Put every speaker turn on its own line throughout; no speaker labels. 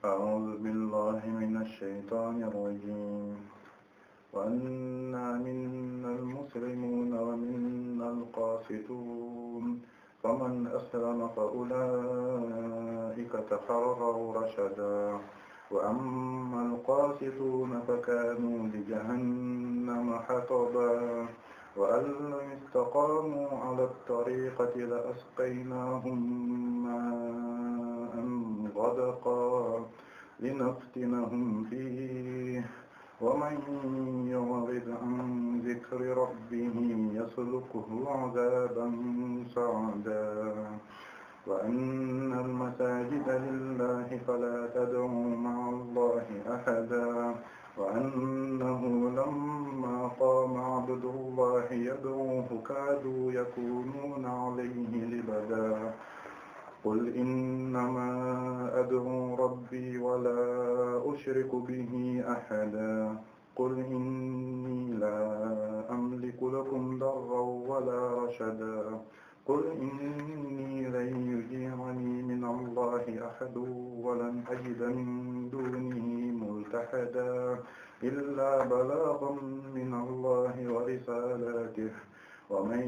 أعوذ بالله من الشيطان الرجيم وأنا منا المسلمون ومنا القاسطون فمن أسلم فأولئك تحروا رشدا وأما القاسطون فكانوا لجهنم حطبا وأن لم استقاموا على الطريقة لأسقيناهم ماء صدقا لنفتنهم فيه ومن يعرض عن ذكر ربه يسلكه عذابا صعدا وأن المساجد لله فلا تدعوا مع الله أحدا وأنه لما قام عبد الله يدعوه كادوا يكونون عليه لبدا qul innamaa ad'uu rabbii walaa ushriku bihi ahadan qul innii laa amliku lakum darran walaa rashadan qul innii lan yujiiranii min allaahi ahadun walan ajida min duunihi multahadan illaa balaagan min allaahi wa risaalaatihi ومن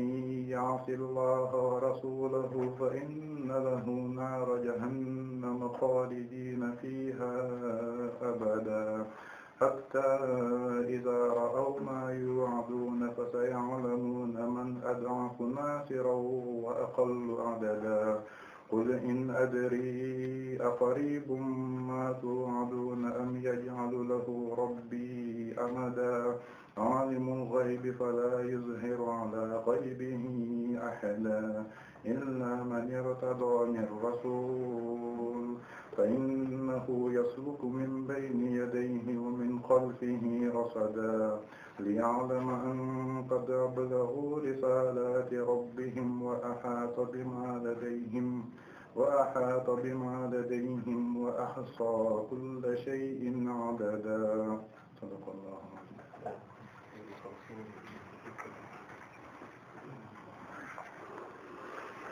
يعص الله ورسوله فإن له نار جهنم خالدين فيها أبدا حتى إذا رأوا ما يوعدون فسيعلمون من أضعف ناصرا وأقل عددا قل إن أدري أقريب ما توعدون أم يجعل له ربي أمدا عالم الغيب فلا يظهر على غيبه أحدا إلا من ارتضى من رسول فإنه يسلك من بين يديه ومن خلفه رصدا ليعلم أن قد أبلغوا رسالات ربهم وأحاط بما لديهم وأحاط بما لديهم وأحصى كل شيء عددا صدق الله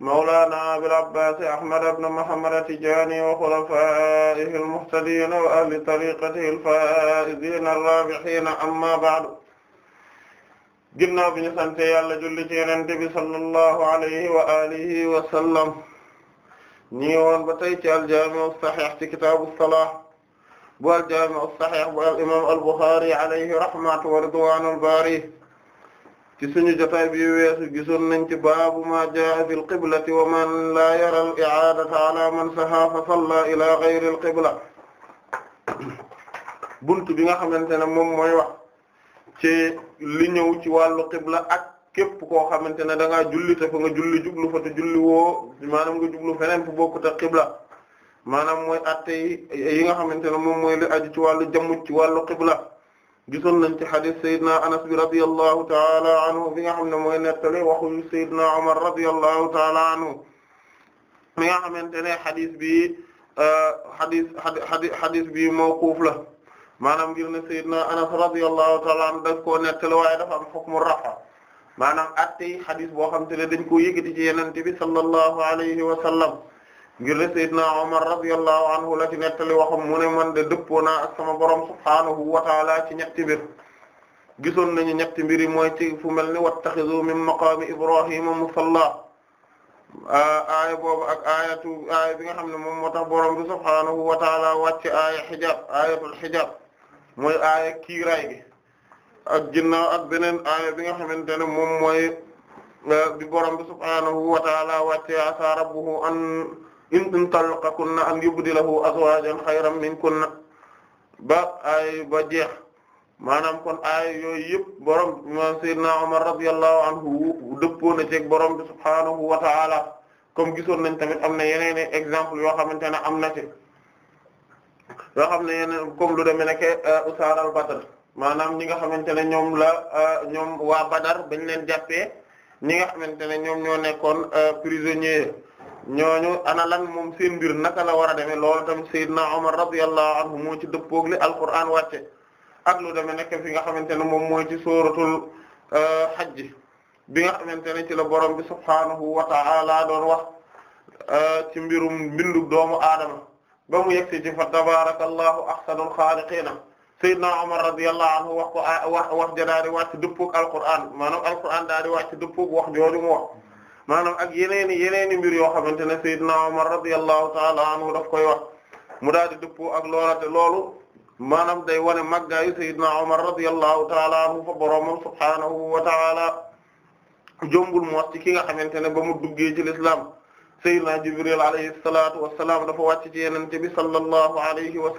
mawlaana abil abbaas ahmad ibn muhammad at-tijaani wa xulafaa'ihi al-muhtadiina wa ahli tariiqatihi al-faa'iziina ar-raabihiina amma ba'du ginnaaw bi ñu sant yàlla julli ci Yonent bi sallallahu alayhi wa alihi wa sallam ñu ngi woon ba tey ci al-jaami' as-sahiih ci kitaabu as-salaah bu al-jaami' as-sahiih bu al-imaam al-Buxaari alayhi rahmatu wa ridwaanul baari ci suñu jotaay bi weesu gisoon nañ ci baabu ma jaa bil qiblati wa man laa yara al i'aadata man saha fa ila ghayri al qibla bi nga xamante ne moom mooy wax ci li ñëw ci wàllu qibla ak képp koo xamante ne danga ngaa julli te fa nga julli jublu fa te julli woo maanaam nga jublu feneen fu bokkut ak qibla maanaam mooy atte yi nga xamante ne moom mooy li aju ci wàllu jamu ci wàllu qibla gisoon nañ ci xadis saydna anas bi radiallahu taala anhu bi nga xam ne mooy nettali waxu saydna omar radiallahu taala anhu mi nga xamante ne xadis bi xadis xadis xadis bi mawquuf la maanaam ngir ne saydna anas radiallahu taala anhu daf koo nettali waaye dafa am xukmu rafa maanaam attey xadis boo xam te ne dañ koo yëgati ci yenente bi sallallahu alayhi wa sallam ngir ne Seydina Omar radiyallahu anhu la mu ne man de dëppoo ak sama borom subhaanahu wa taala ci ñetti gisoon nañu ñetti mbir yi mooy ci fu mel ni wattaxizu min maqaami Ibrahima musalla aaya boobu ak aayatu bi nga xam ne moom moo tax borom bi subhaanahu wa taala wàcce aaya xijaab aayatul xijaab mooy aaya kiiraay ak ginnaaw ak beneen aaya bi nga xamante ne moom mooy bi borom bi subhaanahu wa taala wàcce rabbuhu an in in talaqakunna an yubdilahu azwajan xayran minkunna ba ay ba jeex maanaam kon aay yooyu yëpp borom ma sayyidina Umar radiyallahu anhu dëppoo na borom bi subhaanahu wa ta'ala comme gisoon nañ tamit am na yeneen exemple yoo xamante ne am na ci yoo xam ne yeneen comme lu demee nekk euh, usaar al Badr maanaam ñi nga xamante ne ñoom la euh, ñoom waa Badar bañ leen jàppee ñi nga xamante ne ñoom ñoo nekkoon euh, prisonnier ñooñu ana lan moom seen mbir naka la war a demee loolu tamit Seydina Omar radiyallahu anhu moo ci dëppoog li Alqur'aan wàcce ak lu demee nekk fi nga xamante ne moom mooy ci sóoratul euh, hajj bi nga xamante ne ci la borom bi subhaanahu wa ta'ala doon wax euh, ci mbirum mbindu doomu aadama ba mu yegg ci fa tabarakallahu ahsanul xaaliqiina Seydina Omar radiyallahu anhu wax ko wax wax ja daal di wàcc dëppoog Alqur'aan maanaam Alqur'aan daal di wàcc dëppoog wax jooju mu wax. maanaam ak yeneeni yeneeni mbir yoo xamante ne Seydina Omar radiyallahu taala anhu daf koy wax mu daal di dëppoo ak loolate loolu maanaam day wane màggaayu Seydina Omar radiyallahu taala anhu fa boroomam subhaanahu wa taala jombul mu wax ci ki nga xamante ne ba mu duggee ci l'islam Seydina Jibril alayhi salaatu wa salaam dafa wàcc ci yenente bi sallallahu alayhi wa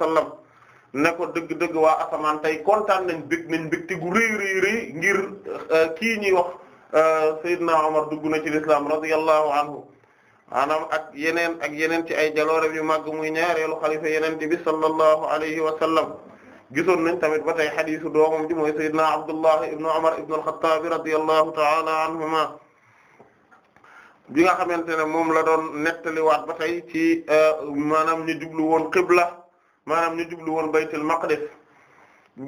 ne ko dëgg-dëgg waa asamaan tey kontaan nañ bég nañ bégte gu rëy rëy ngir euh, kii ñuy wax Euh, Seydina Omar dugg na ci lislaam radiyallahu anhu ak yeneen ak yeneen ci ay jaloorem yu màgg muy ñaareelu xalifa yeneen bi sallallahu alayhi wa sallam gisoon nañ tamit ba tey xadiisu doomam ji mooy Seydina Abdullah ibn Omar ibn al-Khattab radiyallahu bi nga xamante ne moom la doon nettaliwaat ba tey ci euh, maanaam ñu jublu woon qibla maanaam ñu jublu woon baytul maqdis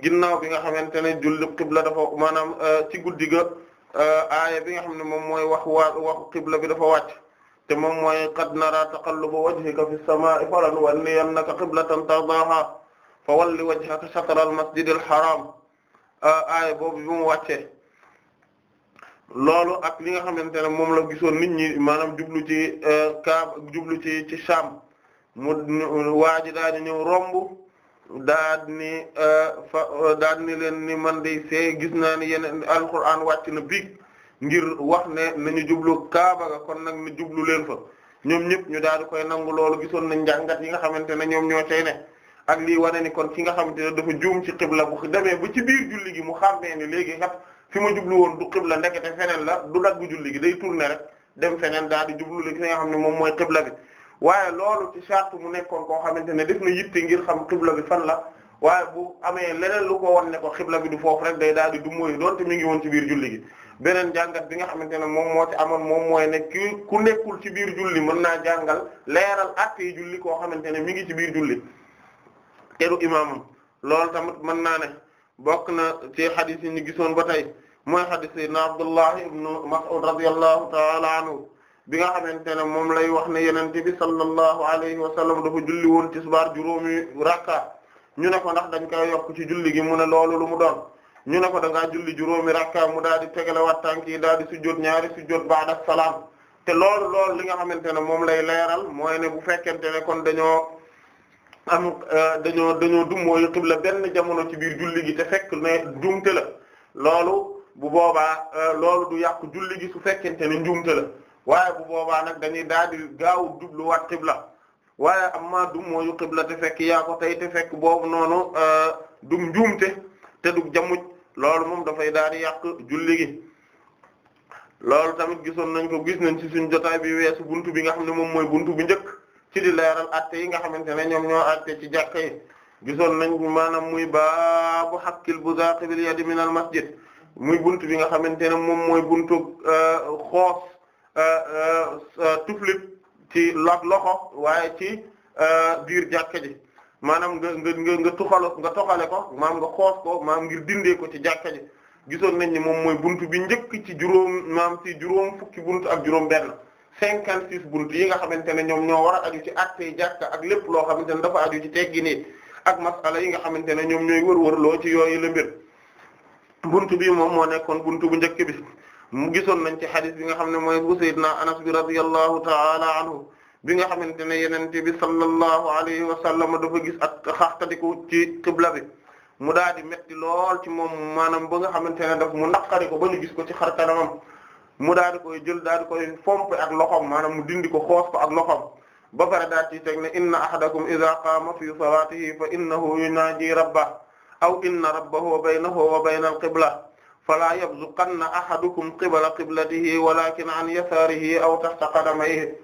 ginnaaw bi nga xamante ne julli qibla dafa maanaam euh, ci guddi ga Euh, aaya bi nga xam ne moom mooy wax waa qibla bi dafa wàcc te moom mooy qad nara taqalluba wajhika fi samaa'i falanuwalliyannaka qiblatan tardaaha fa walli wajhaka shatra masjid al haram euh, aaya boobu bi mu loolu ak li nga xamante ne moom la gisoon nit ñi maanaam jublu ci euh, jublu ci ci Sham mu waaji ji daal di ñëw romb daad ni euh, fa euh, daal ni leen ni man de see gis naa ni yeneen alquran wàcc na biig ngir wax ne nañu jublu kaaba ga kon nag ñu jublu leen fa ñoom ñëpp ñu daal di koy nangu loolu gisoon na njàngat yi nga xamante ne ñoom ñoo tey ne ak lii wane ni kon ki nga xamante ne dafa juum ci xibla bu demee ba ci biir julli gi mu xàmmee ni léegi kat fi ma jublu woon du xibla ndekete feneen la du daggu julli gi day tourner rek dem feneen daal di jublu li nga xam ne moom mooy xibla bi waaye loolu ci charte mu nekkoon koo xamante ne def na yitte ngir xam xibla bi fan la waaye bu amee leneen lu ko wan ne ko xibla bi du foofu rek day daal di du mooy doonte mi ngi woon ci biir julli gi beneen jàngat bi nga xamante ne moom moo ci amoon moom mooy ne ki ku nekkul ci biir julli mën naa jàngal leeral atte yi koo xamante ne mi ngi ci biir julli te du mën naa ne bokk na ci hadith yi ñu gisoon ba tey mooy hadith sayyidina Abdullah bi nga xamante ne moom lay wax ne yonent bi sallallahu alayhi wa sallam dafa julli woon tisbaar juróomi rakka ñu ne ko ndax dañ koy yokk ci julli gi mu ne loolu lu mu doon ñu ne ko da ngaa julli juróomi rakka mu daal di tegalewaat tànk yi daal di sujjóot ñaari sujjóot ba'da salaam te loolu loolu li nga xamante ne moom lay leeral mooy ne bu fekkente ne kon dañoo am euh, dañoo dañoo dummóoyu xibla benn jamono ci biir julli gi te fekk ne njuumte la loolu bu boobaa euh, loolu du yàq julli gi su fekkente ne njuumte la waaye bu boobaa nag dañuy daal di gaaw jubluwaat xibla waaye amma du mooyu xibla te fekk yaako ko tey te fekk boobu noonu euh, du njuumte te du jamuj loolu moom dafay daal di yàq julli loolu tamit gisoon nañ ko gis nañ ci suñ jotaay bi weesu buntu bi nga xam ne moom mooy buntu bu njëkk ci di leeral atte yi nga xamante ne ñoom ñoo atte ci jàkka yi gisoon nañ maanaam muy baabu haqqil buzaaqi bil yadi min al masjid muy buntu bi nga xamante ne moom mooy buntu euh, xoos Euh, euh, euh, tuflit ci lot loxo waaye ci biir jàkka ji maanaam nga nga nga tuxalo nga toxale ko maam nga xoos ko maam ngir dindee ko ci jàkka ji gisoon nañ ni moom mooy buntu bi njëkk ci juróom maam ci juróom fukki buntu ak juróom benn cinquante six yi nga xamante ne ñoom ñoo war a aju ci attey jàkka ak lépp loo xamante ne dafa aju ci teggi nii ak masala yi nga xamante ne ñoom ñooy wër war loo ci yooyu la mbir buntu bi moom moo nekkoon bunt bu njëkk bi mu gisoon nañ ci xadis bi nga xam ne mooy bu sayyidina anas bi radiyallahu ta'ala anhu bi nga xamante ne yenente bi sallallahu alayhi wa sallam dafa gis ak xaxtadiku ci qibla bi mu daal di metti lool ci moom maanaam ba nga xamante ne daf mu naqari ko ba ñu gis ko ci xar kanamam mu daal di koy jël daal di koy ak loxom maanaam mu dindi ko xoos ko ak loxom ba pare daal ci teg ne inna ahadakum idha qaama fi salatihi fa innahu yunaaji rabbah aw inna rabbahu baynahu wa bayna al qibla fala yabzuqanna ahadukum qibala qiblatihi walakin an yasarihi aw tahta qadamayhi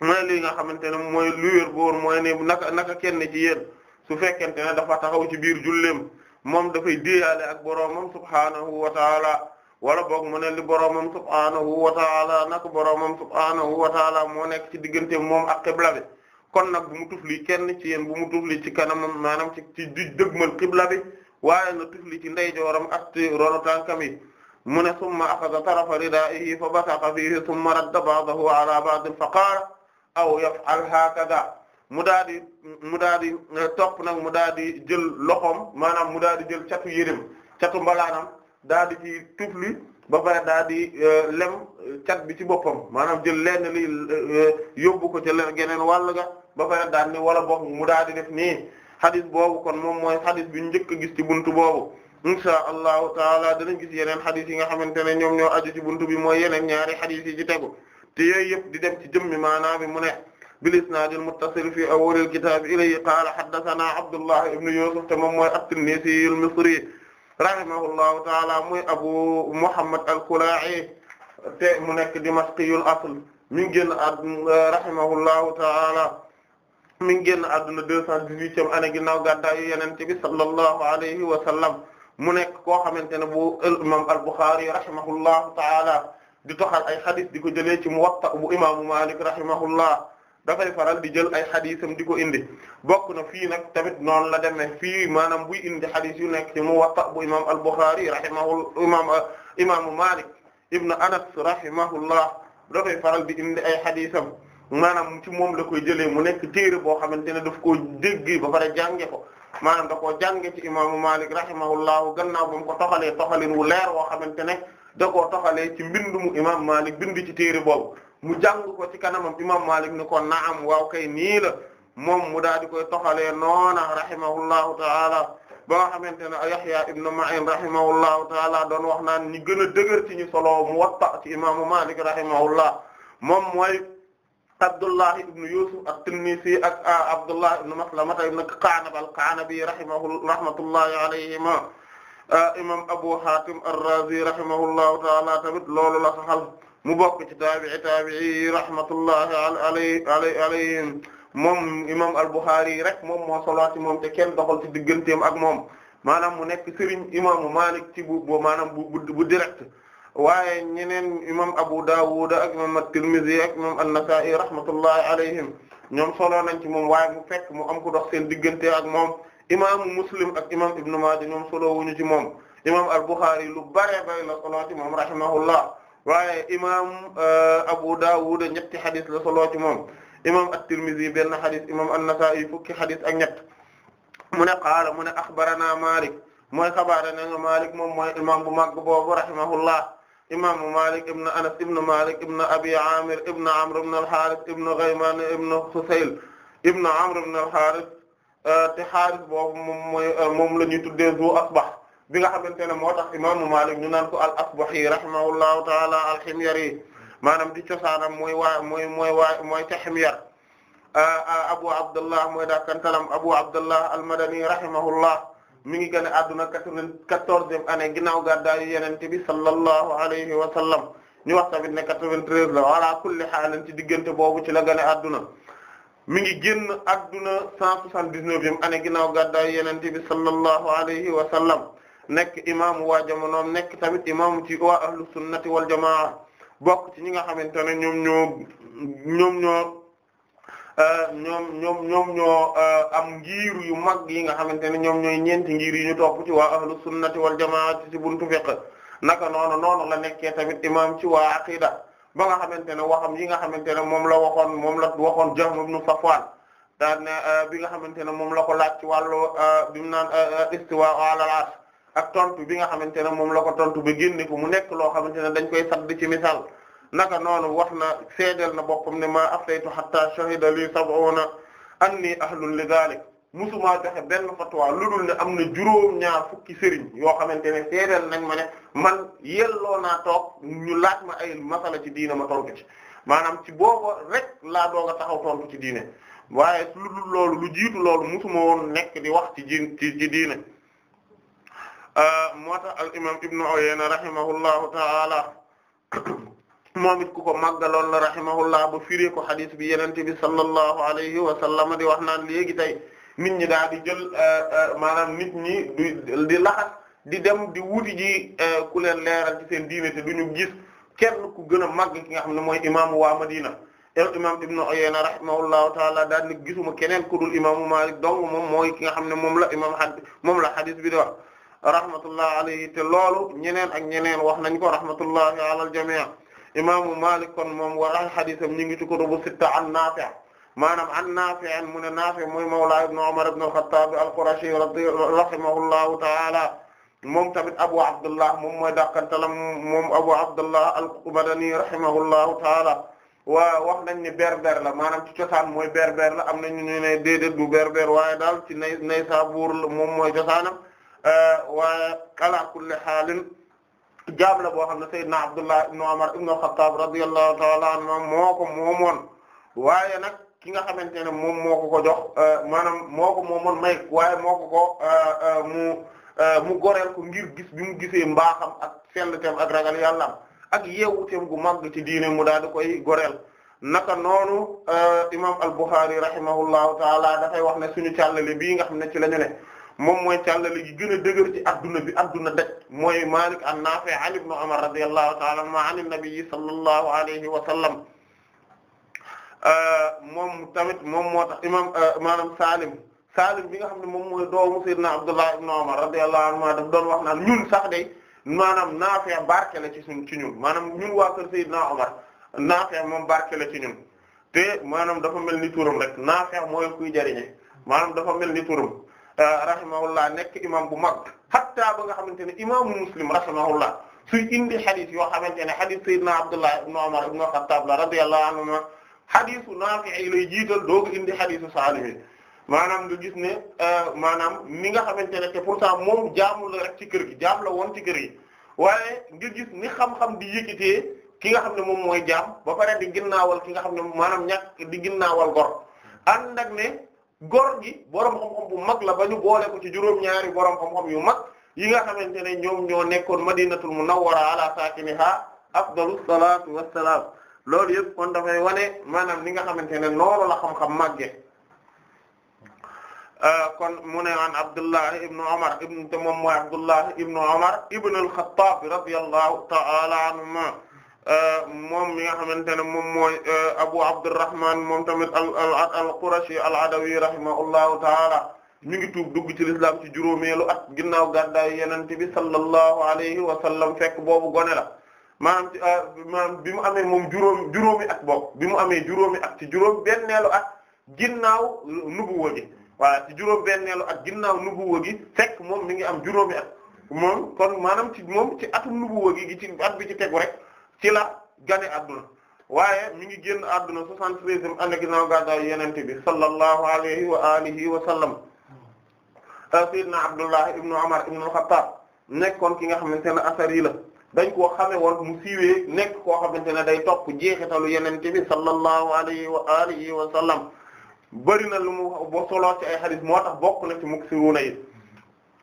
mooy lii nga xamante ne mooy lu wér boor mooy naka naka kenn ci yéen su fekkente ne dafa taxaw ci biir julleem moom dafay déyaale ak boroomam subhaanahu wa taala wala boog mu ne li boroomam subhaanahu wa taala naka boroomam subhaanahu wa taala moo nekk ci diggante moom ak qibla bi kon nag bu mu tufli kenn ci yéen bu mu tufli ci kanamam maanaam ci ci dëgmal qibla bi waaye na tufli ci ndeyjooram ak ci ronu tànkam yi mu ne summa axada tarafa ridaa'ihi fa basaqa fiihi summa radda ba'dahu ala ba'din fa qaala aw yaf'al haakada mu daa di mu daa eh, topp nag mu daa di jël loxoom maanaam mu daa di jël catu yérim catu mbalaanam daa di ci tufli ba pare daa di eh, lem cat bi ci boppam maanaam jël lenn li eh, yóbbu ko ca lenn geneen wàll ga ba pare daal ni wala boog mu daa di def nii xadis boobu kon moom mooy xadis bi njëkk a gis ci buntu boobu inshaa allahu taala danañ gis yeneen xadis yi nga xamante ne ñoom ñoo aju ci buntu bi mooy yeneen ñaari xadis yi ci tegu te yooyu yëpp di dem ci jëmmi maanaa bi mu ne bil isnaadil muttasil fi awwalil kitaab ilayhi qaala haddasanaa Abdullah ibn Yusuf te moom mooy at-Tinnisi al-Misri rahimahullahu taala muy Abu Muhammad al-Kalaa'i te mu nekk dimashqiyul asl mi ngi génn ad rahimahullahu taala mi ngi génn àdduna deux cent dix-huitième année ginnaaw gàddaayu yonent bi sallallahu alayhi wa sallam mu nekk koo xamante ne bu imam al-Bukhari rahimahullahu taala di toxal ay xadis di ko jëlee ci Muwatta bu imaamu Malik rahimahullah dafay faral di jël ay xadisam di ko indi bokk na fii nag tamit noonu la demee fii maanaam buy indi xadis yu nekk ci Muwatta bu imam al-Bukhari rahimahu imam imaamu Malik ibn Anas rahimahullah dafay faral di indi ay xadisam maanaam ci moom la koy jëlee mu nekk téere boo xamante ne daf koo dégg ba pare jànge ko maanaam da koo jànge ci imaamu Malik rahimahullahu gannaaw ba mu ko toxalee toxalin wu leer woo xamante ne da koo toxalee ci mbindu mu imaam Malik bind ci téere boobu mu jàng ko ci kanamam imaam Malik ni ko naam waw kay nii la moom mu daal di koy toxalee noona rahimahullahu taala ba nga xamante ne Yahya ibn Ma'in rahimahullahu taala doon wax naan ni gën a dëgër ci ñu solo Muwatta ci imaamu moom mooy Abdullah ibn Yusuf at-Tinnisi ak Abdullah ibn Maslamata ibn Qa'nab al-Qa'nabi rahimahu rahmatullahi alayhima imam Abu Hatim ar-Razi rahimahullahu ta'ala tamit loolu la saxal mu bokk ci taabi'i taabi'i rahmatullahi alayhim moom imam al-Bukhari rek moom moo solo ci moom te kenn doxal ci digganteem ak moom maanaam mu nekk sëriñ imaamu Malik ci bu maanaam bu bu direct waaye ñeneen imam Abu Dawud ak imam at-Tirmidhi ak imam an-Nasa'i rahmatullahi alayhim ñoom solo nañ ci moom waaye mu fekk mu am ku dox seen diggante ak moom imaamu Muslim ak imam Ibn Maaja ñoom solo wuñu ci moom imam al-Bukhari lu bare bare la solo ci moom rahimahullah waaye imam euh, Abu Dawud ñetti xadis la solo ci moom imam at-Tirmidhi benn xadis imam an-Nasa'i fukki xadis ak ñett mu ne qaala mu ne axbarana Maalik mooy xabaare na nga Maalik moom mooy imam bu mag boobu rahimahullah imaamu Malik ibn Anas ibn Malik ibn Abi Amir ibn Amr ibn al-Harith ibn Ghayman ibn Husayl ibn Amr ibn al-Harith euh, te Harith boobu moom mooy euh, moom la ñuy tuddee zu asbax bi nga xamante ne moo tax imaamu Malik ñu naan ko al-Asbahi rahimahullahu ta'ala al-Himyari maanaam di cosaanam mooy waa mooy mooy waa mooy ca Himyar euh, Abu Abdullah mooy daakantalam Abu Abdullah al-Madani rahimahullah mi ngi gën a adduna quatre-vingt-quatorzième année ginnaaw gàddaayu yenente bi sallallahu alayhi wa sallam ñu wax tamit ne quatre-vingt-treize la ala kulli xaalan ci diggante boobu ci la gën a adduna mi ngi génn adduna cent soixante-dix-neuvième année ginnaaw gàddaayu yenente bi sallallahu alayhi wa sallam nekk imaamu waa jamonoom nekk tamit imaamu ci waa ahlu sunnati wal jamaa bokk ci ñi nga xamante ne ñoom ñoo Euh, ñoom ñoom ñoom ñoo euh, am ngiir yu mag yi nga xamante ne ñoom ñooy ñeenti ngiir yi ñu topp ci waa ahlu sunnati wal jamaa ci buntu fiqh naka noonu noonu la nekkee tamit imaam ci waa aqida ba nga xamante ne waxam yi nga xamante ne moom la waxoon moom la waxoon Jahm ibn Safwan daan na euh, bi nga xamante ne moom la ko laaj ci wàllu bi mu naan istiwa ala al ak tontu bi nga xamante ne moom la ko tontu ba génne ku mu nekk loo xamante ne dañ koy sadd ci misaal. naka noonu wax na seedeel na boppam ne maa aflaytu hatta shahida li sab'una anni ahlun li dhalik musuma joxe benn fatwa lu dul ne am na juróom-ñaar fukki sëriñ yoo xamante ne seedeel nañ ma ne man yelloo na toog ñu laaj ma ay masala ci diine ma tontu ci maanaam ci booba rek laa doog a taxaw tontu ci diine waaye lu dul loolu lu jiitu loolu musuma woon nekk di wax ci ji ci diine euh, moo tax al imam ibnu Uyayna rahimahullahu ta'ala moom it ku ko màggaloon la rahimahullah ba firee ko xadis bi yenente bi sallallahu alayhi wa sallam di wax naan léegi tey nit ñi daal di jël euh, euh, maanaam nit ñi du di laxas di dem di wuti ji euh, ku leen leeral ci seen diine te duñu gis kenn ku gën a màgg ki nga xam ne mooy imaamu waa Madina imam ibnu Uyayna rahimahullahu taala daal ni gisuma keneen ku dul imaamu Maalik dong moom mooy ki nga xam ne moom la imam a moom la xadis bi di wax rahmatullah alayhi te loolu ñeneen ak ñeneen wax nañ ko rahmatullahi ala al jami' imaamu Malik kon moom waral xadisam ñu ngi ci kutubu sitta an Naafi' maanaam an Naafi' mu ne Naafi' mooy mawla ibn Umar ibn al-Khattab al-Qurashi rahimahullahu ta'ala moom tamit Abu Abdullah moom mooy dàqantalam moom Abu Abdullah al-Madani rahimahullahu ta'ala waa wax nañ ne berber la maanaam ci cosaan mooy berber la am na ñu ne déedéet du berber waaye daal ci Naysabur moom mooy cosaanam waaye ala kulli xaalin. gaab boo xam ne Seydina Abdullah ibn Umar ibn Khattab radiyallahu ta'ala anhu moo ko moomoon waaye nag ki nga xamante ne moom moo ko ko jox euh, maanaam moo ko moomoon may waaye moo ko ko euh, euh, mu mu goreel ko ngir gis bi mu gisee mbaaxam ak sellteem ak ragal yàllam ak yeewuteem gu màgg ci diine mu daal di koy goreel naka noonu imam al-Bukhari rahimahullahu taala dafay wax ne suñu càllale bii nga xam ne ci la ne moom mooy càllale gi gën a dëgër ci adduna bi adduna daj mooy Mâlik an Nâfi' an ibn Umar radiyallahu ta'ala anhuma an an-nabi sallallahu alayhi wa sallam euh, moom tamit moom euh, maanaam Salim Salim bi nga xam ne moom mooy doomu Sayyidina Abdullah ibn Umar radiyallahu anhuma daf doon wax naan ñun sax de maanaam Nâfi' barke la ci suñ ci ñun maanaam ñun waa kër Umar Nâfi' moom barke la ci ñun te maanaam dafa mel ni turam rek Nâfi' mooy kuy jariñe maanaam dafa mel ni turam Euh, rahimahullah nekk imam bu mag hatta ba nga xamante ne imaamu muslim rahimahullah suy indi xadis yoo xamante ne xadis sayyidina Abdullah ibn Umar ibn Khattab la radiyallahu anhuma xadisu Naafi' lay jiital dooga indi xadisu Saalim yi maanaam nga gis ne euh, maanaam ni nga xamante ne te pourtant moom jaamul la rek ci kër gi jaam la woon ci kër gi waaye nga gis ni xam-xam di yëkkatee ki nga xam ne moom mooy jaam ba pare di ginnaawal ki nga xam ne maanaam ñàkk di ginnaawal gor ànd góor gi borom xam-xam bu mag la bañu ñu boole ci juróom-ñaari borom xam-xam yu mag yi nga xamante ne ñoom ñoo nekkoon madinatul munawwara ala saakiniha afdalu salaatu wassalaam loolu yëpp kon dafay wane maanaam li nga xamante ne noonu la xam-xam màgge euh, kon mu ne an Abdullahi ibnu Omar ibnu al-Khattab radiyallahu ta'ala anhuma Euh, moom mi nga xamante ne moom mooy euh, Abu Abdurrahman moom tamit al al-Qurashi al-Adawi rahimahullahu taala mi ngi tuub dugg ci lislaam ci juróomeelu at ginnaaw gàddaay Yonent bi sallallahu alayhi wa sallam fekk boobu gone la maanaam euh, bi mu amee moom juróom juróomi at boobu bi mu amee juróomi at ci juróom benneelu at ginnaaw nubuwa gi voilà ci juróom benneelu at ginnaaw nubuwa gi fekk moom mi ngi am juróomi at moom kon maanaam ci moom ci atum nubuwa gi ci at bi ci tegu rek. ci la gane adduna waaye mi ngi génn adduna soixante-treizième année ginnaaw gàddaay yonent bi sallallahu alayhi wa alihi wa sallam euh, sayyidina Abdullah ibnu Umar ibnu al-Khattab nekkoon ki nga xamante ne asari la dañ koo xamee woon mu siiwee nekk koo xamante ne day topp jeexitalu yonent bi sallallahu alayhi wa alihi wa sallam bëri na lu mu bo solo ci ay hadith moo tax bokk na ci muksiruuna yi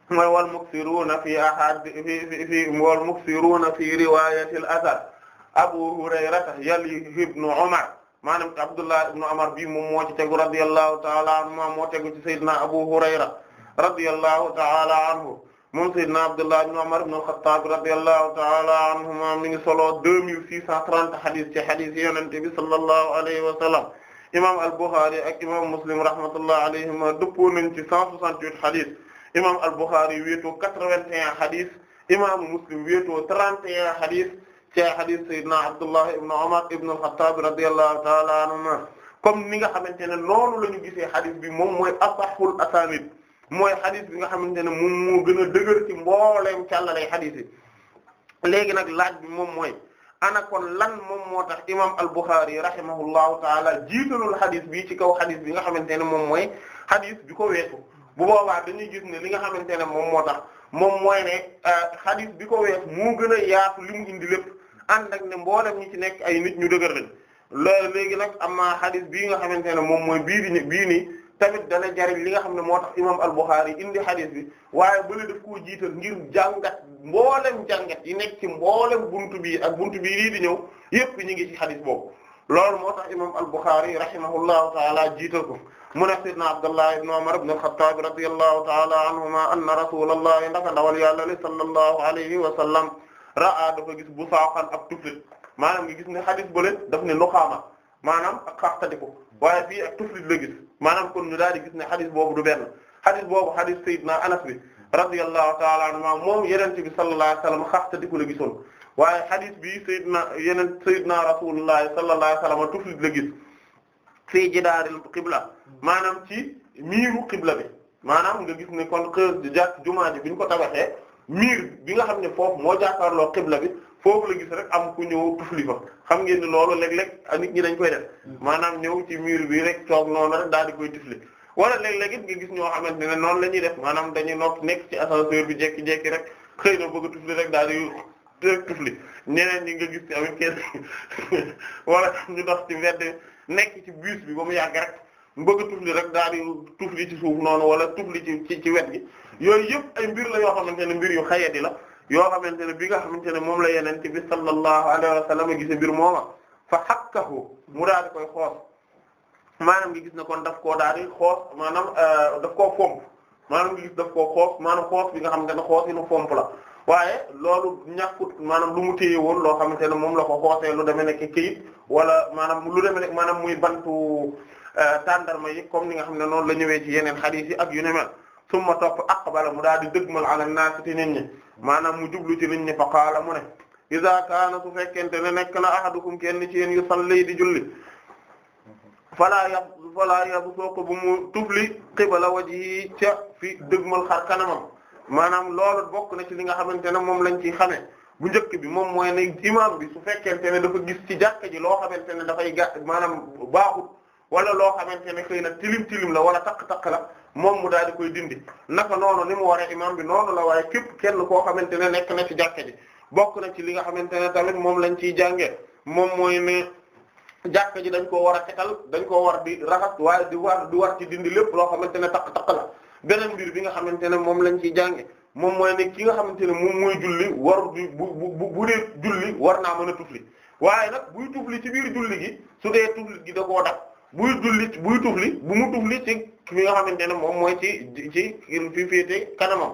mooy wal muksiruuna fi ahad fi fi wal muksiruuna fi riwayatil athar Abu Hurayrata yalihi ibnu Umar maanaam Abdullah ibnu Umar bi moom moo ci tegu radiyallahu ta'ala anhu moo tegu ci Seydina Abu Hurayra radiyallahu ta'ala anhu moom Seydina Abdullah ibnu Umar ibnu al-Khattab radiyallahu ta'ala anhuma mi ngi solo 2630 hadis ci hadis Yonent bi sallallahu alayhi wa sallam imam al-Bukhari ak imam Muslim rahmatullah alayhima dëppoo nañ ci 168 hadis imam al-Bukhari wéetoo 81 hadis imam Muslim wéetoo 31 hadis ci hadis sayyidina Abdullah ibn Umar ibn al-Khattab radiyallahu ta'ala anhuma comme ni nga xamante ne noonu la ñu gisee hadis bi moom mooy asahul asanid mooy hadis bi nga xamante ne moom moo a dëgër ci mbooleem càllalay hadis yi nag laaj bi moom mooy ana kon moom moo tax imam al-Bukhari rahimahullahu ta'ala jiitalul hadis bi ci kaw hadis bi nga xamante ne moom mooy hadis bi ko weesu bu boobaa dañuy gis ne li nga xamante ne moom moo tax moom mooy ne euh, bi ko weesu moo gën a yaatu li mu ànd ak ne mboolem ñi ci nekk ay nit ñu dëgër lañ loolu léegi nag amaa hadith bii nga xamante ne moom mooy bii ni bii nii tamit dana jariñ li nga xam ne moo tax imam al-Bukhari indi hadith bi waaye bële daf koo jiital ngir jàngat mboolem jàngat yi nekk ci mboolem buntu bii ak buntu bii lii di ñëw yëpp ñu ngi ci hadith boobu loolu moo tax imam al-Bukhari rahimahullahu taala jiital ko mu ne sayyidna Abdullah ibn Umar ibn al-Khattab radiyallahu taala anhuma anna rasulallahi ndaka ndawal yàlla li sallallahu alayhi wa sallam raa dafa gis bu saaxan ak tuflit maanaam nga gis ne xadis bële daf ne nuxaama maanaam ak xaxtatiku waaye fii ak tuflit la gis maanaam kon ñu daal di gis ne xadis boobu du benn xadis boobu xadis Seydina Anas bi radiyallahu ta'ala anhu moom yenente bi sallallahu alayhi wasallam xaxtatiku la gisoon waaye xadis bi Seydina yeneen Seydina rasulullahi sallallahu alayhi wasallam tuflit la gis fii jidaaril qibla maanaam ci miiru qibla bi maanaam nga gis ne kon xë jàkk jumaa ji bi ñu ko tabaxee miir bi nga xam ne foofu moo jàkkaarloo xibla bi foofu la gis rek am ku ñëw tufli fa xam ngeen ni loolu léeg-léeg nit ñi dañ koy def mm. maanaam ñëw ci miir bi rek toog noonu rek daal di koy tufli wala léeg-léeg it gis ñoo xamante ne noonu la ñuy def maanaam dañuy nokk nekk ci ascenseur bi jékki-jékki rek xëy na rek daal di rek ñeneen ñi nga gis ci amit kenn wala ñu dox ci mbedd nekk ci bus bi ba mu yàgg rek mu bëgg rek daal di tufli ci suuf noonu wala tufli ci ci wet gi yooyu yëpp ay mbir la yoo xamante ne mbir yu di la yoo xamante ne bi nga xamante ne moom la yeneen ci bi sallallahu alayhi wa sallam gise mbir mooma fa xakkahu mu daal di koy xoos maanaam ngi gis na kon daf koo daal di xoos maanaam euh, daf koo fomp maanaam nga gis daf koo xoos maanaam xoos bi nga xamante ne xoos yi nu fomp la waaye loolu ñàkkut maanaam lu mu téye woon loo xamante ne moom la ko xoosee lu demee nekk këyit wala maanaam lu demee nekk maanaam muy bantu Euh, tàndarma yi comme ni nga xam ne noonu la ñëwee ci yeneen hadith yi ak yu ne mel summa topp aqbala mu daal di dëgmal ala naas ci nit ñi maanaam mu jublu ci nit ñi fa qaala mu ne iza kaana su fekkente ne nekk na ahadukum kenn ci yéen yu salli di julli falaa yab falaa yabu soo ko bu mu tufli qibala wajhi ca fi dëgmal xar kanamam maanaam loolu bokk na ci li nga xamante ne moom lañ ciy xame bu njëkk bi moom mooy ne imaam bi su fekkente ne dafa gis ci jàkka ji loo xamante ne dafay gàtt maanaam baaxut wala loo xamante ne xëy na tilim tilim la wala takk-takk la moom mu daal di koy dindi naka noonu ni mu waree imam bi noonu la waaye képp kenn koo xamante ne nekk na ci jàkka ji bokk na ci li nga xamante ne tamit moom lañ ciy jàngee moom mooy ne jàkka ji dañ koo war a setal dañ koo war di raxas waaye di war di war lépp loo xamante ne takk-takk la beneen mbir bi nga xamante ne moom lañ ciy jànge moom mooy ne ki nga xamante ne moom mooy julli war bu bu bu dee war naa mën a tufli waaye nag buy tufli ci biir julli gi su dee tufli gi da koo dab buy julli buy tufli bu mu tufli ci fi nga xamante ne moom mooy ci ci fi féete kanamam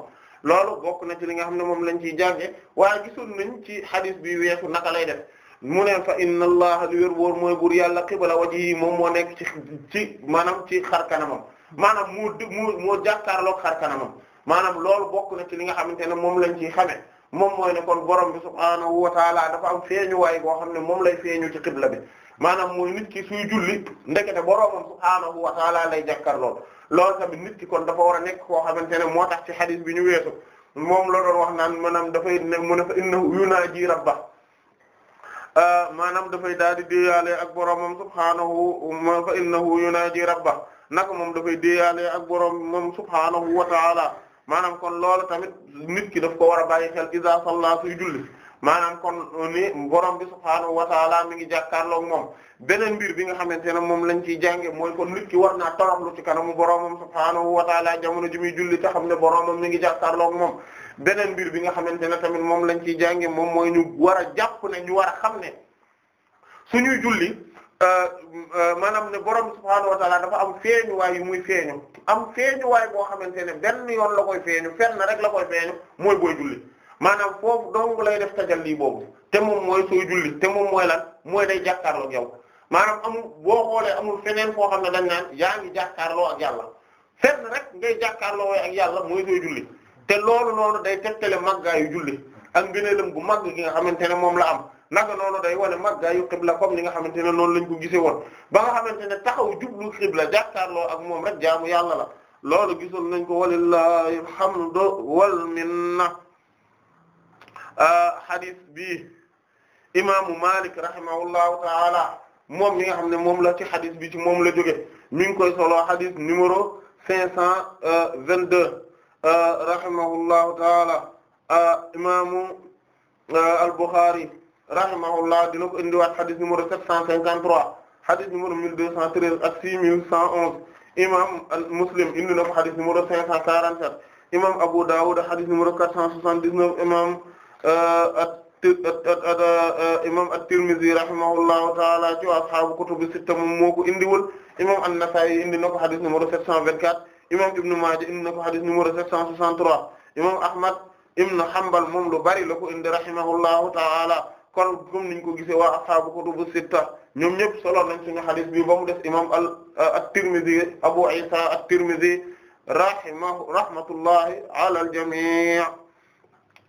loolu bokk na ci li nga xam ne moom lañ ciy jànge waaye gisoon nañ ci hadith bi weesu naka lay def mu ne fa inna allaha li wér wóor mooy buur yàlla xibala waji moom moo nekk ci ci maanaam ci xar kanamam maanaam moo moo moo jàkkaarloog xar maanaam loolu bokk na ci li nga xamante ne moom lañ ciy xamee moom mooy ne kon borom bi subhaanahu wa taala dafa am feeñu waaye boo xam ne moom lay feeñu ci xibla bi maanaam mooy nit ki suy julli ndekete boroomam subhaanahu wa ta'ala lay lool lool tamit nit ki kon dafa war a nekk koo xamante ne moo tax ci hadith bi ñu weesu moom la doon wax naan maanaam dafay ne mu ne fa innahu yunaaji rabba euh, maanaam dafay daal di déeyaale ak boroomam subhaanahu fa innahu yunaaji rabba naka moom dafay déeyaale ak boroom moom subhaanahu wa ta'ala maanaam kon lool tamit nit ki daf ko war a bàyyi xel iza salla suy julli maanaam kon ni borom bi subhaanahu wa taala mi ngi jàkkaarloog moom beneen mbir bi nga xamante ne moom lañ ciy jànge mooy kon nit ki war naa toroxlu ci kanamu boromam subhaanahu wa taala jamono ji muy julli te xam ne boromam mi ngi jàkkaarloog moom beneen mbir bi xamante ne tamit lañ ciy jànge moom mooy ñu war a jàpp ne ñu war a xam ne suñuy julli euh, maanaam ne borom subhaanahu wa taala dafa am feeñuwaay yu muy feeñu am feeñuwaay boo xamante ne benn yoon la koy feeñu fenn rek la koy feeñu mooy booy julli maanaam foofu dong lay def tajalli boobu te moom mooy sooy julli te moom mooy lan mooy day jàkkaarloo ak yow maanaam amul boo xoolee amul feneen foo xam ne dañ naan yaa ngi jàkkaarloo ak yàlla fenn rek ngay jàkkaarloo ak yàlla mooy sooy julli te loolu noonu day tegtale màggaayu julli ak ngëneelam bu màgg gi nga xamante ne moom la am naka noonu day wane màggaayu xibla comme li nga xamante ne noonu lañ ko gisee woon ba nga xamante ne taxaw jublu xibla jàkkaarloo ak moom rek jaamu yàlla la loolu gisoon nañ ko walillahi alhamdu wal minna hadith bi imaamu Malik rahimahullahu taala moom mi nga xam ne moom la ci hadith bi ci moom la jóge mi koy solo hadith numéro euh, taala euh, imaamu euh, al-Bukhari rahimahullah dina ko indiwaat hadith numéro sept cent cinquante-trois hadith numéro mille deux cent treize ak six mille cent onze imam Muslim indi na ko hadith numéro cinq cent quarante-sept imam Abu Dawud hadith numéro quatre cent soixante-dix-neuf imam Euh, euh, imam at-Tirmidhi rahimahullahu taala ci waa ashaabu kutubu sitta moom moo ko indiwul imam an-Nasa'i indi na ko xadis numéro 724 imam Ibn Maaja indi na ko xadis numéro 763 imam Ahmad ibn Hanbal moom lu bari la ko indi rahimahullahu taala kon comme niñ ko gisee waa ashaabu kutubu sitta ñoom ñëpp solo nañ suñu xadis bi ba mu des imam euh, at-Tirmidhi Abu Isa at-Tirmidhi rahimahu rahmatullahi ala al-jami'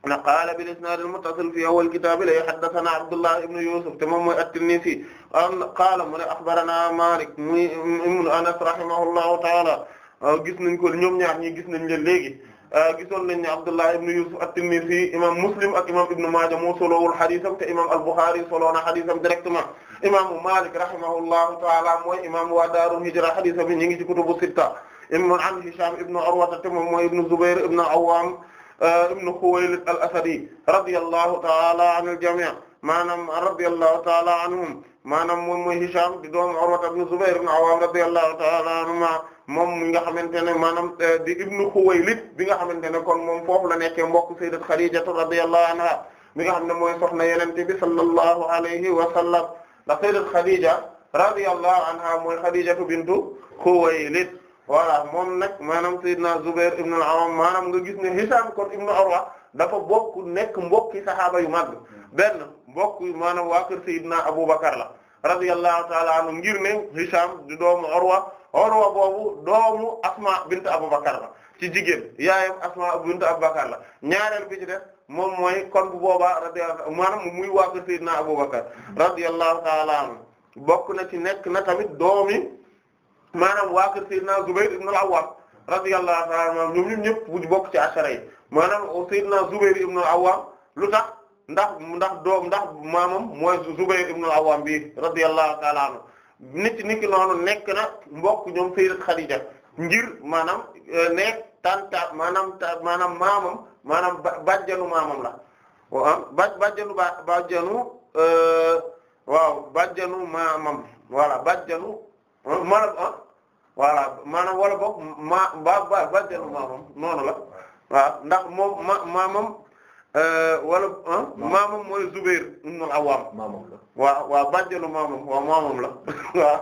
na qaala bil isnaad al muttasil fi awwal kitaab la haddathana Abdullah ibn Yusuf te moom mooy at-Tinnisi qaala mu ne akhbarana Maalik muy ibn Anas rahimahullahu ta'ala gis nañ ko ñoom ñaar ñi gis nañ leen léegi gisoon nañ ne Abdullah ibn Yusuf at-Tinnisi imam Muslim ak imam Ibn Maaja moo solowul xadisam te imam al-Bukhari soloo na xadisam directement imaamu Maalik rahimahullahu ta'ala mooy imam waa daarul hijra xadisam yi ñu ngi ci kutubu sitta imam an Hisham ibn Urwa te moom mooy ibn Zubayr ibn Awwam ibn Khuwaylid al-Asadi radiyallahu ta'ala anil jami' maanaam radiyallahu ta'ala anhum maanaam moom mooy Hisham di doomu Urwa ibn Zubayr ibn Awwam radiyallahu ta'ala anhuma moom mi nga xamante ne maanaam di ibn Khuwaylid bi nga xamante ne kon moom foofu la nekkee mbokk sayyidat Khadija radiyallahu anha bi nga xam ne mooy soxna Yonent bi sallallahu alayhi wa sallam la sayyidat Khadija radiyallahu anha mooy Khadija bintu Khuwaylid voilà moom nag maanaam Seydina Zubair ibn al-Awwam nga gis ne Hisham kon ibn Urwa dafa bokk nekk mbokki saxaaba yu mag benn mbokk maanaam waa kër Seydina Abubakar la radiyallahu ta'ala anhu ngir ne Hisham di doomu Urwa Urwa boobu doomu Asma bint Abubakar la ci jigéen yaayam Asma bint Abubakar la ñaareel bi ci moom mooy kon bu booba radiyallahu maanaam muy waa kër Abubakar radiyallahu ta'ala anhu bokk na ci nekk na tamit doomi maanaam waa kër Seydina Zubayr ibn al-Awwam radiyallahu ta'ala anhu ñoom ñun bu bokk ci ashara yi maanaam Seydina Zubayr ibn al lu tax ndax ndax doom ndax maamam mooy Zubayr ibn al-Awwam bi radiyallahu ta'ala anhu noonu nekk na mbokk ñoom Sayyidat Khadija ngir maanaam euh, nekk tanta maanaam maanaam maamam maanaam bàjjanu maamam la euh, waaw baj bàjjanu ba maamam voilà bàjjanu maanaam ah voilà wala boog ba ba bàjjenu maamam noonu la waaw ndax moom ma maamam euh, wala ah maamam mooy Zubair ibn al-Awwam maamam la waaw waaw maamam waaw maamam la waaw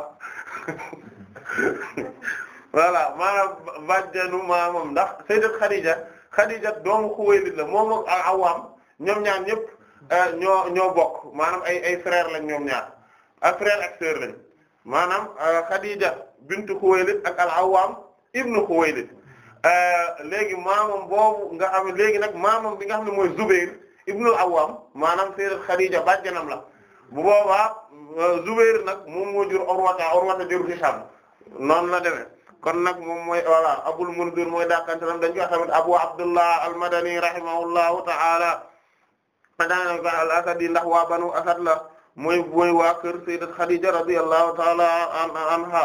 voilà maanaam bàjjenu maamam ndax sayyidat Khadija Khadija doomu Khuwaylid la moom ak al-Awwam ñoom ñaar ñëpp euh, ñoo bokk maanaam ay ay frère lañ ñoom ñaar ak frère ak sœur lañ maanaam euh, Khadija bintu Khuwaylid ak al-Awwam ibnu Khuwaylid euh, léegi maamam boobu nga am léegi nag maamam bi nga xam ne mooy Zubair ibnu al-Awwam maanaam sayyidat Khadija bàjjanam la bu boobaa euh, Zubair nag moom moo jur Urwata Urwata jur Hisham noonu la demee kon nag moom mooy voilà Abul Munzir mooy daakantalam dañ ko wax tamit Abu Abdullah al-Madani rahimahullahu ta'ala daanaka asadi ndax waa Banu Asad la mooy mooy waa kër sayyidat Khadija radiyallahu ta'ala anha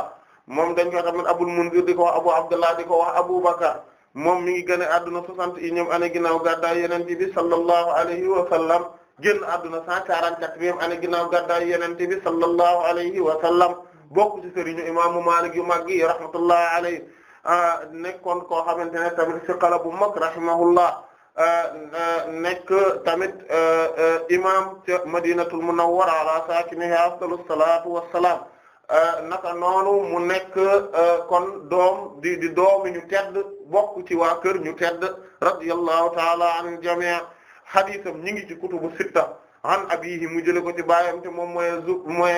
moom dañ ko tamit Abul Munzir di wax Abu Abdullah di ko wax Abu Bakr moom mi ngi gën a adduna soixante et unième année ginnaaw gàddaay Yonent bi sallallahu alayhi wa sallam génn adduna cent quarante-quatrième année ginnaaw gàddaay Yonent bi sallallahu alayhi wa sallam bokk ci sëriñu imaamu Maalik yu mag yi rahmatullahi alayhi ah, nekkoon ko xamante ne tamit ci xala bu mag rahimahullah Euh, euh, nekk tamit euh, imam ca madinatul munawwara ala saakinihaa afdalu salaatu wassalaam naka noonu mu nekk kon doom di di doomi ñu tedd bokk ci waa kër ñu tedd radiyallahu taala anil jamii hadisam ñi ngi ci kutubu sitta an abihi mu jële ko ci baayam te moom mooy mooy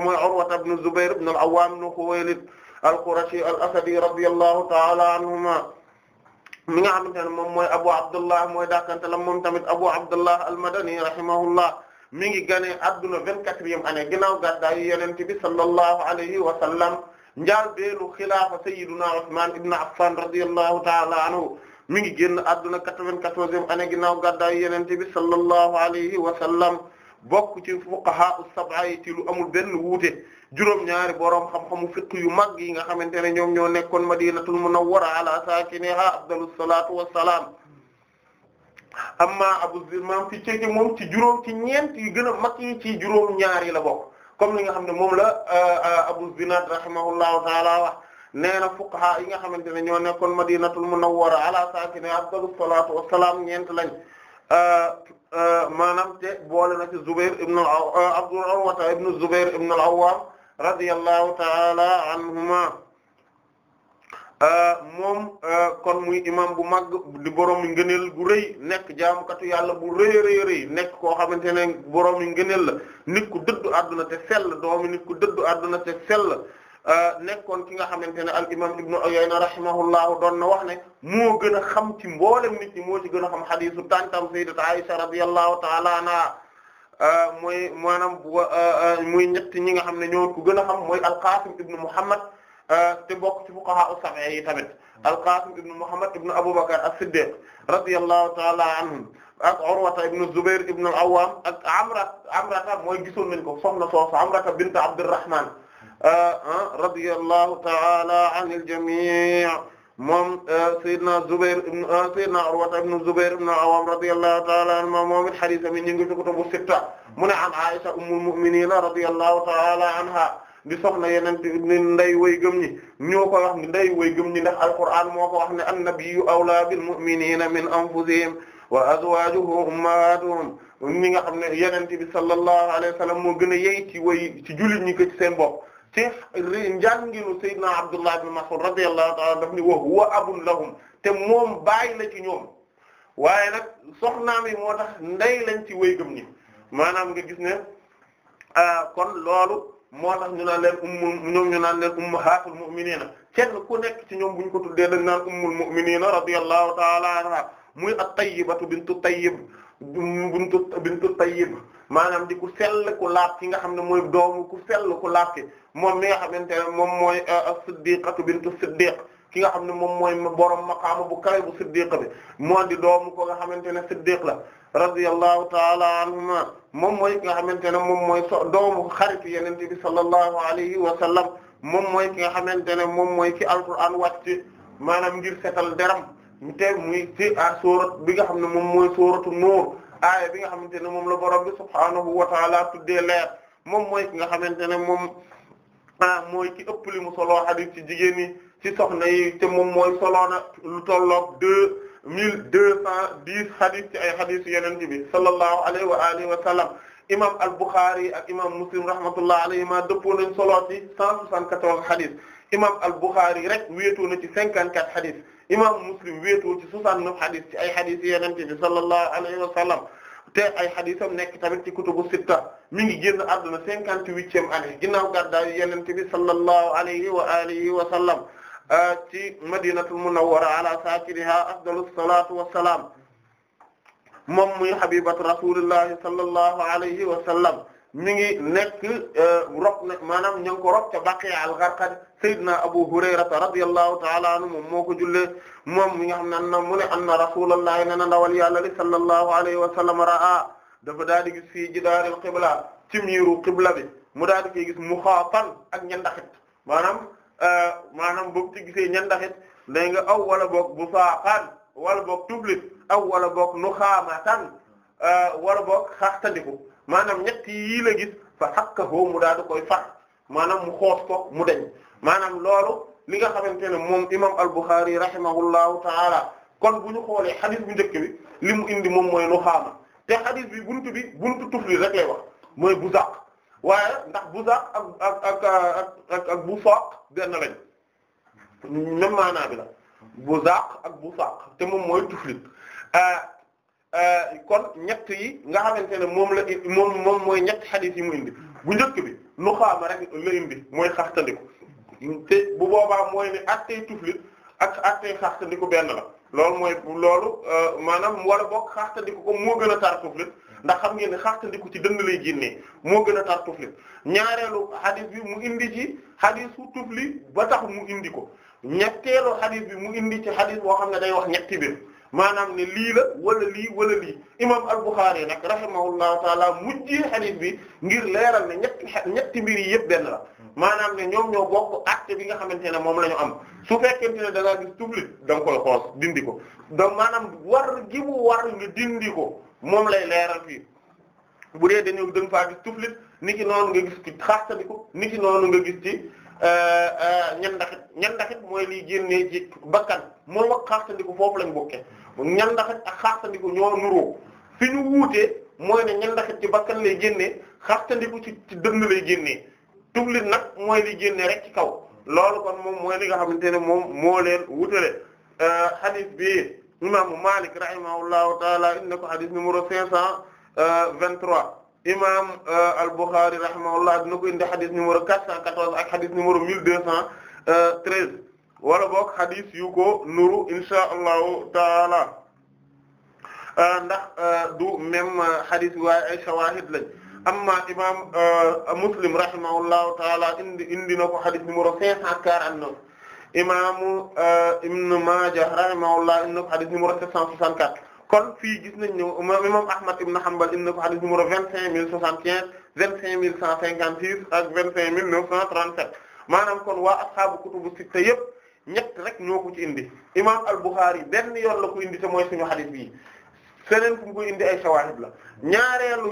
mooy Urwa ibn Zubayr ibn al-Awwam ibn Khuwaylid al-Qurashi al-Asadi radiyallahu taala anhuma mi nga xamante ne moom mooy Abu Abdullah mooy daakantalam moom tamit Abu Abdullah al-Madani rahimahullah mi ngi ganee adduna vingt-quatrième année ginnaaw gàddaayu Yonent bi sallallahu alayhi wa sallam njaal beelu xilaafa sayyiduna Usman ibn Affan radiyallahu ta'ala anhu mi ngi génn adduna quatre-vingt-quatorzième année ginnaaw gàddaayu Yonent bi sallallahu alayhi wa sallam bokk ci fuqaha as-sab'a yi ci amul benn wuute juróom-ñaari boroom xam-xamu fiqh yu mag yi nga xamante ne ñoom ñoo nekkoon madinatul munawwara ala saakiniha afdalu salaatu wassalaam amma abu zimam fi cegi a mag yi ci juróom-ñaar yi la bokk comme li nga xam ne moom la euh, abu zinad rahimahullahu taala wax nee na fuqaha yi nga xamante ne ñoo nekkoon madinatul munawwara ala saakiniha afdalu salaatu wassalaam ñeent lañ euh, Euh, maanaam te boole na ci Zubair ibn euh, Abdul Urwa ibn Zubair ibn euh, moom kon muy imam bu mag di borom ngëneel gu rëy nekk jaamukatu yàlla bu rëy rëy rëy nekk koo xamante ne borom ngëneel la nit ku dëddu àdduna te sell doomi nit ku dëddu àdduna te sell Euh, nekkoon ki nga xamante ne al imam ibnu Uyayna rahimahullahu doon na wax ne moo gën a xam ci mboolem nit ñi moo ci gën a xam hadiisu tantam sayyidat Aisha radiyallahu ta'ala anha euh, mooy maanaam euh, muy ñett ñi nga xam ne ñoo ko gën a xam mooy al-Qasim ibnu Muhammad te bokk ci fuqaha as-sab'a yi tamit al-Qasim ibnu Muhammad ibnu Abubakar as-Siddiq radiyallahu ta'ala anhum ak Urwata ibnu Zubair ibnu al-Awwam ak Amra Amrata mooy gisoon nañ ko soxna soosu Amrata bint Abdurrahman radiyallahu ta'ala anil jami' moom Seydina Zubair Seydina Urwa ibn Zubair ibn Awwam radiyallahu ta'ala anhuma moom it hadiis mi ñu ngi ci kutubu sitta mu ne an Aisha ummul mu'minin radiyallahu ta'ala anha di soxna yenente ni nday way gëm ñi ñoo koy wax ni nday way gëm ñi ndax alquran moo ko wax ne annabiyyu awla bil mu'minina min anfusihim wa azwajuhu ummahatuhum ñi nga xam ne yenente bi sallallahu alayhi wa sallam moo gën a yey ci way ci jullit ñi ko ci seen bopp ci njàngilu Seydina Abdullah ibn Mas'ud radiyallahu ta'ala daf ni wa huwa abun lahum te moom bàyyi la ci ñoom waaye nag soxnaam yi moo tax ndey lañ ci wéy gëm ñi maanaam nga gis ne ah, kon loolu moo tax ñu naan leen ummu ñoom ñu naan leen ummahatul mu'minina kenn ku nekk ci ñoom bu ñu ko tuddee dañ naan ummul mu'minina radiyallahu ta'ala anha muy at-tayyibatu bintu tayyib bintu bintu tayyib maanaam di ku sell ku laab ki nga xam ne mooy doomu ku sell ku laab ki moom mi nga xamante ne moom mooy euh, as-siddiqatu bintu siddiq ki nga xam ne moom mooy borom maqaama bu kawe bu siddiq bi moo di doomu ko nga xamante ne siddiq la radiyallahu taala anhuma moom mooy ki nga xamante ne moom mooy so doomu xaritu yeneen bi sallallahu alayhi wa sallam moom mooy ki nga xamante ne moom mooy ki alquran wàcc maanaam ngir setal deram te muy ci ah, bi nga xam ne moom mooy sóoratu nuur aaya bi nga xamante ne moom la borom bi subhaanahu wa taala tuddee leer moom mooy ki nga xamante ne moom ah ki ëpp li mu soloo hadith ci jigéen ñi ci soxna yi te moom mooy soloo na lu tolloog deux mille deux cent dix hadith ci ay hadith yeneen bi sallallahu alayhi wa alihi wa sallam imam al-Bukhari ak imam Muslim rahmatullah alayhima dëppoo nañ soloo ci cent soixante-quatorze hadith imam al-Bukhari rek wéetoo na ci cinquante-quatre hadith imaamu muslim wéetoo ci 69 xadis ci ay xadis yi yonent bi sallallahu alayhi wa sallam te ay xadisam nekk tamit ci kutubu sitta mi ngi génn àdduna 58eem année ginnaaw gàddaay yonent bi sallallahu alayhi wa alihi wa sallam ci madinatul munawwara ala sakiniha afdalus salatu wa salaam moom muy habibatu rasulillahi sallallahu alayhi wa sallam mi ngi nekk rop na maanaam ña ngi ko rop ca Baqiya al-Gharqad Seydina Abu Hurayrata radiyallahu ta'ala anhu moom moo ko moom mi nga xam ne an na mu ne anna rasulullahi ne na ndawal yàlla li sallallahu alayhi wa sallam ra'a dafa daal di gis fi jidaaril qibla ci miiru qibla bi mu daal di koy gis muxaatan ak ñandaxit maanaam euh, maanaam boobu ci gisee ñandaxit day nga aw wala boog busaaqaan wala boog tublit aw wala nu nuxaamatan euh, wala boog xaxtandiku maanaam ñett yii la gis fa xakkahu mu daal koy far maanaam mu xoos ko mu deñ maanaam loolu li nga xamante ne moom imam al-Bukhari rahimahullahu taala kon bu ñu xoolee xadis bu njëkk bi li mu indi moom mooy nuxaama te xadis bi buntu bi buntu tufli rek lay wax mooy buzaq waaye ndax buzaq ak ak ak ak ak busaq benn lañ même maanaa bi la buzaq ak busaq te moom mooy tufli euh, euh, kon ñett yi nga xamante ne moom la moom moom mooy ñett xadis yi mu indi bu njëkk bi nuxaama rek la indi mooy xaxtandiku te bu boobaa mooy ne attey tuflit ak attey xaxtandiku benn la loolu mooy loolu euh, maanaam wala boog xaxtandiku ko moo gën a tar tuflit ndax xam ngeen ne xaxtandiku ci dënd lay génnee moo gën a tar tuflit ñaareelu xadis bi mu indi ci xadisu tufli ba tax mu indi ko ñetteelu xadis bi mu indi ci xadis boo xam ne day wax ñetti biir maanaam ne lii la wala lii wala lii imam al-Bukhari nag rahimahullahu taala mujjee hadith bi ngir leeral ne ñetti ñetti mbir yi yëpp benn la maanaam ne ñoom ñoo bokk acte bi nga xamante ne moom lañu am su fekkente ne da ngaa gis tublit da koy xoos dindi ko da maanaam war gi mu war nga dindi ko moom lay leeral fii bu dee dañu dëng faa gis tuflit niki noonu nga gis ci xastandiku niki noonu nga gis ci euh, euh, ñan ndaxit ñan ndaxit mooy liy génnee ci bakkan moom ak xastandiku foofu lañ bokkee ñandaxit ak xaxtandiku ñoo nuroo fi ñu wuutee mooy ne ñandaxit ci bakkan lay génnee xaxtandiku ci ci dënn lay génnee tublit nag mooy li génnee rek kaw loolu kon moom mooy li nga xamante ne moom moo leen wutale euh, hadith bi imaamu Malik rahimahullahu taala indi na ko hadith numéro cinq cent euh, vingt-trois imam euh, al-Bukhari rahimahullah dina ko indi hadith numéro quatre cent quatorze ak hadith numéro mille deux cent treize wala boog xadis yu ko nuru insha allahu taala euh, ndax euh, du même euh, xadis waaye ay shawahid lañ amma imam muslim rahimahullahu taala indi indi na ko xadis numéro cinq cent quarante-neuf imaamu ibn Maaja rahimahullah indi na ko xadis numéro sept cent soixante-quatre kon fii gis nañ ne imam Ahmad ibn Hanbal indi na ko xadis numéro vingt-cinq mille soixante-quinze vingt-cinq mille cent cinquante-six ak vingt-cinq mille neuf maanaam kon waa ashaabu kutubu sitta yépp ñett rek ñoo ko ci indi imam al-Bukhari benn yoon la ko indi te mooy suñu xadis bi feneen fu mu ko indi ay shawahid la ñaareelu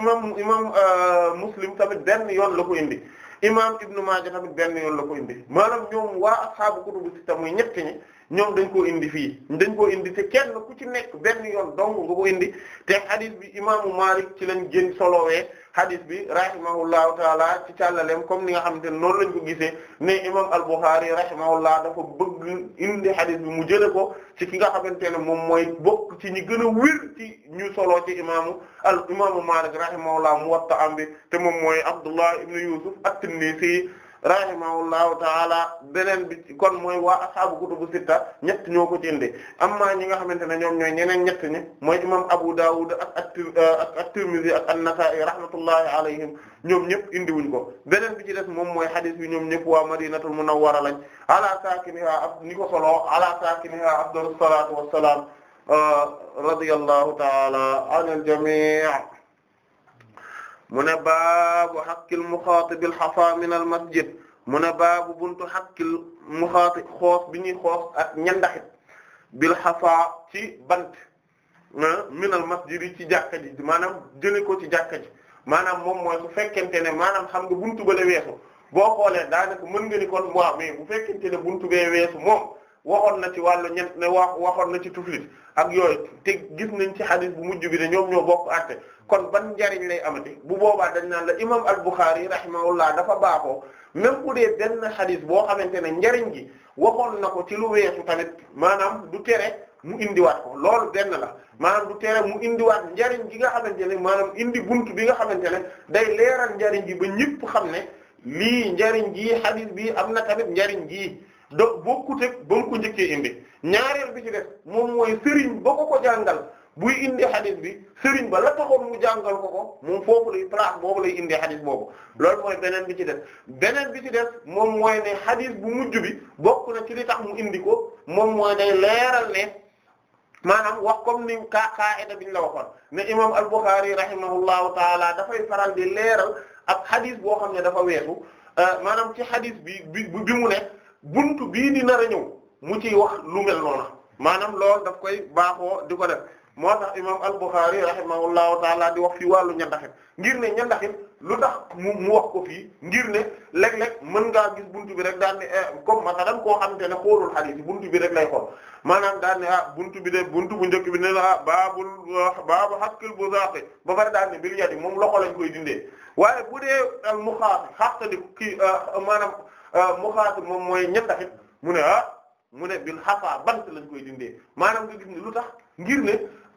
imam imam euh, Muslim tamit benn yoon la ko indi imam Ibn Maaja tamit benn yoon la ko indi maanaam ñoom waa ashaabu kutubu sitta muy ñett ñi ñoom dañ koo indi fii dañ koo indi te kenn ku ci nekk benn yoon dong nga ko indi te hadith bi imaamu Malik ci lañ génn solowee hadith bi rahimahullahu taala ci càllaleem comme ni nga xamante ne noonu lañ ko gisee ne imam al-Bukhari rahimahullah dafa bëgg indi hadith bi mu jële ko ci ki nga xamante ne moom mooy bokk ci ñi gën a wér ci ñu solo ci imaamu al imaamu Malik mu Muwatta am bi te moom mooy Abdullah ibn Yusuf at-Tinnisi rahimahullahu taala beneen bi kon mooy waa ashaabu kutubu sitta ñett ñoo ko ci indi amma ñi nga xamante ne ñoom ñooy ñeneen ñett ñi mooy imam Abu Dawud ak euh, ak at-Tirmidhi ak an-Nasa'i rahmatullahi alayhim ñoom ñëpp indi wuñ ko beneen bi ci moom mooy hadith bi ñoom ñëpp waa Madinatul Munawwara lañ ala saakinihaa ab ni ko solo ala saakinihaa afdalus salaatu wassalaam euh, radiyallahu taala anil jamii' mu ne baabu xaqqil muxaati bil xafa min al masjid mu ne baabu buntu xaqqil muxaati xoos bi ñuy xoos ak ñandaxit bil xafa ci bant ah, min al masjid yi ci jàkka ji maanaam jële ko ci jàkka ji maanaam moom mooy su fekkente ne maanaam xam nga buntu ba la weesu boo xoolee daanaka mën nga ni kon waaw bu fekkente ne buntu bee weesu moom waxoon na ci wàllu ñett ne wax waxoon na ci tuflit ak yooyu te gis nañ ci xadis bu mujj bi ne ñoom ñoo bokk àtte kon ban njariñ lay amati bu boobaa dañ naan la imam al-Bukhari rahimahullah dafa baaxoo même ku dee benn xadis boo xamante ne njariñ gi waxoon na ko ci lu weesu tamit maanaam du tere mu indiwaat ko loolu benn la maanaam du tere mu indiwaat njariñ gi nga xamante ne maanaam indi bunt bi nga xamante ne day leeral njariñ gi ba ñëpp xam ne lii njariñ gii xadis bi am na tamit njariñ gii do bokkuteg ba mu ko njëkkee indi ñaareel bi ci def moom mooy sëriñ ba ko ko jàngal buy indi xadis bi sëriñ ba la taxoon mu jàngal ko ko moom foofu lay place boobu lay indi xadis boobu loolu mooy beneen bi ci def beneen bi ci def moom mooy ne xadis bu mujj bi bokk na ci li tax mu indi ko moom mooy day leeral ne maanaam wax comme ni ka qaida biñ la waxoon ne imam al-Bukhari rahimahullahu taala dafay faral di leeral ak xadis boo xam ne dafa weesu euh, maanaam ci xadis bi bi bi mu ne buntu bii di nar a ñëw mu ciy wax lu mel noonu maanaam loolu daf koy baaxoo di ko def moo tax imaam al-Bukhari rahimahullahu taala di wax fii wàllu ñandaxin ngir ne ñandaxin lu tax mu mu wax ko fii ngir ne léeg-léeg mën ngaa gis buntu bi rek daan ne eh, comme masalan koo xamante ne xoolul xadiis buntu bi rek lay xool maanaam daan ne ah buntu bi de buntu bu njëkk bi ne ah baabul ah, baabu haqqil buzaaqi ba pare daan ne bil yadi moom loxo lañ koy dindee waaye bu dee al ah, maanaam. Euh, muxaatib moom mooy ñettaxit mu ne ah mu ne bil xafaa bant lañ koy dindee maanaam nga gis ne lu tax ngir ne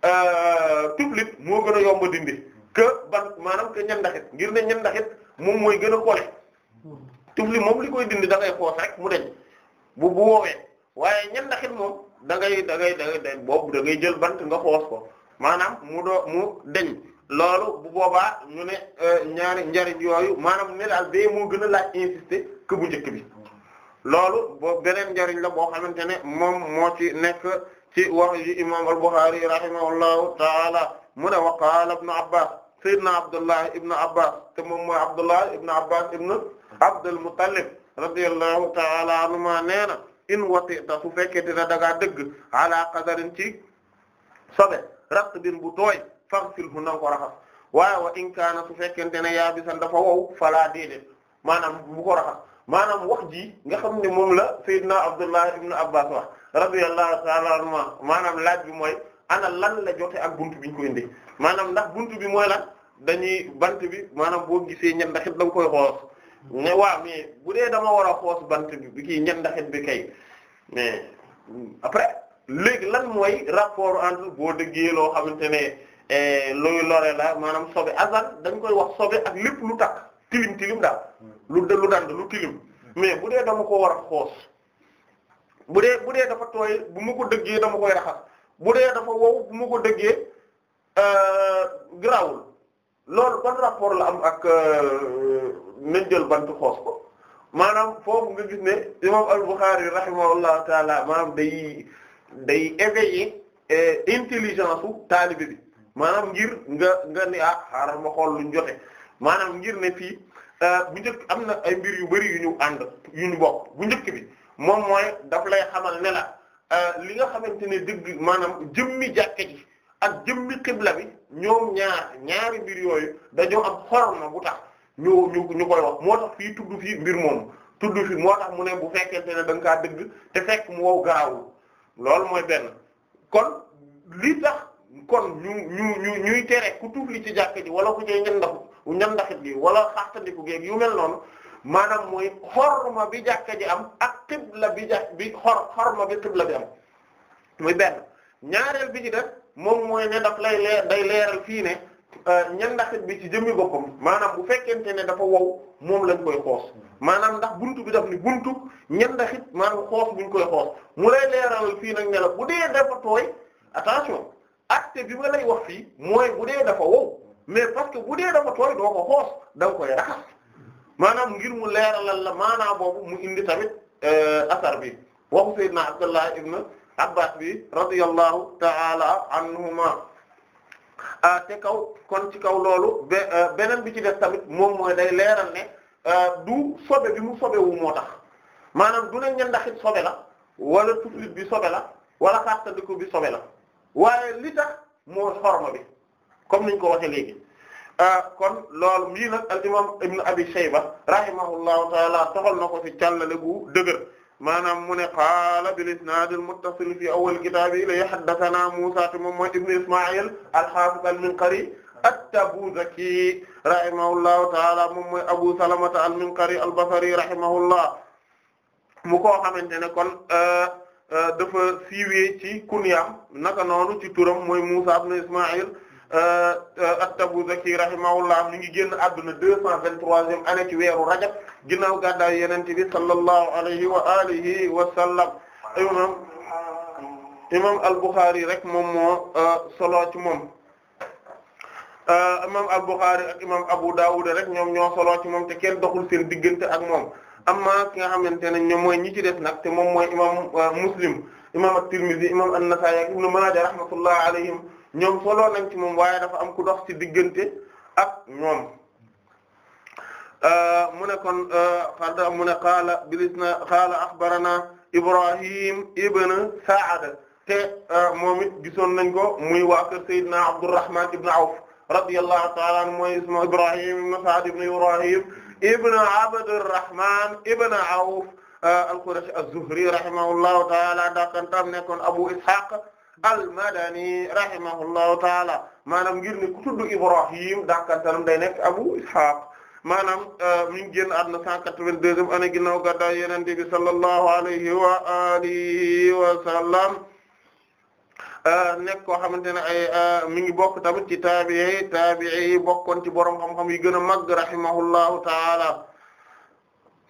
euh, tuflit moo gën a yomb dindi que bant maanaam que ñendaxit ngir ne ñendaxit moom mooy gën a kole tuflit moom li koy dindi da ngay xoos rek mu deñ bu bu woowee waaye ñendaxit moom da ngay da ngay da ngay boobu da ngay jël bant nga xoos ko maanaam mu doo mu deñ loolu bu boobaa ñu ne euh, ñaari njariñ yooyu maanaam ne daal bee moo gën a laaj insister bu njëkk bi loolu boo beneen njariñ la boo xamante ne moom moo ci nekk ci wax yi imam al-Bukhari rahimahullahu taala mu ne wa qaala ibnu abbas sayyidna abdullah ibnu te moom mooy abdullah ibnu abbas ibnu abdul muttalib radiyallahu taala anhuma nee na in watita su fekkee dina dagaa dëgg ala qadarin ci sobe raq bin bu tooy faghsilhu na nga ko raxas waaye wa in kaana su fekkente ne yaabisan dafa wow falaa déedéet maanaam bu ko raxas maanaam wax ji nga xam ne moom la Seydina Abdullah ibn Abbas wax radiyallahu ta'ala anhuma maanaam laaj bi mooy ana lan la jote ak bunt bi ñu ko indi maanaam ndax buntu bi mooy lan dañuy bant bi maanaam boo gisee ñen ndaxit da nga koy xoos ne waaw mais bu dee dama war a xoos bant bi bi kii ñen ndaxit bi kay mais après léegi lan mooy rapport entre boo déggee loo xamante ne Eh, luy lore la maanaam sobe azal dañ koy wax sobe ak lépp lu takk tilim tilim daal lu lu dand lu tilim mais bu dee dama ko war a xoos bu dee bu dee dafa tooy bu ma ko dëggee dama koy raxas bu dee dafa wow bu ma ko dëggee euh, grawul loolu ban rapport la am ak euh, nañ jël bantu xoos ko maanaam foofu nga gis ne imam al-Bukhari rahimahullahu taala maanaam day day éveiller euh, intelligence u taalibe bi maanaam ngir nga nga ne ah xaaral ma xool luñ jote maanaam ngir ne fii euh, bu njëkk am na ay mbir yu bari yu ñu ànd yu ñu bokk bu njëkk bi moom mooy daf lay xamal ne la euh, li nga xamante ne dëgg maanaam jëmmi jàkke ji ak jëmmi xibla bi ñoom ñaar ñaari mbir yooyu dañoo am xorom na bu tax ñu ñu ñu koy wax moo tax fii tudd fii mbir moom tudd fi moo tax mu ne bu fekkente ne da nga kaa dëgg te fekk mu wow gaawul loolu mooy benn kon li tax kon ñu ñu ñu ñuy tere ku tuuf ci jàkk ji wala ku cee ñandaxu ñandaxit gi wala xaxtandiku géeg yu mel noonu maanaam mooy ma bi jàkka ji am ak xibla bi jàkk bi xor xorma bi xibla bi am muy benn ñaareel bi ci moom mooy ne daf lay leer day leeral fii ne euh, ñandaxit bi ci jëmmi boppam maanaam bu fekkente ne dafa wow moom lañ koy xoos maanaam ndax buntu bi daf ni buntu ñandaxit maanaam xoos buñ koy xoos mu lay leeral fii nag ne bu dee dafa tooy attention acte bi ma lay wax fii mooy bu dee dafa wow mais parce que bu dee dafa tooy doo ko xoos da koy raxas maanaam ngir mu leeralal la maanaam boobu mu indi tamit euh, asar bi waxu sayyidna Abdullah ibn Abbas bi radiyallahu ta'ala anhuma ah, te kaw kon ci kaw loolu euh, beneen bi ci def tamit moom mooy day leeral ne euh, du sobe bi mu sobe wu moo tax maanaam du ne ñandaxit sobe la wala tuflit bi sobe la wala xattandiko bi sobe la waaye li tax moo xorma bi comme niñ ko waxee léegi ah, kon loolu lii nag al imam ibn abi shayba rahimahullahu taala toxal na ko ci càllale gu dëgër maanaam mu ne qaala bil isnaad al muttasil fi awwal kitaab ilay haddathana Muusaa te moom mooy ibn Ismaa'iil al haafiz al Minqari at-Tabuzaki rahimahullahu taala moom mooy Abu Salamata al Minqari al Basri rahimahullah mu ko xamante ne kon. Ah, Euh, dafa siiwee ci kunyaam naka noonu ci turam mooy Musa ibn Ismaïl euh, euh, at-Tabuzaki rahimahullah mi ngi génn àdduna deux cent vingt-troisième année ci weeru rajab ginnaaw gàddaay yonent bi sallallahu alayhi wa alihi wa sallam imam imam al-Bukhari rek moom moo solo ci moom imam al-Bukhari ak imam Abu Dawud rek ñoom ñoo solo ci moom te kenn doxul seen diggante ak moom amma ki nga xamante ne ñoom mooy ñi ci def nag te moom mooy imam Muslim imam at-Tirmidhi imam an-Nasa'i ak Ibn Majah rahmatullah alayhim ñoom solo nañ ci moom waaye dafa am ku dox ci diggante ak ñoom euh, mu ne kon farda euh, mu ne qaala bilisna qaala axbarana Ibrahim ibn Sa'd te euh, moom it gisoon nañ ko muy waa kër Seydina Abdurrahman ibn Awf radiyallahu ta'ala anhu mooy ismu Ibrahim ibn Sa'd ibn Ibrahim ibn Abdurrahman ibn Awf euh, al-Qurashi az-Zuhri rahimahullahu ta'ala dakantam nekkoon Abu Ishaq al-Madani rahimahullahu ta'ala maanaam ngir ne ku tudd Ibrahim dakantam day nekk Abu Ishaq maanaam euh, mi ngi génn àdduna 182e année ginnaaw gàddaay Yonent bi sallallahu alayhi wa alihi wa sallam Euh, nekk koo xamante ne ay euh, mi ngi bokk tamit ci taabi'i taabi'i yi bokkoon ci borom xam-xam yi gën a màgg rahimahullahu taala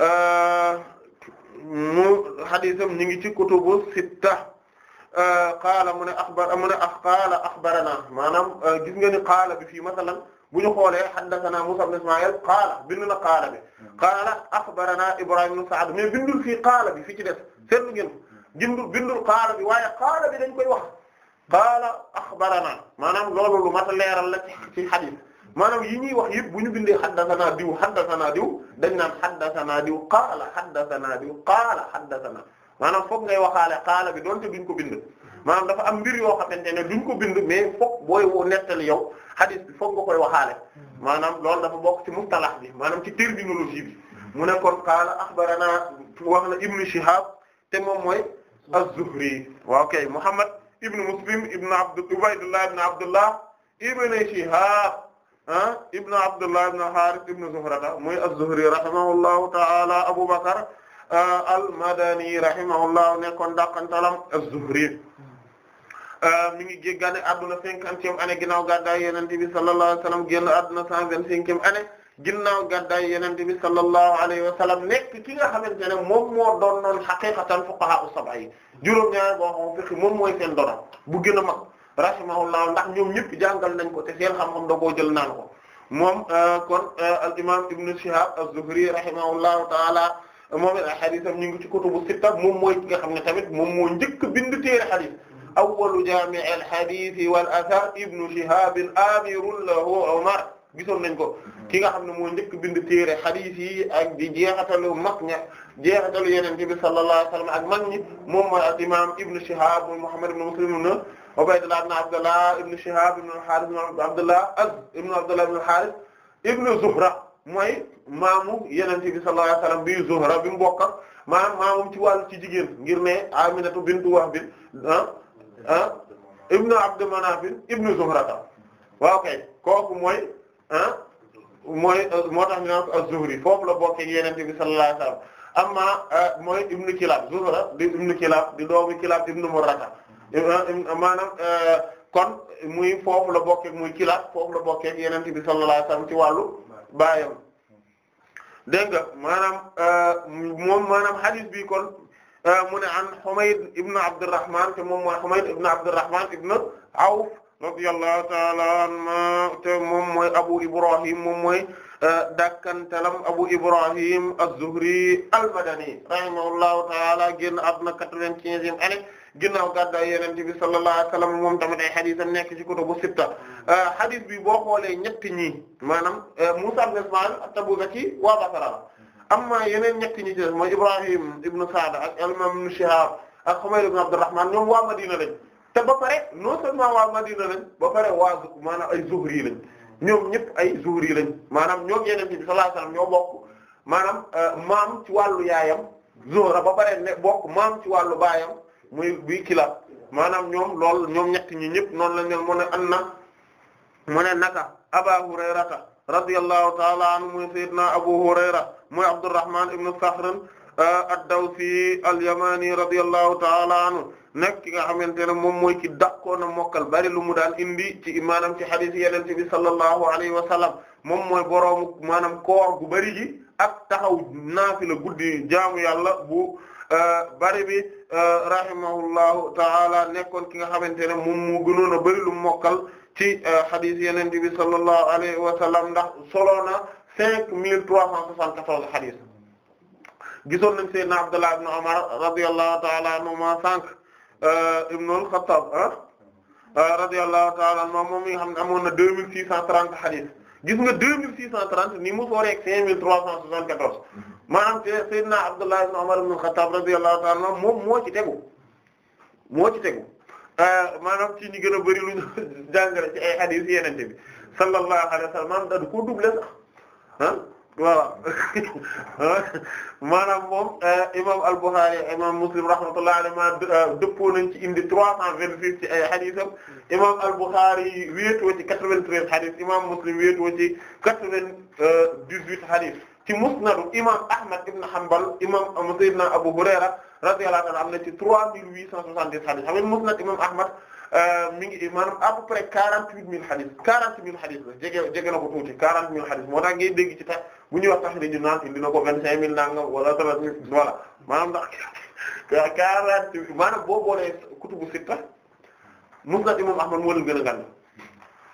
euh, mu hadisam ñu ngi ci kutubu sitta qaala mu ne axbar mu ne ah qaala axbarana maanaam gis nga ni qaala bi fii masalan bu ñu xoolee haddathana Musa ibn Ismaa'il qaala bind na qaala bi qaala axbarana Ibrahim ibn Sa'd mais bindul fii qaala bi fi ci def seetlu ngeen bindul bindul qaala bi waaye qaala bi dañ koy wax. qaala axbarana maanaam loolu lu mat a leeral la ci xadis maanaam yi ñuy wax yëpp bu ñu bindee xaddasanaa diw xaddasanaa diw dañ naan xaddasanaa diw qaala xaddasanaa diw qaala xaddasanaa maanaam foog ngay waxaale qaala bi doonte duñ ko bind maanaam dafa am mbir yoo xamante ne duñ ko bind mais foog booy nettali yow xadis bi foog nga koy waxaale maanaam loolu dafa bokk ci mustalax bi maanaam ci terminologie bi mu ne kon qaala axbarana wax na Ibn Shihab te moom mooy az-Zuhri waaw kay Muhammad ibn Muslim ibn Abd Ubaydullah ibn Abdullah ibn Shihab ah ibn Abdullah ibn al-Harith ibn Zuhrata muy az-Zuhri rahimahullahu ta'ala Abu Bakr ah, al-Madani rahimahullahu nekkoon dàqantalam az-Zuhri ah, mi ngi génn àdduna cinquantième année ginnaaw gàddaay Yonent bi sallallahu alayhi wasallam génn àdduna cent vingt-cinquième année ginnaaw gàddaay yenente bi sallallahu alayhi wa sallam nekk ki nga xamante ne moom moo doon noon xaqiqatan fuqaha as-sab'a yi juróom-ñaar boo xam fiqi moom mooy seen dono bu gën a mag rahimahullah ndax ñoom ñëpp jàngal nañ ko te seen xam-xam da koo jël naan ko moom euh, kon euh, al imam ibnu shihab az-zuhri rahimahullahu taala moom it xadisam ñu ngi ci kutubu sitta moom mooy ki nga xam ne tamit moom moo njëkk bind téere xadis awwalu jaami' al-hadith wal athar ibnu shihab amirun lahu umar gisoon nañ ko mm-hmm. ki nga xam ne moo njëkk bind téere hadith yi ak di jeexatalu mag ña jeexatalu yenente bi sallallahu alayhi wa sallam ak man ñi moom mooy al imam ibnu Shihab mooy Muhammad ibn Muslim ibn Ubaydullah ibn Abdullah ibn Shihab ibn al-Harith ibn Abdullah ak ibn Abdullah ibn al-Harith ibnu Zuhra mooy maamu yenente bi sallallahu alayhi wa sallam bi Zuhra bi mu ci wàllu ci jigéen ngir ne Aminatu bintu Wahb bi ah ah ibnu Abd Manaf ibnu Zuhra waaw kay kooku mooy ah mooy euh, moo tax ñu naan az-Zuhri foofu la bokk ak Yonent bi sallallahu alayhi wasallam amma euh, mooy ibnu Kilab Zuhra di ibnu Kilab di doomu Kilab ibnu Murraka maanaam euh, kon muy foofu la bokk muy Kilab foofu la bokk yeneen Yonent bi sallallahu alayhi ci wàllu baayam dégg nga maanaam moom maanaam hadith bi kon mu ne an Humayd ibnu Abdurrahman te moom mooy Humayd ibnu Abdurrahman ibnu Awf radiyallahu ta'ala anhu te moom mooy Abu Ibrahim moom mooy eh, dakkantalam Abu Ibrahim az-Zuhri al-Madani rahimahullahu ta'ala génn àdduna quatre-vingt-quinzième année ginnaaw gàddaay Yonent bi sallallahu alayhi wa sallam moom tamit ay xadisam nekk ci kutubu sitta xadis eh, bi boo xoolee ñetti ñi maanaam eh, Musa ibn Ismaïl at-Tabuzaki waa Basra amma yeneen ñetti ñi ci des mooy Ibrahim ibn Sa'd ak al-Imam Ibn Shihab ak Humayr ibn Abdurrahman ñoom waa Madina lañ te ba pare non seulement waa Madina lañ ba pare waa maana ay Zuhri lañ ñoom ñëpp ay Zuhri lañ maanaam ñoo yeneen bi sallallahu alayhi wasallam ñoo bokk maanaam euh, maam ci wàllu yaayam Zuhra ba pare ne bokku maam ci wàllu baayam muy bii Kilab maanaam ñoom lool ñoom ñett ñi ñëpp noonu lañ leen mën a an na mu ne naka Aba Hurayrata radiyallahu ta'ala anhu muy Seydina Abu Hurayra muy Abdurrahman ibn Sakhr euh, a dawsi al-Yamani radiyallahu ta'ala anhu nekk ki nga xamante ne moom mooy ki dakkoon a mokkal bari lu mu daan indi ci maanaam ci hadith yenente bi sallallahu alayhi wa sallam moom mooy boroomu maanaam koor gu bari ji ak taxaw naafila guddi jaamu yàlla bu euh, bari bi euh, rahimahullahu taala nekkoon ki nga xamante ne moom mu gënoon a bari lu mokkal ci hadith euh, yenente bi sallallahu alayhi wa sallam ndax solo na cinq mille trois cent soixante-quatorze hadith gisoon nañ sayyidna Abdullah ibn Umar radiyallahu taala anhuma Euh, ibnul Xattaab euh, radiyallahu ta'ala anhu moom moom mi nga xam ne amoon na deux mille six cent trente hadith gis nga deux mille six cent trente ni mu sooree ak cinq mille trois cent soixante-quatorze maanaam te Seydina Abdullah ibn Umar ibn al-Khattab radiyallahu ta'ala anhu moom moo ci tegu moo ci tegu euh, maanaam ci ñi gën a bëri lu ñu jàngale ci ay hadith yenente bi sallallahu alayhi wa sallam maanaam da ko doublé sax ah voilà maanaam moom eh, imam al-Bukhari imam Muslim rahmatullahi alayhi eh, dëppoo nañ ci indi trois cent vingt-six ci ay xadisam imam al-Bukhari wéetoo ci quatre-vingt-treize xadis imam Muslim wéetoo ci quatre-vingt-dix-huit xadis ci musnadu imam Ahmad ibn Hanbal imam Sayyidina Abu Hurayra radiyallahu anhu am na ci trois mille huit cent soixante-dix xadis xam nga musnad imam Ahmad Euh, mi ngi maanaam à peu près quarante huit mille xadis quarante mille xadis la jege jege na ko tuuti quarante mille xadis moo tax ngay dégg ci tax bu ñuy wax tax ni ñu naan indi na ko vingt cinq mille nangam wala trente mille voilà maanaam ndax quarante huit maanaam boo boolee kutubu sitta musnad imam Ahmad moo leen gën a gànn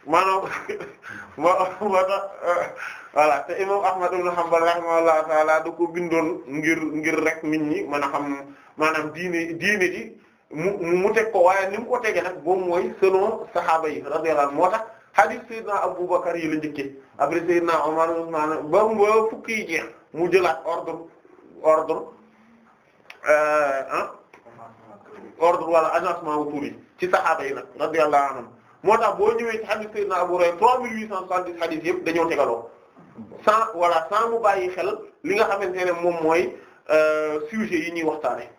maanaam moo moo tax euh, voilà te imam Ahmad ibn Hanbal rahimahullahu taala da ko bindoon ngir ngir rek nit ñi mën a xam maanaam diine diine ji. mu mu teg ko waaye ni mu ko tegee nag moom mooy selon saxaaba yi radiyallahu anhu moo tax hadith Seydina Aboubacar yi la njëkkee après Seydina Omar Ousmane ba ba fukki yi jeex mu jëlaat ordre ordre ah ordre wala agencement wu tur yi ci saxaaba yi nag radiyallahu anhum moo tax boo ñëwee ci hadith Seydina Abou Hurayra 3870 hadith yëpp dañoo tegaloo sans voilà sans mu bàyyi xel li nga xamante ne moom mooy euh, sujet yi ñuy waxtaanee.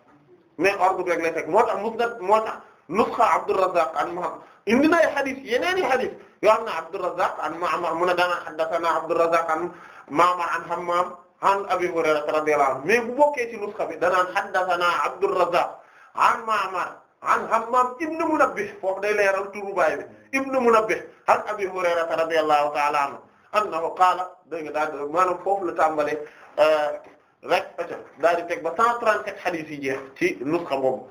mais ordre bi rek lay fekk moo tax musnad moo tax nusxa Abdurrazzaq an Muhammad indi na ay xadis yeneen i xadis yoo xam ne Abdurrazzaq an Ma'mar mu ne daana haddathana Abdurrazzaq an Ma'mar an Hammam an Abi Hurayra radiyallahu anhu mais bu bokkee ci nusxa bi danaan haddathana Abdurrazzaq an Ma'mar an Hammam ibn Munabbih foofu day leeral turu baay bi ibn Munabbih an Abi Hurayra radiyallahu ta'ala anhu annahu qaala dégg nga daal maanaam foofu la tàmbalee. Euh, rek aca daal di teg ba cent trente-sept xadis yi jeex ci nusxa boobu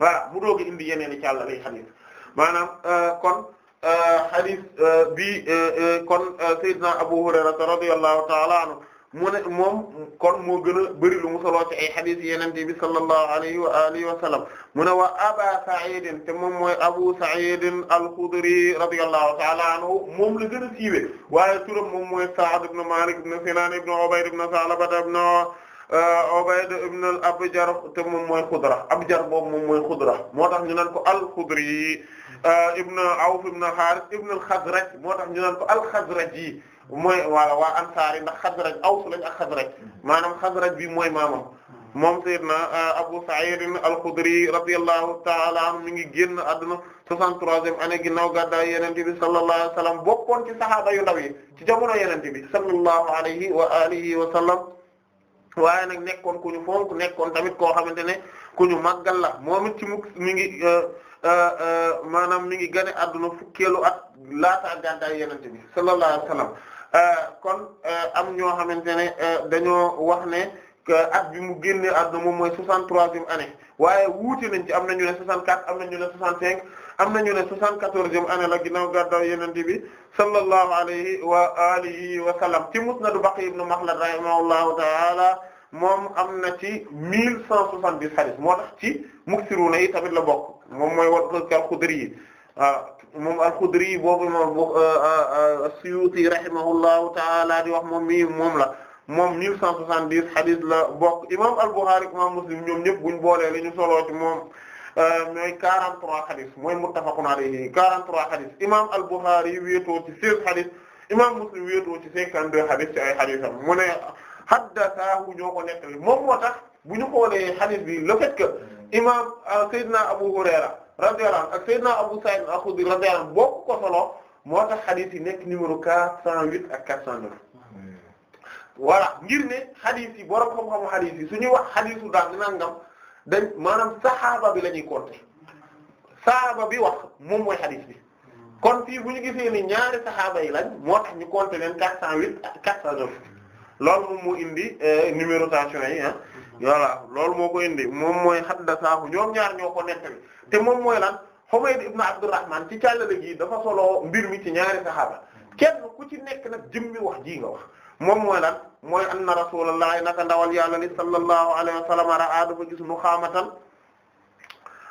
voilà mu doogi indi yeneen i càlla lay xadis maanaam euh, kon xadis euh, euh, bi kon Seydina Abu Hurayrata radiyallahu ta'ala anhu mu ne moom kon moo gën a bëri lu mu solo ci ay xadis yeneen bi sallallahu alayhi wa alihi wa sallam mu ne waa Aba Sa'id te moom mooy Abu Sa'id al-Khudri radiyallahu ta'ala anhu moom la gën a siiwee waaye turam moom mooy Sa'd ibn Malik ibn Sinan ibn Ubayd ibn Sa'laba ibn euh, Ubayd ibn al-Abjar te moom mooy Khudra Abjar boobu moom mooy Khudra moo tax ñu naan ko al-Khudri euh, ibn Awf ibn Harith ibn al-Khazraj moo tax ñu naan ko al-Khazraji mooy wala waa ansaari ndax xadraj aws lañ ak xadraj maanaam xadraj bi mooy maamam moom sayyidna uh, Abu Sa'id al-Khudri radiyallahu ta'ala anhu mi ngi génn àdduna 63e année ginnaaw gàddaay Yonent bi sallallahu alayhi wa sallam bokkoon ci saxaaba yu ndaw yi ci jamono Yonent bi sallallahu alayhi wa alihi wa sallam waaye nag nekkoon ku ñu fonk nekkoon tamit koo xamante ne ku ñu màggal la moom it ci mu mi ngi uh, uh, maanaam mi ngi gane àdduna fukkeelu at laata gàddaay Yonent bi sallallahu alayhi wa Euh, kon euh, am ñoo xamante ne euh, dañoo wax ne que at bi mu génne àdduna moom mooy soixante-troisième année waaye wuute nañ ci am na ñu ne soixante-quatre am na ñu ne soixante-cinq am na ñu ne soixante-quatorzième année la ginnaaw gàddaw Yonent bi sallallahu alayhi wa alihi wa sallam ci Musnad Baqi ibn Makhlad rahimahullahu ta'ala moom am na ci mille cent soixante-dix hadith moo tax ci muksiruna yi tamit la bokk moom mooy wa kal Xudri yi Ah, moom al-Khudri boobu imam as-Suyuti ah, ah, rahimahullahu ta'ala di wax moom mii moom la moom 1170 hadith la bokk imam al-Bukhari imam Muslim ñoom ñëpp buñ boolee li ñu soloo ci moom mooy 43 hadith mooy muttafaqun alayhi 43 hadith imam al-Bukhari wéetoo ci 16 hadith imam Muslim wéetoo ci 52 hadith ci ay haditham mu ne haddathahu ñoo ko nettali moom moo tax bu ñu xoolee hadith bi le fait que hmm. imam Seydina Abu Hurayra radiyallahu anhu ak Seydina Abu Sa'id al-Khudri radiyallahu anhu bokk moo tax xadis yi nekk numéro 408 ak 409 voilà ngir ne xadis yi borom xam-xamu xadis yi su ñuy wax xadisu daal di nangam dañ maanaam saxaaba bi la ñuy compter saxaaba bi wax moom mooy xadis bi kon fii bu ñu gisee ni ñaari saxaaba yi lañ moo tax ñu compter leen 408 ak 409 loolu moom moo indi euh, numérotation yi ah. voilà loolu moo ko indi moom mooy haddasaahu ñoom ñaar ñoo ko nettali te moom mooy lan Humayd ibn Abdurrahman ci càllale gi dafa solo mbir mi ci ñaari saxaaba kenn ku ci nekk nag jëmmi wax ji nga wax moom mooy lan mooy anna rasulullahi naka ndawal yàlla ni sallallahu alayhi wa sallam ra'a dafa gis nu xaamatan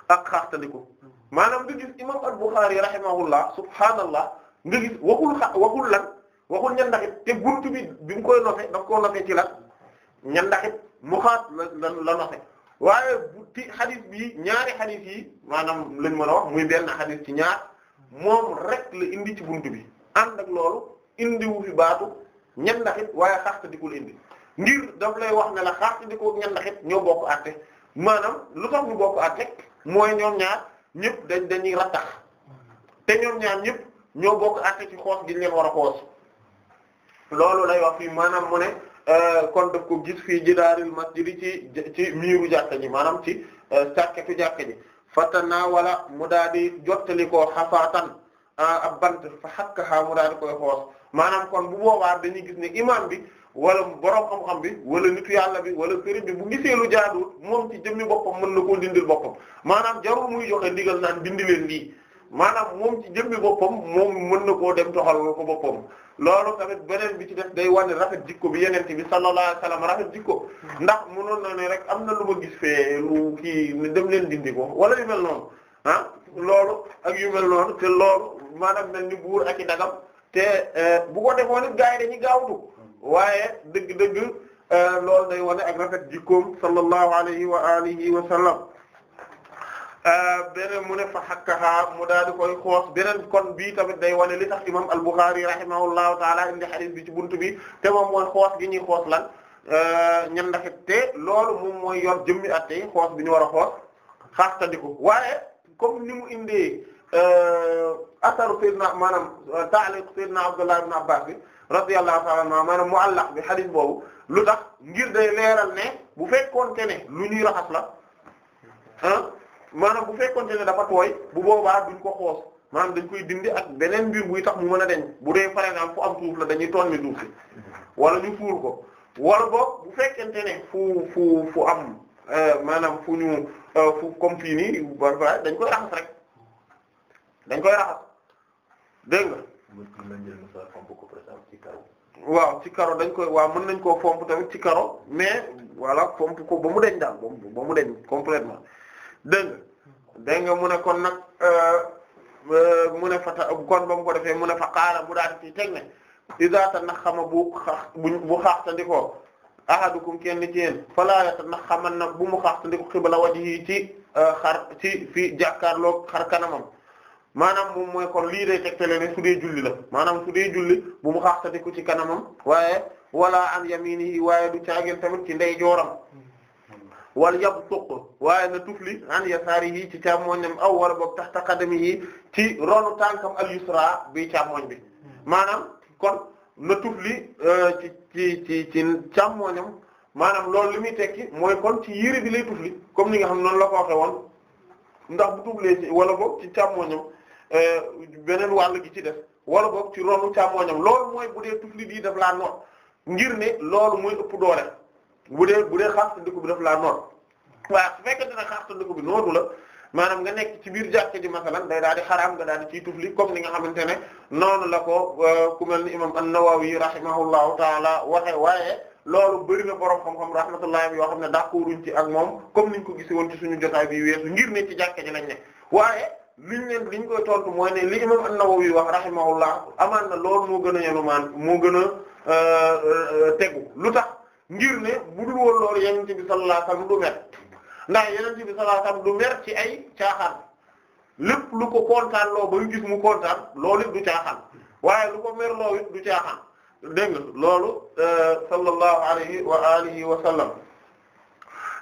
ak ko maanaam nga gis imam al-Bukhari rahimahullah subhaanallah nga gis waxul waxul lan waxul ñandaxit te buntu bi bi mu koy nofe daf koo nofe ci lan muxaat la la noxe waaye bu ti xadis bi ñaari xadis yi maanaam lañ mën a wax muy benn xadis ci ñaar moom rek la indi ci bunt bi ànd ak loolu indiwu fi baatu ñen ndaxit waaye xaxt dikul indi ngir daf lay wax ne la xaxt dikoo ñen ndaxit ñoo bokk àtte maanaam lu tax ñu bokk àtte mooy ñoom ñaar ñëpp dañ dañuy rattax te ñoom ñaar ñëpp ñoo bokk àtte ci xoos gi ñu leen war a xoos loolu lay wax fii maanaam mu ne Euh, kon def ko gis fii jidaaril masjid ci ci miiru jàkka ji maanaam ci sàkketu euh, jàkka ji fatanaa wala mu daal di jottali koo xafaatan euh, ab bant fa xakkahaa mu daal di koy xoos maanaam kon bu boobaa dañuy gis ne imam bi wala borom xam-xam bi wala nitu yàlla bi wala sëriñ bi bu gisee lu jaaduwul moom ci jëmmi boppam mën na koo dindil boppam maanaam jarul muy joxe ndigal naan dindi leen lii maanaam moom ci jëmmi boppam moom mën na koo dem toxal ko boppam loolu tamit beneen bi ci def day wane rafet jikko bi yeneen bi sallallahu alayhi wasallam rafet jikko hmm. ndax mënoon na ne rek am na lu ma gis fee lu kii ne dem leen dindi ko wala yu mel noonu ah loolu ak yu mel noonu te loolu maanaam mel ni buur ak i dagam te eh, bu ko defoon it gaa yi dañuy gaawtu waaye dëgg-dëgg eh, lool day wane ak rafet jikkoom sallallahu alayhi wa alihi wa sallam Euh, beneen mu ne fa xakkaha mu daal di koy xoos beneen kon bii tamit day wane li tax imam al-Bukhari rahimahullahu indi hadith bi ci buntu bi te moom mooy xoos gi ñuy xoos lan euh, ñan te loolu moom mooy yor jëmmi at yi xoos bi ñu war a xoos xaaxtandiku waaye comme ni mu indee euh, asaru sayyidina maanaam ta'liq sayyidina Abdullah ibn Abbas bi radiyallahu ta'ala anhu maanaam mu'allaq bi hadith boobu lu tax ngir day leeral ne bu fekkoonte ne lu ñuy raxas la maanaam bu fekkonte ne dafa tooy bu boobaa duñ ko xoos maanaam dañ koy dindi ak beneen mbir buy tax mu mën a deñ bu dee par exemple fu am suuf la dañuy toon mi duuf si wala ñu fuur ko wala boog bu fekkente ne fu fu fu am euh, maanaam fu ñu euh, fu comme fii nii ba dañ koy raxas rek dañ koy raxas dégg nga. waaw ci karo dañ koy waaw mën nañ koo fomp tamit ci karo mais wala fomp ko ba mu deñ daal ba mu deñ complètement dégg nga dégg nga mu ne kon nag euh, euh, mu ne fata kon ba mu ko defee mu ne fa qaala mu daal di teg ne idaata nag xama bu xaax bu xaaxtandikoo ahadukum kenn ci yéen falaayata nag xaman na bu mu xaaxtandiko xibala wajhi ci euh, xar ci fii jàkkaarloo xar kanamam maanaam moom mooy kon lii day tegtale ne su dee julli la maanaam su dee julli bu mu xaaxtandiko ci kanamam waaye wala an yaminihi waaye du caagin tamit ci ndey jooram wal yabsuq waaye na tufli an yasaarihi ci am aw wala tax taxta qadamihi ci ronu tànkam al yusra bi càmmoñ bi maanaam kon na tufli euh, ci ci ci ci càmmoñam maanaam loolu li muy tekki mooy kon ci yére bi lay tufli comme ni nga xam noonu la ko waxe woon ndax bu tuflee ci wala boog ci càmmoñam euh, beneen wàll gi ci def wala boog ci ronu càmmoñam loolu mooy bu dee tufli bii def laa noot ngir ne loolu mooy ëpp doole bu dee bu dee xaar tandiku bi daf laa noot waaw su fekkee dina xaar tandiku bi nootu la maanaam nga nekk ci biir jàkka ji masalan day daal di xaraam nga daal di ciy tufli comme ni nga xamante ne noonu la ko euh, ku mel ni imam an-Nawawi rahimahullahu taala waxe waaye loolu bëri na borom xam-xam rahmatullahi yoo xam ne d'accorduñ ci ak moom comme ni niñ ko gisi woon ci suñu jotaay bi weesu ngir ne ci jàkka ji lañ ne waaye liñ leen liñ koy tontu mooy ne li imam an-Nawawi wax rahimahullah amaan na lool moo gën a yenu maan moo gën a euh, euh, tegu lu tax ngir ne bu dul woon loolu yonent bi sallallahu du mer ndax yonent bi sallallahu du mer ci ay caaxaan lépp lu ko kontaan loo ba ñu gis mu kontaan loolu it du caaxaan waaye lu ko mer loo du caaxaan dégg nga loolu euh, sallallahu alayhi wa alihi wa sallam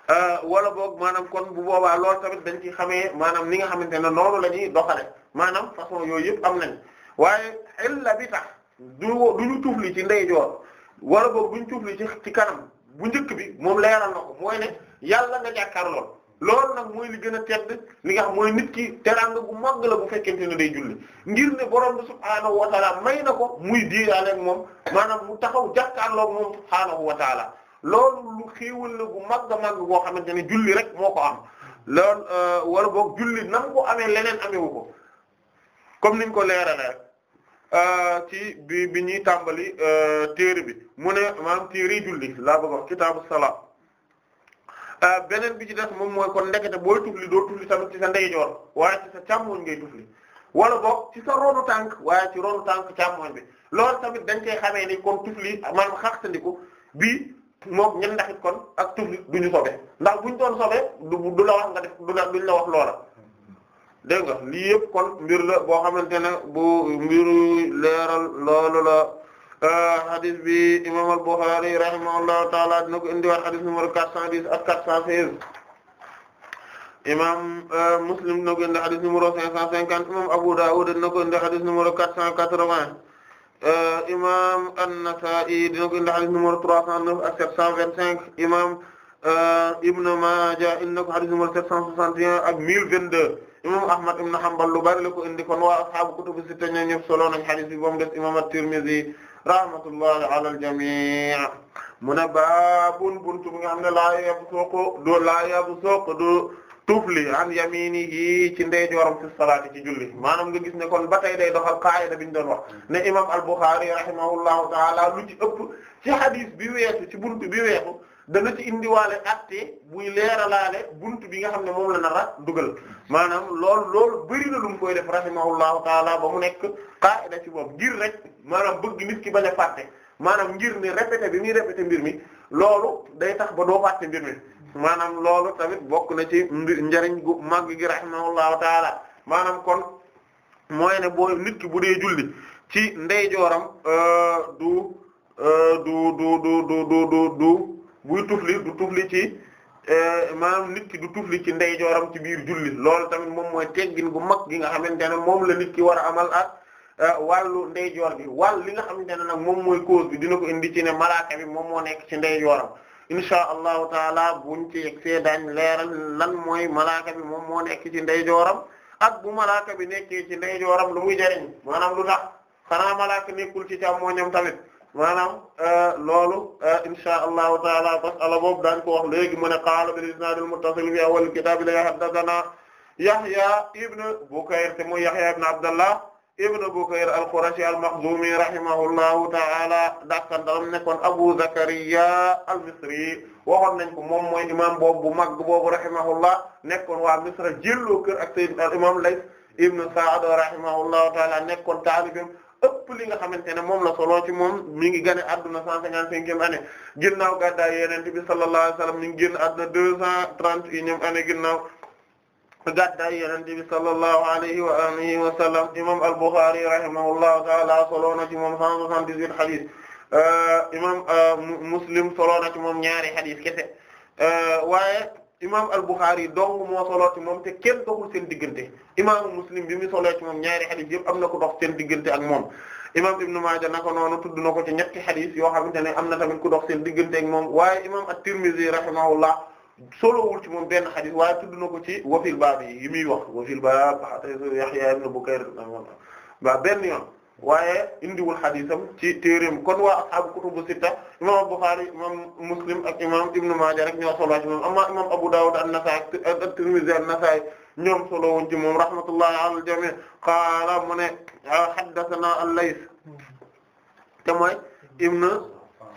euh, wala boog maanaam kon bu boobaa loolu tamit dañ ci xamee maanaam ni nga xamante ne noonu lañuy ñuy doxale maanaam façon yooyu yëpp am nañ waaye xel bi tax du duñu tufli ci ndeyjoor wala boobu buñ tufli ci ci kanam bu njëkk bi moom leeral na ko mooy ne yàlla nga jàkkaar lool loolu nag mooy li gën a tedd li nga xam mooy nit ki teraanga gu màgg la bu fekkente ne day julli ngir ne borom bi subhaanahu wa may na ko muy diiraale moom maanaam mu taxaw jàkkaarloog moom subhaanahu wa taala loolu lu xéewal la bu màgg a màgg xamante ne julli rek moo ko am loolu euh, wala boog julli nam ko amee leneen amewu ko comme niñ ko leerale Euh, ci bi bi ñuy tàmbali euh, téere bi mu ne maanaam téere julli laa bëgg wax kitaabu salaat euh, beneen bi ci des moom mooy kon ndekete booy tufli doo tufli tamit ci sa ndeyjoor waaye ci sa càmmooñ ngay tufli wala boo ci sa ronu tànk waaye ci ronu tànk càmmooñ bi lool tamit dañ koy xamee ni kon tufli maanaam xaxtandiku bii moom ñen ndaxit kon ak tufli ñu sobe ndax ñu doon sobe du la wax nga def du la duñ la wax loola dégg nga lii yëpp kon mbir la boo xamante ne bu mbiru euh, bi imam al-Bukhari rahimahullahu taala dina ko indiwaat hadith numéro 410 ak 416 imam euh, Muslim dina ko indi hadith numéro 550 imam Abu Dawud dina ko indi hadith numéro 480 euh, imam An-Nasa'i dina ko indi hadith numéro 309 ak 725 imam Ibn Majah dina imam Ahmad ibn Hanbal lu bari la ko indi kon waa ashaabu kutubu sitta ñoom ñëpp solo nañu hadith bi ba mu des imam at-Tirmidhi rahmatullahi ala al-jami' mu ne baabun buntu bi nga xam ne laa yabsuqu du laa yabsuqu du tufli an yaminihi ci ndeyjooram fi salaati ci julli maanaam nga gis ne kon ba tey day doxal qaayida bi ñu doon wax ne imam al-Bukhari rahimahullahu taala lu ci ëpp ci hadith bi weesu ci buntu bi weesu. dana ci indiwaale atte buy leeralaale buntu bi nga xam ne moom la nar a dugal maanaam lool loolu bëri na lu mu koy def rahimahullahu taala ba mu nekk qaida ci boobu ngir rek maanaam bëgg nit ki ba a fàtte maanaam ngir ne répété bi muy répété mbir mi loolu day tax ba doo fàtte mbir mi maanaam loolu tamit bokk na ci njariñ gu màgg gi rahimahullahu taala maanaam kon mooy ne boo nit ki bu dee julli ci ndeyjooram euh, euh, du du du du du du du du buy tufli du tufli ci eh, maanaam nit ki du tufli ci ndeyjooram ci biir julli loolu tamit moom mooy teggin gu mag gi nga xamante ne moom la nit ki war a amal ak eh, wàllu ndeyjoor bi wàll li nga xamante ne nag moom mooy cause bi dina ko indi ci ne malaaka bi moom moo nekk ci ndeyjooram insha allahu taala buñ ci yegsee leeral lan mooy malaaka bi moom moo nekk ci ndeyjooram ak bu malaaka bi nekkee ci ndeyjooram lu muy jariñ maanaam lu tax xanaa malaaka nekkul ci càmmoñam tamit maanaam euh, loolu euh, insha allahu taala masala boobu daañu ko wax léegi mu ne qaala bil isnaad al muttasil fi awwal kitaab la haddathana Yahya ibn Bukayr te mu Yahya ibn Abdallah ibn Bukayr al-Qurashi al-Makhzumi rahimahullahu taala dakkan dalam nekkoon Abu Zakariya al-Misri waxoon nañ ko moom mooy imam boobu bu mag boobu rahimahullah nekkoon waa Misra jëlloo kër ak sayyid al imam Layth ibn Sa'd rahimahullahu taala nekkoon taalibam ëpp li nga xamante ne moom la solo ci moom mi ngi gane adduna cent cinquante-cinquième année ginnaaw gàddaay yonent bi sallallahu wasallam mi ngi génn adduna deux et unième année ginnaaw gàddaay yonent bi sallallahu alayhi wa alihi wa sallam imam al-Bukhari rahimahullahu ta'ala solo na ci moom cent soixante-dix-huit hadith euh, imam euh, Muslim solo na ci moom ñaari hadith kese euh, waaye imam al-Bukhari dong moo soloo ci moom te kenn doxul seen diggante imaamu Muslim bi mu soloo ci moom ñaari xadis yëpp am na ko dox seen diggante ak moom imam Ibn Maaja naka noonu tudd na ko ci ñetti xadis yoo xamante ne am na tamit ku dox seen diggante ak moom waaye imam at-Tirmidhi rahimahullah wul ci moom benn xadis waaye tudd na ko ci wafil baab yi yi muy wax wafil baab Yahya ibn Bukayr ba benn yoon waaye indiwul xadisam ci téereem kon waa ashaabu kutubu sitta imam Bukhari imam Muslim ak imam Ibn Maaja rek ñoo solo ci moom amma imam Abu Dawud an-Nasaa'i at-Tirmidhi an solo woon ci moom rahmatullahi ala al-jami' qaala mu ne haddathana al-Layth te mooy ibn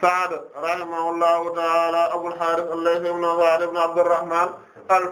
Sa'd rahimahullahu ta'ala Abul Harith al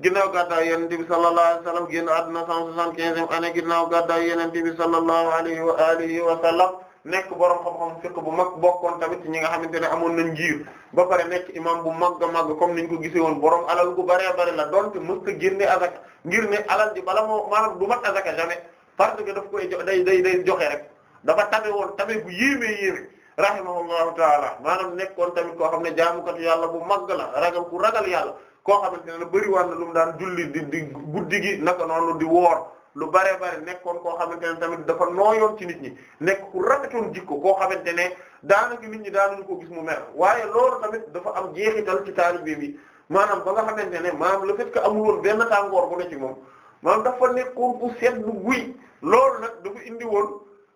ginnaaw gàddaay yonent bi sallallahu alayhi wa ginnaaw gàddaay yonent bi sallallahu alayhi wa alihi wa nekk borom xam-xam fiqh bu mag bokkoon tamit ñi nga xamante ne amoon nañ njiir ba pare nekk imam bu mag mag comme niñ ko gise woon borom alal gu bëree bëri la donte mës ko génne azaka ngir ne alal ji bala moo maanaam du mat azaka jamais parce que day day day joxe rek dafa tabe woon tabe bu yéeme yéeme rahimahullahu taala maanaam nekkoon tamit koo xam ne jaamukatu yàlla bu mag la ragal ku ragal yàlla koo xamante na bëri war na lu daan julli di di guddi gi naka noonu di woor lu bare bare nekkoon koo xamante ne tamit dafa nooyoon ci nit ñi nekk ku rafetoon jikko koo xamante ne daanaka nit ñi daanuñu ko gis mu mer waaye loolu tamit dafa am jeexital ci taalibe yi maanaam ba nga xamante ne maanaam la fait que amul woon benn tàngoor bu ne ci moom maanaam dafa nekkoon ku seet bu guy loolu nag dafa indi woon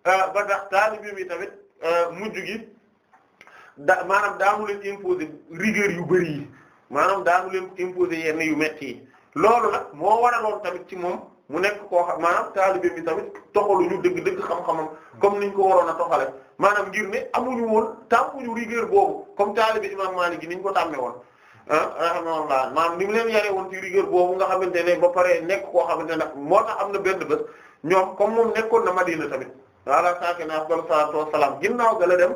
euh, ba dax taalibe bi tamit euh, mujj gi da maanaam daamu leen imposer rigueur yu bëri yi maanaam daanu leen imposer yenn yu metti yi loolu nag moo waraloon tamit ci moom mu nekk koo xam maanaam taalibe bi tamit toxaluñu dëgg dëgg xam-xamam comme niñ ko waroon a toxale maanaam ngir ne amuñu woon tàmmuñu rigueur boobu comme taalibe imam Maalik gi niñ ko tàmmee woon ah rahimahullah maanaam ni mu leen yaree woon ci rigueur boobu nga xamante ne ba pare nekk koo xamante ne moo tax am na benn bés ñoom comme moom nekkoon na Madina tamit ala saakina afdalu salaatu wassalaam ginnaaw ga la dem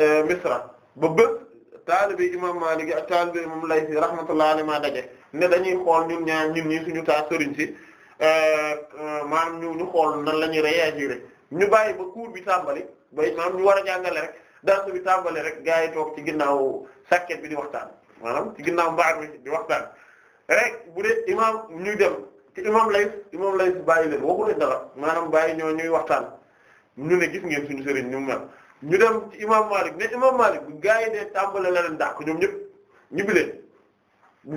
eh, Misra ba bés taalibe imam Maalik ak taalibe imam Layth rahmatullahi alayhi ma daje ne dañuy xool ñun ñaar ñun ñi suñu taa sëriñ si euh, euh, maanaam ñu ñu xool nan la ñuy réagir ñu bàyyi ba cours bi tàmbali ba maanaam ñu war a jàngale rek dars bi tàmbali rek gaa yi toog ci ginnaaw sàkket bi di waxtaan maanaam ci ginnaaw mbaar bi di waxtaan rek bu dee imam ñuy dem ci imam Layth imam Layth bàyyi leen waxu leen dara bàyyi ñoo ñuy waxtaan ñu ne gis ngeen suñu sëriñ ñu ñu dem ci imam Malik ne imam Malik bu gaa yi de tàmbale la leen dàq ñoom ñëpp ñu bi leen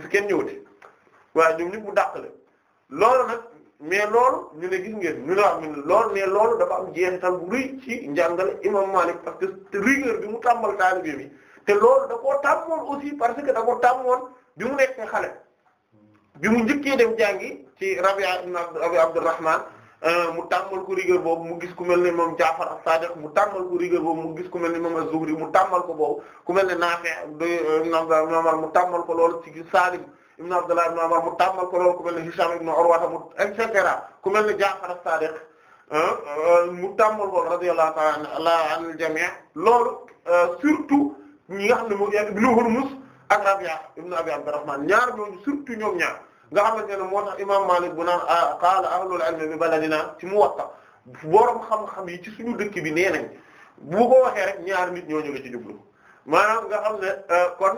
fi kenn ñëwati waaye ñoom ñëpp mu dàq leen loolu nag mais loolu ñu ne gis ngeen ñu ne wax ñu loolu mais loolu dafa am jeexital bu rëy ci njàngale imam Malik parce que rigueur bi mu tàmbal taalibe bi te loolu da koo tàmmoon aussi parce que da koo tàmmoon bi mu nekk xale bi mu njëkkee dem jàngi ci Rabi'a ibn Abi Abdurrahman Euh, mu tàmmal ko rigueur boobu mu gis ku mel ne moom Jaafar as-Sadiq mu tàmmal ko rigueur boobu mu gis ku mel ne moom az-Zuhri mu tàmmal ko boobu ku mel ne Naafi euh, ibn Umar mu tàmmal ko lool ci Salim ibn Abdullah ibn Umar mu tàmmal ko lool ku mel ne Hisham ibn Urwa mu et cetera ku mel ne Jaafar as-Sadiq euh, mu tàmmal ko radiyallahu ta'ala anil jami' loolu surtout ñi nga xam ne moom Ibn Hurmuz ak Rabi'a ibn Abi Abdurrahman ñaar ñooñu surtout ñoom ñaar. nga xamante ne moo tax imam Malik bu naan ah, qaala ahlul ilmi bi baladina ci mu Muwatta borom xam-xam yi ci suñu dëkk bi nee bu ko waxee rek ñaar nit ñooñu la ci jublu maanaam nga xam ne euh, kon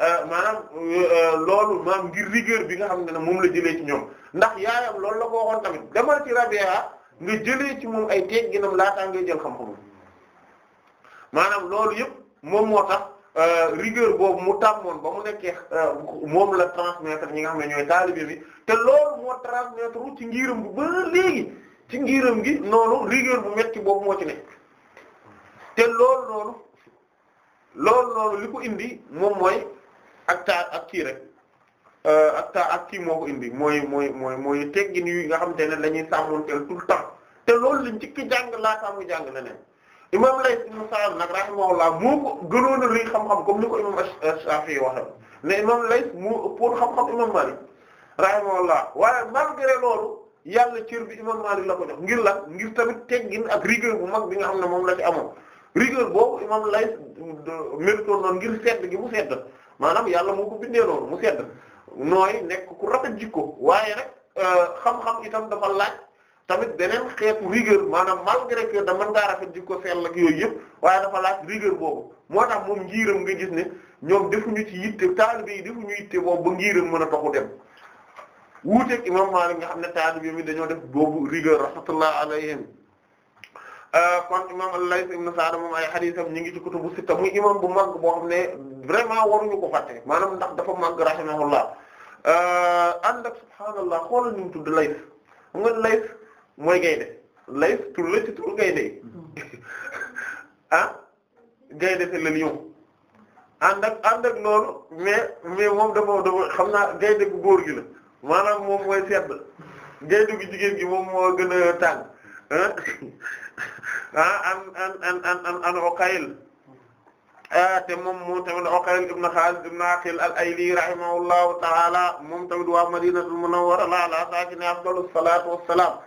euh, maanaam euh, loolu maam ngir rigueur bi nga xam ne moom la jëlee ci ñoom ndax yaayam loolu la ko waxoon tamit demal ci Rabi'a nga jëlee ci moom ay tegginam laataa ngay jël xam-xamam maanaam loolu yëpp moom moo tax. Euh, rigueur boobu mu tàmmoon ba mu nekkee euh, moom la transmettre ñi nga xam ne ñooy taalibe bi te loolu moo transmettre wu ci ngiram bu ba léegi ci ngiram gi noonu rigueur bu metti boobu moo ci nekk te lool lool loolu noonu li ko indi moom mooy ak taa ak kii rek euh, ak ak kii moo ko indi mooy mooy mooy mooy teggin yu nga xam te ne la ñuy sàmmonteel tout le temps te loolu lañ ci ki jàng laataa muy jàng leneen. imam Layth ibn Sa'd nag rahimahullah moo ko gënoon a rëy xam-xam comme ni ko imam Shafi'i waxee ne imam Layth mu pour xam-xam imam Malik rahimahullah waaye malgré loolu yàlla cër bi imam Malik la ko jox ngir lan ngir tamit teggin ak rigueur bu mag bi nga xam ne moom la ci amoon rigueur boobu imam Layth méritoon noonu ngir sedd gi mu sedd maanaam yàlla moo ko bindee noonu mu sedd nooy nekk ku rafet jikko waaye nag euh, xam-xam itam dafa laaj tamit beneen xeetu rigueur maanaam malgré que da mën ngaa rafet jikko sell ak yooyu yëpp waaye dafa laaj rigueur boobu moo tax moom ngiiram nga gis ne ñoom defuñu ci yitte taalibe yi defuñu yitte boobu ba ngiiram mën a taxu dem wuuteeg imam Maalik nga xam ne taalibe mi dañoo def boobu rigueur rahmatullah alayhim euh, kon imam al-Layth na Sa'd moom ay xadiisam ñu ngi ci si sitta muy imam bu mag boo xam ne vraiment waruñu ko fàtte maanaam ndax dafa mag rahimahullah euh, ànd ak subhaanallah xoolal ñu tudd Layth xam nga Layth mooy gaynde Layth tur la ci tur gaynde yi hmm. ah gaynde c'est le lion ànd ak ànd ak loolu mais mais moom dafa dafa xam naa gaynde gu góor gi la maanaam moom mooy sedd gaynde gu jigéen gi moom moo gën a tàng ah, ah an an an an an an Uqayl ah, te moom moom tamit Uqayl ibn Khalid ibn Aqil al-Ayli rahimahullahu ta'ala moom tamit waa Madinatul Munawwara ala saakinihaa afdalu salaatu wassalaam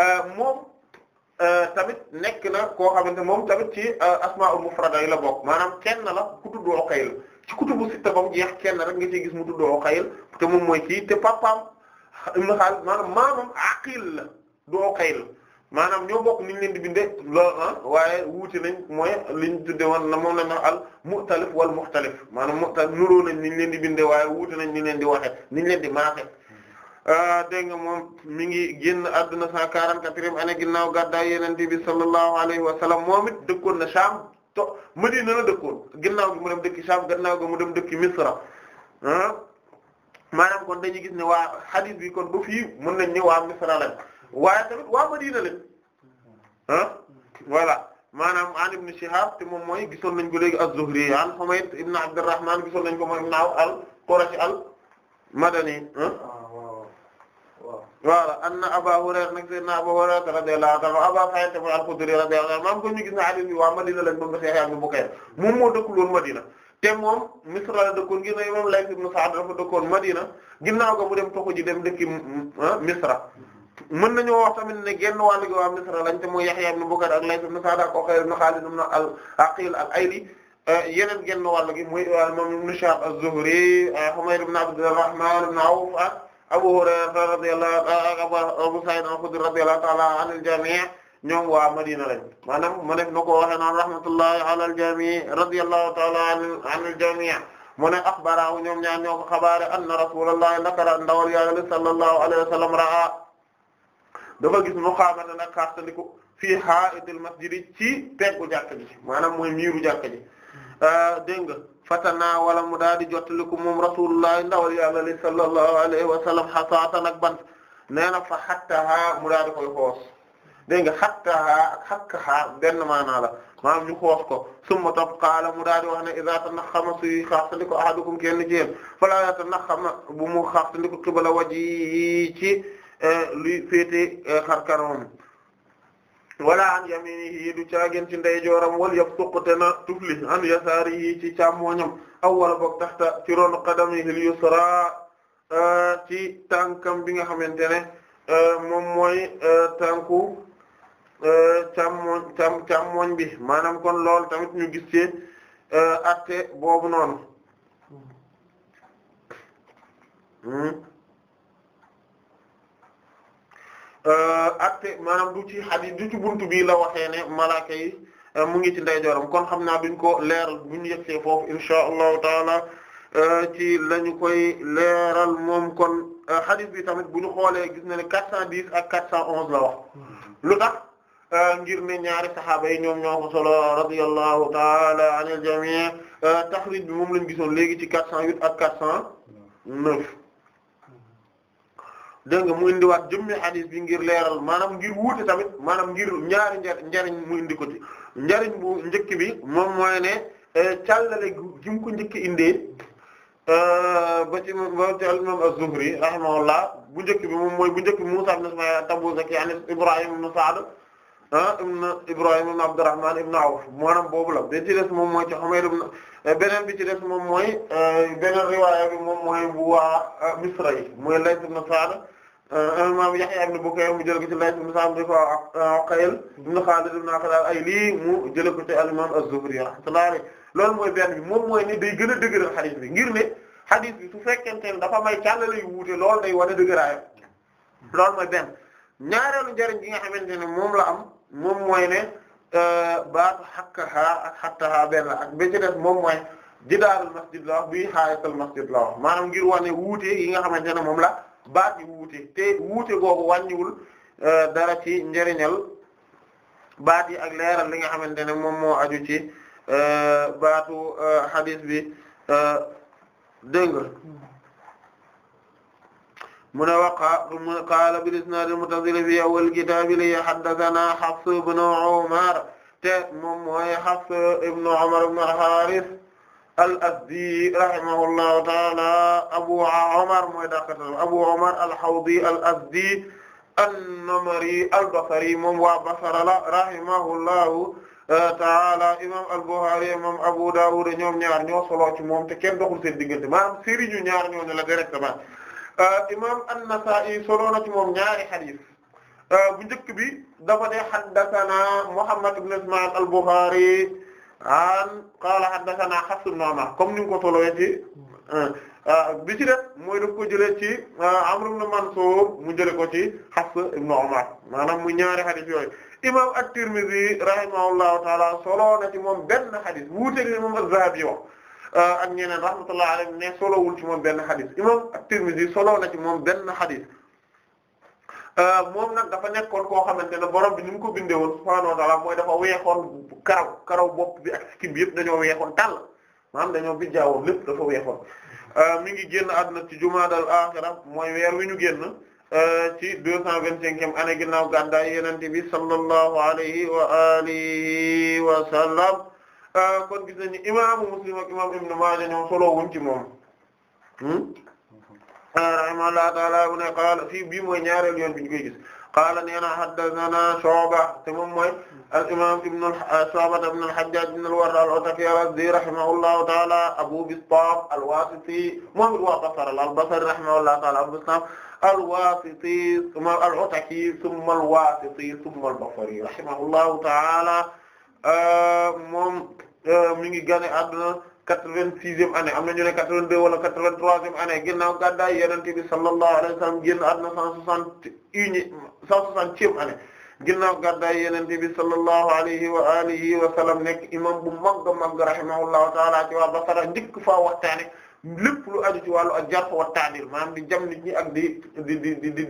Euh, moom euh, tamit nekk na koo xamante moom tamit ci euh, asmaa'ul mufrada yi la bokk maanaam kenn la ku tudd Uqayl ci kutubu sitta bam jeex kenn rek nga ciy gis mu tudd Uqayl te moom mooy kii te papaam ibn Khalid maanaam maamam Aqil la du Uqayl maanaam ñoo bokk niñ leen di bindee lool ah waaye wuute nañ mooy liñ tudde woon na moom la ñu al mu'talif wal mukhtalif maanaam mu'talif nuroo nañ niñ leen di bindee waaye wuute nañ niñ leen di waxe niñ leen di maaxe Ah, dégg nga moom mi ngi génn adduna cent quarante-quatrième année ginnaaw gàddaay Yonent bi sallallahu alayhi wa sallam moom it dëkkoon na Sham to Madina la dëkkoon ginnaaw gi mu dem dëkki Sham ginnaaw gi mu dem dëkki Misra ah, maanaam kon dañuy gis ne waa hadith bi kon ba fii mën nañ ni waa Misra lañ waa tamit waa Madina lañ ah voilà maanaam an Ibn Shihab te moom mooy gisoon nañ ko léegi az-Zuhri an Humayd ibn Abdurrahman gisoon nañ ko mooy ibn al-Qurashi al-Madani ah voilà anna Aba Hurayra nag sayyidina Aba Hurayra radiyallahu ta'ala Aba Sa'id al-Khudri radiyallahu anhu maam ko ñu gis na hadith bi waa Madina lañ doon ba Seex Abu Bakr moom moo dëkkul woon Madina te moom Misra la dëkkoon ngir ne imam Layth ibn Sa'd dafa dëkkoon Madina ginnaaw dem toxu ji ah, mën nañoo wax tamit ne genn wàll gi waa Misra lañ te mooy Yahya ibn Bukayr ak Layth ibn al-Aqil al-Ayli ah, yeneen genn wàll gi muy imam ah, ibn a az-Zuhri Humayr ibn Abd al-Rahman ibn Awf Abu Hurayra radiyallahu anhu Abu Sa'id al-Khudri radiyallahu ta'ala anil jami' ñoom waa Madina lañ maanaam mu nekk nu ko waxee noonu rahmatullahi ala al-jami' radiyallahu ta'ala anil jami' mu ne axbarahu ñoom ñaar ñoo ko xabaare anna rasulullahi nakara ndawal yàlla sallallahu alayhi wa sallam raa dafa gis mu xaamante nag xaartandiku fii haa'idil masjid ci peggu jàkka ji maanaam mooy miiru jàkka ji dégg nga fatanaa wala mu daal di jottaliku moom rasulullah ndawal yàlla li sallallahu alayhi wa sallam xasaatan ak bant nee na fa xattaha mu daal di koy xoos dégg nga xattaha ak xakkahaa benn maanaa la maanaam ñu xoos ko summa topp qaala mu daal di wax ne iza tanakhama suy xaastandiko ahadukum kenn ci yéen falaa yatanakhama bu mu xaastandiko qibla waji ci eh, luy féete eh, xarkanam wala an yaminihi du caagin ci ndeyjooram wal yabsuq te na tufli an yasaarihi ci càmmoñam aw wala boog taxta ci ronu qadamihil yusra euh, ci tànkam bi nga xamante ne euh, moom mooy euh, tànku càmmoñ càm càmmoñ bi maanaam kon lool tamit ñu gis ci atte boobu noonu. Hmm? Euh, atte maanaam du ci hadith du ci buntu bi la waxee ne malaaka euh, mu ngi ci ndeyjooram kon xam naa biñ ko leeral bu ñu yegsee foofu inshaa allahu taala euh, ci lañu koy leeral moom kon hadith bi tamit bu ñu xoolee gis na ne 410 ak 411 la wax lu tax ngir ne ñaari saxaaba yi ñoom ñoo ko solo radiyallahu taala anil jami' taxrij bi moom lañu gisoon léegi ci 408 ak 409 dégg nga mu indiwaat jëmmi xadis bi ngir leeral maanaam ngir wuute tamit maanaam ngir ñaari njariñ mu indi ko ci njariñ bu njëkk bi moom mooy ne eh, càllale gi mu ko njëkk indee eh, ba ci ba ci al-imam az bu njëkk bi moom mooy bu njëkk bi Musa ibn Ismaïl at-Tabuzaki an Ibrahim ibn Sa'd Ah, ibn Ibrahim ibn Abdurrahman ibn Awf maanaam boobu la bi ci des moom mooy ci eh, beneen bi ci des moom mooy eh, beneen riwaaya bi moom mooy bu waa eh, Misra yi mooy Layth ibn Sa'd imam Yahya ibn Bukayr mu jël ko ci Layth ibn Sa'd di ko Uqayl ibn Khalid ibn Aqil al mu jël ko ci al-imam az-Zuhri rahmatullahi alayhi loolu mooy benn bi moom mooy ni day gën a dëgëral xadis bi ngir ne xadis bi su fekkente ne dafa may càllale yu wuute loolu day wane dëgëraayam loolu mooy ñaareelu njëriñ gi nga xamante ne moom la am moom mooy ne euh, baatu xakkahaa ak xattahaa benn ak ba def moom mooy jidaarul masjid la wax bii xaayatal masjid la wax maanaam ngir wane wuute yi nga xamante ne moom la baat yi wuute te wuute googu wàññiwul euh, dara ci njëriñal baat yi ak leeral li nga xamante ne moom moo aju ci euh, baatu hadith bi dëng mu ne waqa mu qaala bil isnaad al-muttasil fi awwal kitaab li haddathana Hafs ibn Umar te moom mooy Hafs ibn Umar ibn al-Haaris al-Azdi rahimahullahu ta'ala Abu Umar mooy dàqatal Abu Umar al-Hawdi al-Azdi an-Namari al-Basri moom waa Basra la rahimahullahu eh, ta'ala imam al-Bukhari imam Abu Dawud ñoom ñaar ñoo solo ci moom te kenn doxul seen diggante maanaam sëriñu ñaar ñooñu la directement Euh, imam an-Nasa'i solo na ci moom ñaari hadith euh, bu njëkk bi dafa ne haddathana Muhammad ibn Isma'il al-Bukhari an qala haddathana Hafs ibn Umar comme ni nga ko solowee ci euh, bi ci def mooy daf ko jëlee ci Amr ibn Mansur mu jële ko ci Hafs ibn Umar maanaam mu ñaari hadith yooyu imam at-Tirmidhi rahimahullahu ta'ala solo na ci moom benn hadith wuute li moom az-Zahabi wax Euh, ak ñeneen rahmatullahi alayhim ne solowul ci moom benn xadis imam at-Tirmidhi solow na ci moom benn xadis euh, moom nag dafa nekkoon koo xamante ne borom bi ni mu ko bindee woon subhaanahu wa ta'ala mooy dafa weexoon karaw karaw bopp bi ak sikkim bi yëpp dañoo weexoon tàll maanaam dañoo bijjaawoon lépp dafa weexoon euh, mu ngi génn àdduna ci dal axira mooy weer wi ñu génn ci deux cent vingt-cinquième année ginnaaw gàddaay yeneen bi sallallahu alayhi wa alihi wa sallam Euh, kon gis nañu imaamu Muslim ak imam Ibn Maaja ñoom solo wuñ ci moom hmm? euh, rahimahullahu ta'ala mu ne qaala fii bii mooy ñaareel yoon bi ñu koy gis qaala nee na haddathana Shu'ba te moom mooy al imam ibn euh, Shu'ba ibn al-Hajjaj ibn al-Warr al-Ataki ar-Razzi rahimahullahu ta'ala Abu Bistam al-Wasiti moom waa Basra al-Basri rahimahullahu ta'ala Abu Bistam al-Wasiti thumma al-Ataki thumma al-Wasiti thumma al-Basri rahimahullahu ta'ala Euh, moom euh, mi ngi gane àdduna quatre-vingt-sixième année am na ñu ne quatre-vingt-deux wala quatre-vingt-troisième année ginnaaw gàddaay Yonent bi sallallahu alayhi wa sallam génn àdduna cent soixante ginnaaw gàddaay Yonent bi sallallahu alayhi wa alihi wa sallam nekk imam bu mag a mag rahimahullahu taala ci waa Basra njëkk faa waxtaane lépp lu aju ci wàllu ak jarh wa ta'dil di jam nit ñi ak di di di di di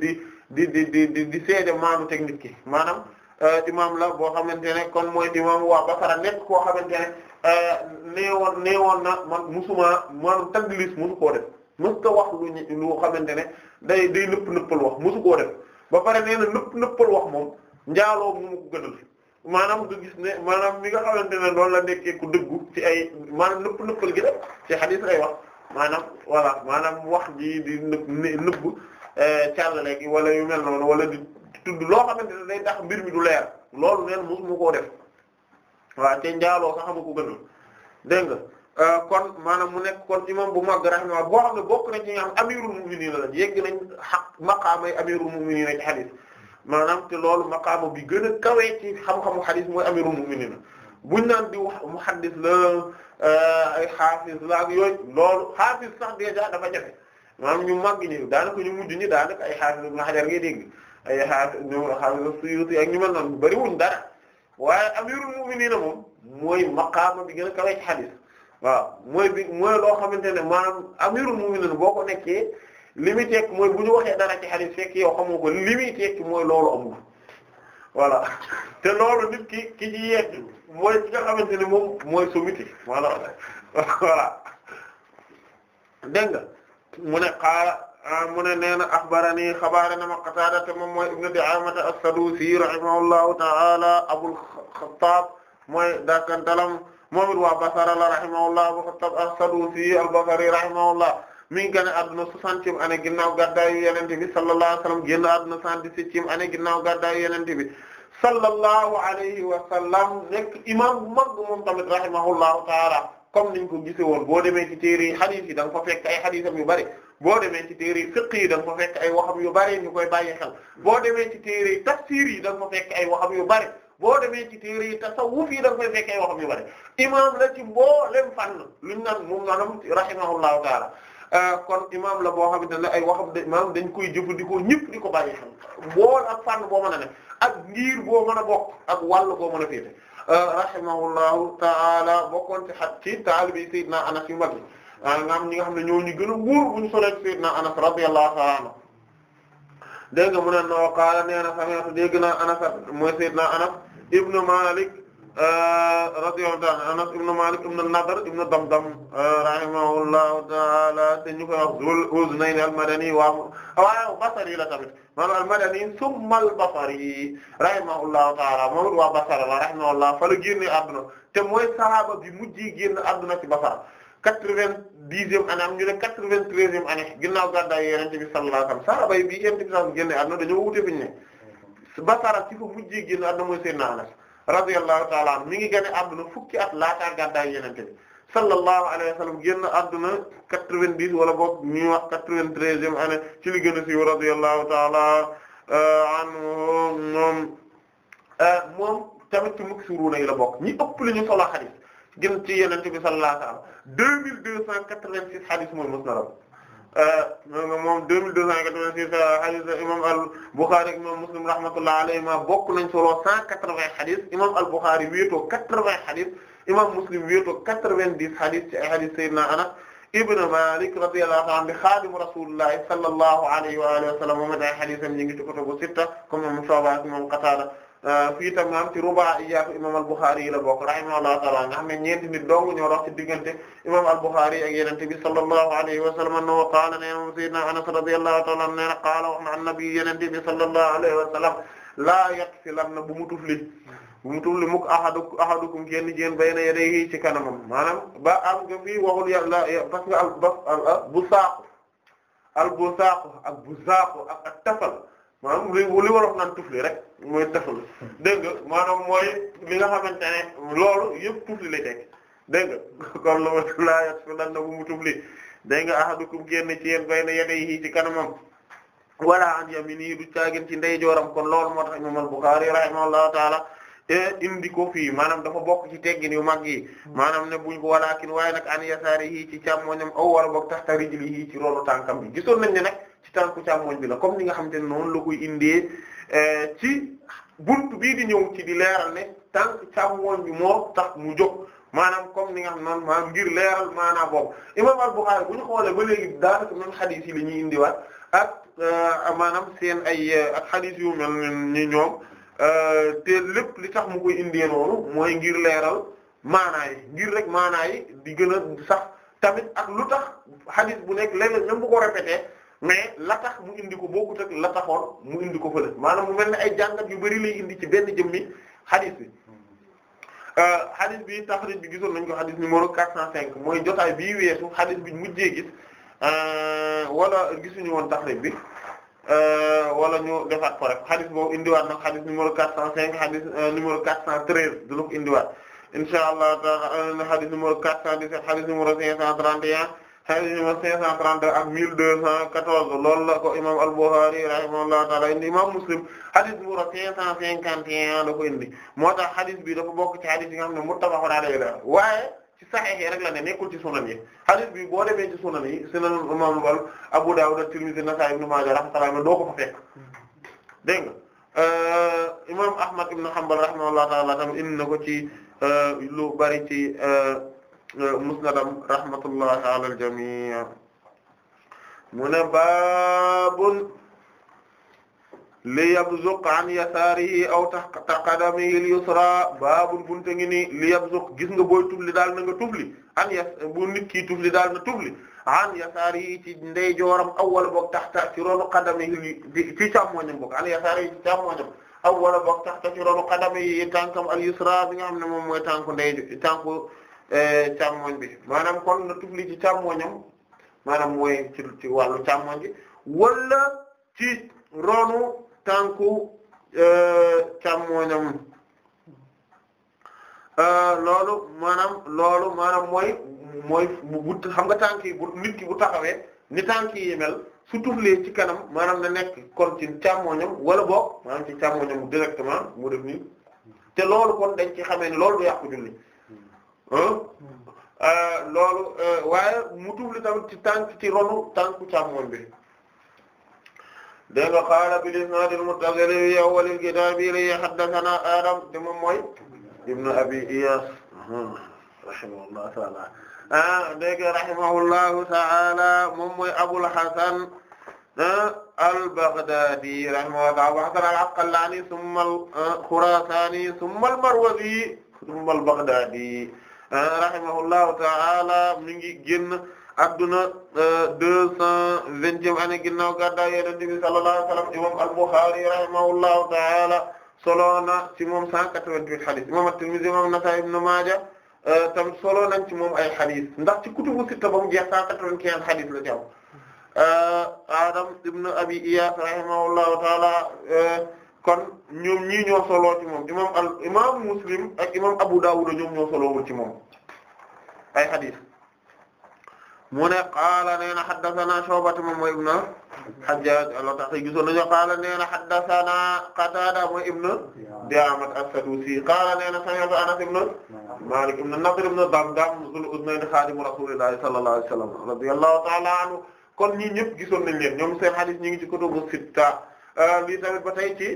di di di di seede Euh, imam la boo xamante ne kon mooy imam waa Basra nekk koo xamante ne euh, neewoon neewoon na man musuma man taglis musu koo def musu wax lu ñu xamante ne day day nëpp nëppal wax musu koo def ba pare nee na nëpp nëppal wax moom njaaloo mu ko gënal maanaam gis ne maanaam mi nga xamante ne noonu la nekkee ku dëggu ci ay maanaam nëpp nëppal gi def ci hadith ay wax maanaam voilà maanaam wax ji di nëpp nëbb euh, càllaleegi wala yu mel noonu wala di tudd loo xamante ne day tax mbir mi du leer loolu neen mosu mu koo def waaw te njaaloo sax ama ko gënal dégg nga euh, kon maanaam mu nekk kon imam bu mag rahimahullah boo ne bokk nañ ci nga xam amirul mu'minin la nañ xaq maqaamay amirul mu'minin ci maanaam te loolu maqaama bi gën a kawee ci xam-xamu hadith mooy amirul naan di wax muhaddis la euh, ay xaafis ak yooyu loolu xaafis sax déjà dafa jafe maanaam ñu màgg ñi daanaka ñu mujj ñi daanaka ay xaafis ibn Hajar ngay dégg ay xaar ñoom xaaral Suyuti ak ñu mel noonu bariwuñ dara waaye amirul mu'minin moom mooy maqaama bi gën a kawe ci xadis waaw mooy bi mooy loo xamante ne maanaam amirul mu'minin boo ko nekkee li muy tekki mooy bu ñu waxee dara ci xadis fekk yow xamoo ko li muy tekki mooy loolu amul voilà te loolu nit ki ki ci yegg mooy ci nga xamante ne moom mooy sommité voilà voilà dégg nga mu ne xaala. Ah, mu ne nee na axbarani xabaare na ma Qataada te moom mooy ibnu Di'aamata as-Saduusi rahimahullahu ta'ala Abul Xattaab mooy daakantalam moom it waa Basra la rahimahullah Abul Xattaab as-Saduusi al-Basri rahimahullah mi ngi génn àdduna soixantième année ginnaaw gàddaayu Yonent bi sallallahu alayhi wa sallam génn àdduna cent dix-septième ginnaaw gàddaayu Yonent bi sallallahu alayhi wa sallam nekk imaam bu mag moom tamit rahimahullahu ta'ala comme niñ ko gisee woon boo demee ci téere yi hadiis fa fekk ay hadiisam yu bari boo demee ci yi fiqh yi da nga fa ay waxam yu bari ñu koy bàyyi xel boo demee ci yi tafsir yi da mo fa fekk ay waxam yu bari boo demee ci téere yi tasawuf yi da nga fay fekk ay waxam yu bari imaam la ci mboolem fànn lu ñu naan moom maanaam rahimahullahu taala euh, kon imaam la boo xamante ne ay waxam da imaam dañ koy jëfandikoo ñëpp di ko bàyyi xel mbool ak fànn boo mën a ne ak ngir boo mën a bokk ak wàll boo mën a féete euh, rahimahullahu taala bokkoon ci xat ci taalibi sayyidina Anas yu mag yi Ah nga xam ñi nga xam ne ñoo ñu gën a bu ñu solee sayyidina Anas radiyallahu ta'ala anhu dégg nga mu ne noo qaala nee na sami'tu dégg naa Anas mooy sayyidina Anas ibn Malik ah, radiyallahu ta'ala Anas ibn Malik ibn Nadr ibn Damdam ah, rahimahullahu ta'ala te ñu koy wax Zul Uznayn al-Madani waa waa la tamit maanaam al-Madani summa al-Basri rahimahullahu ta'ala moom waa Basra la rahimahullah fa la génne àdduna te mooy sahaaba bi mujj génn àdduna ci Basra quatre-vingt dixième année am ñu ne quatre-vingt-treizième année ginnaaw gàddaay Yonent bi sallallahu alayhi bi Yonent bi sallallahu alayhi wasallam génne àdduna dañoo wute biñu ne ba sarak ci ko mujjee génn àdduna mooy Seydina Anas radiyallahu ta'ala anhu mi ngi génne àdduna fukki at laataa gàddaay Yonent bi sallallahu alayhi wasallam génn àdduna quatre vingt wala boog ñuy wax quatre-vingt-treizième année ci li gën a siiw radiyallahu ta'ala euh, anhu moom euh, moom tamit ci muksiruuna yi la bokk ñi ëpp li ñu solo hadith jëm ci yonent bi sallallahu alayhi wasallam deux mille deux cent quatre-vingt-six hadis mooy musnadam euh, moom deux mille deux cent quatre-vingt-six euh, hadis imam al-Bukhari imam Muslim rahmatullahi alayhi ma bokk nañ solo cent quatre-vingts hadis imam al-Bukhari wéetoo quatre-vingts hadis imam Muslim wéetoo quatre-vingt-dix hadis ci ay hadis Seydina Anas ibn Malik radiyallahu anhu xaadimu rasulillahi sallallahu alayhi wa alihi wa sallam moom it ay hadisam ñu ngi ci kutubu sitta comme moom Shu'ba ak moom Qatada Euh, fii tam maam ci rubaa'iyaatu imaam al-Bukhari yi la bokk rahimahullahu ta'ala nga xam ne ñeenti nit dong ñoo dox ci diggante imaam al-Bukhari yi ak Yonent bi sallallahu alayhi wa sallam annahu qaala nee na sayyidina Anas radiyallahu ta'ala anhu nee na qaala wax na an-nabi Yonent bi sallallahu alayhi wa sallam laa yaqfilanna bu mu tufli bu mu tufli mukk ahadu ahadukum kenn jeen bayna yadayhi ci kanamam maanaam ba am nga fii waxul yàlla parce que al bas al bu saaqu al bu saaqu ak bu saaqu ak ak tafal maanaam li li waroon naan tufli rek mooy tefal dégg nga maanaam mooy li nga xamante ne loolu yëpp tufli lay teg dégg nga kon lu ma laa yàq si na la mu tufli dégg nga ahadukum génn ci yéen bay na yi ci kanamam. wala an yamini du caagin ci ndeyjooram kon loolu moo tax imam al-Bukhari rahimahullahu taala indi ko fii maanaam dafa bokk ci teggin yu mag yi maanaam ne buñ ko walaakin waaye nag an yasaarihi ci càmmoñam aw wala boog tahta rijlihi ci rolu tànkam bi gisoon nañ ne nag. ci tànku càmmoñ bi la comme ni nga xamante ne noonu la koy indee eh, ci buntu bii di ñëw ci di leeral ne tànku càmmoñ bi moo tax mu jóg maanaam comme ni nga xam noonu maanaam ngir maanaam boobu imam al-Bukhari bu ñu xoolee ba léegi daanaka même xadis yi la ñuy indiwaat ak eh, maanaam seen ay eh, ak xadis yu mel ni ñoom lépp li tax mu koy indee noonu mooy ngir leeral maanaa yi ngir rek maanaa yi di gën a sax tamit ak lu tax xadis bu nekk léeg-léeg même bu ko répété. mais la mu indi ko bokkut ak la mu indi ko fële maanaam mu mel ni ay jàngat yu bari lay indi ci benn jëmmi hadith bi euh, hadith bi taxrij bi gisoon nañ ko hadith numéro 405 mooy jotaay bii weesu hadith bi mujjee gis euh, wala gisuñu woon taxrij bi euh, wala ñu defaat ko rek hadith boobu indiwaat nag hadith numéro 405 hadith numéro 413 dina ko indiwaat incha allah hadith numéro 417 hadith numéro 531. hadith numéro 532 ak 1214 loolu la ko imam al-Bukhari rahimahullahu ta'ala indi imam Muslim hadith numéro 551 la ko indi moo tax hadith bi dafa bokk ci hadith yi nga xam ne muttafaqun alayhi la waaye ci sahih rek la ne nekkul ci sunan yi hadith bi boo demee ci sunan yi sunan imam al Abu Dawud at-Tirmidhi a ibn Majah rahimahullah doo ko fa fekk dégg euh, imam Ahmad ibn Hanbal rahimahullahu ta'ala tamit indi na ko ci euh, lu bari ci euh, musnadam rahmatullahi ala al-jamii mu ne baabun li yabzuq an yasaarihi aw taqadamihi al-yusra baabun bunte ngi ni li yabzuq gis nga booy tufli daal na nga tufli an yas bu nit ki tufli daal na tufli an yasaarihi ci ndeyjooram aw wala boog taxta ci ronu qadamihi ci càmmoñam boog an yasaarihi ci càmmoñam aw wala boog taxta ci ronu qadamihi tànkam al-yusra bi nga xam ne moom mooy tànku ndeyjo tànku Eh, càmmoñ bi maanaam kon na tufli ci càmmoñam maanaam mooy ci ci wàllu càmmoñ bi wala ci ronu tànku eh, càmmoñam eh, loolu maanaam loolu maanaam mooy mooy bu xam nga tànk yi bu nit bu taxawee ni tànk yi mel su tuflee ci kanam maanaam na nekk kon ci càmmoñam wala boog maanaam ci càmmoñam directement mu def nii te loolu kon dañ ci xamee loolu du yàqu julli
Euh,
loolu euh, waaye mu tufli tamit ci tànk ci ronu tànku càmmoñ bi dégg nga qaala bil isnaad al muttasil fi awwal al kitaab ilayhi haddathanaa Adam te moom mooy ibn Abi Iyaas rahimahullahu ta'aala ah dégg nga rahimahullahu ta'aala moom mooy Abul Hasan ah, al-Baghdaadi rahimahullahu ta'aala Abul Hasan al-Asqalaani thumma al-Khuraasaani thumma al-Marwazi thumma al-Baghdaadi rahimahullahu ta'ala mi ngi génn adduna euh, deux cent vingtième année ginnaaw gàddaay Yonent bi sallallahu alayhi wa sallam imam al-Bukhari rahimahullahu ta'ala solo na ci moom cent quatre-vingt-huit hadith imam at-Tirmidhi imam Nasa'i ibn Maaja euh, tam solo nañ ci moom ay hadith ndax ci kutubu sitta ba mu jeex cent quatre-vingt-quinze hadith la ci am euh, Adam ibn Abi Iyas rahimahullahu ta'ala kon ñoom ñii ñoo soloo ci moom imam al imam muslim ci moom ay hadith mu ne qaala nee na haddathana shubata moom mooy ibna hajjaj allah tax gisoon nañu qaala nee na haddathana qatada mooy ibna diamat as-sadusi qaala nee na sami'tu anas ibna malik ibna nadr ibna damdam zul uznayn khadim rasulillahi sallallahu alayhi wasallam radiyallahu ta'ala anhu kon ñii ñëpp gisoon nañ leen ñoom seen hadith ñi ngi ci kutubu sitta lii tamit ba tey ci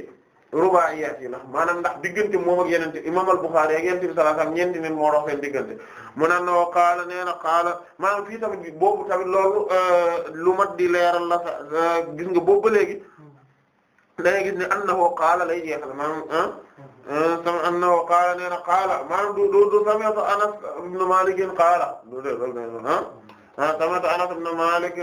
rubaa'iyaat yi la maanaam ndax diggante moo ak yenente imam al-Bukhari ak yenente bi sallallahu alayhi wasallam ñeenti nit moo dox seen diggante mu ne noo na qaala maanaam euh, lu mat di leeral la euh, gis nga ba léegi da ngay gis ne annahu lay jeexal maanaam hmm. euh, sama annahu nee na qaala maanaam du du du sami'tu Anas ibn Malik qaala du dee loolu nee ah ah sami'tu Anas ibn Malik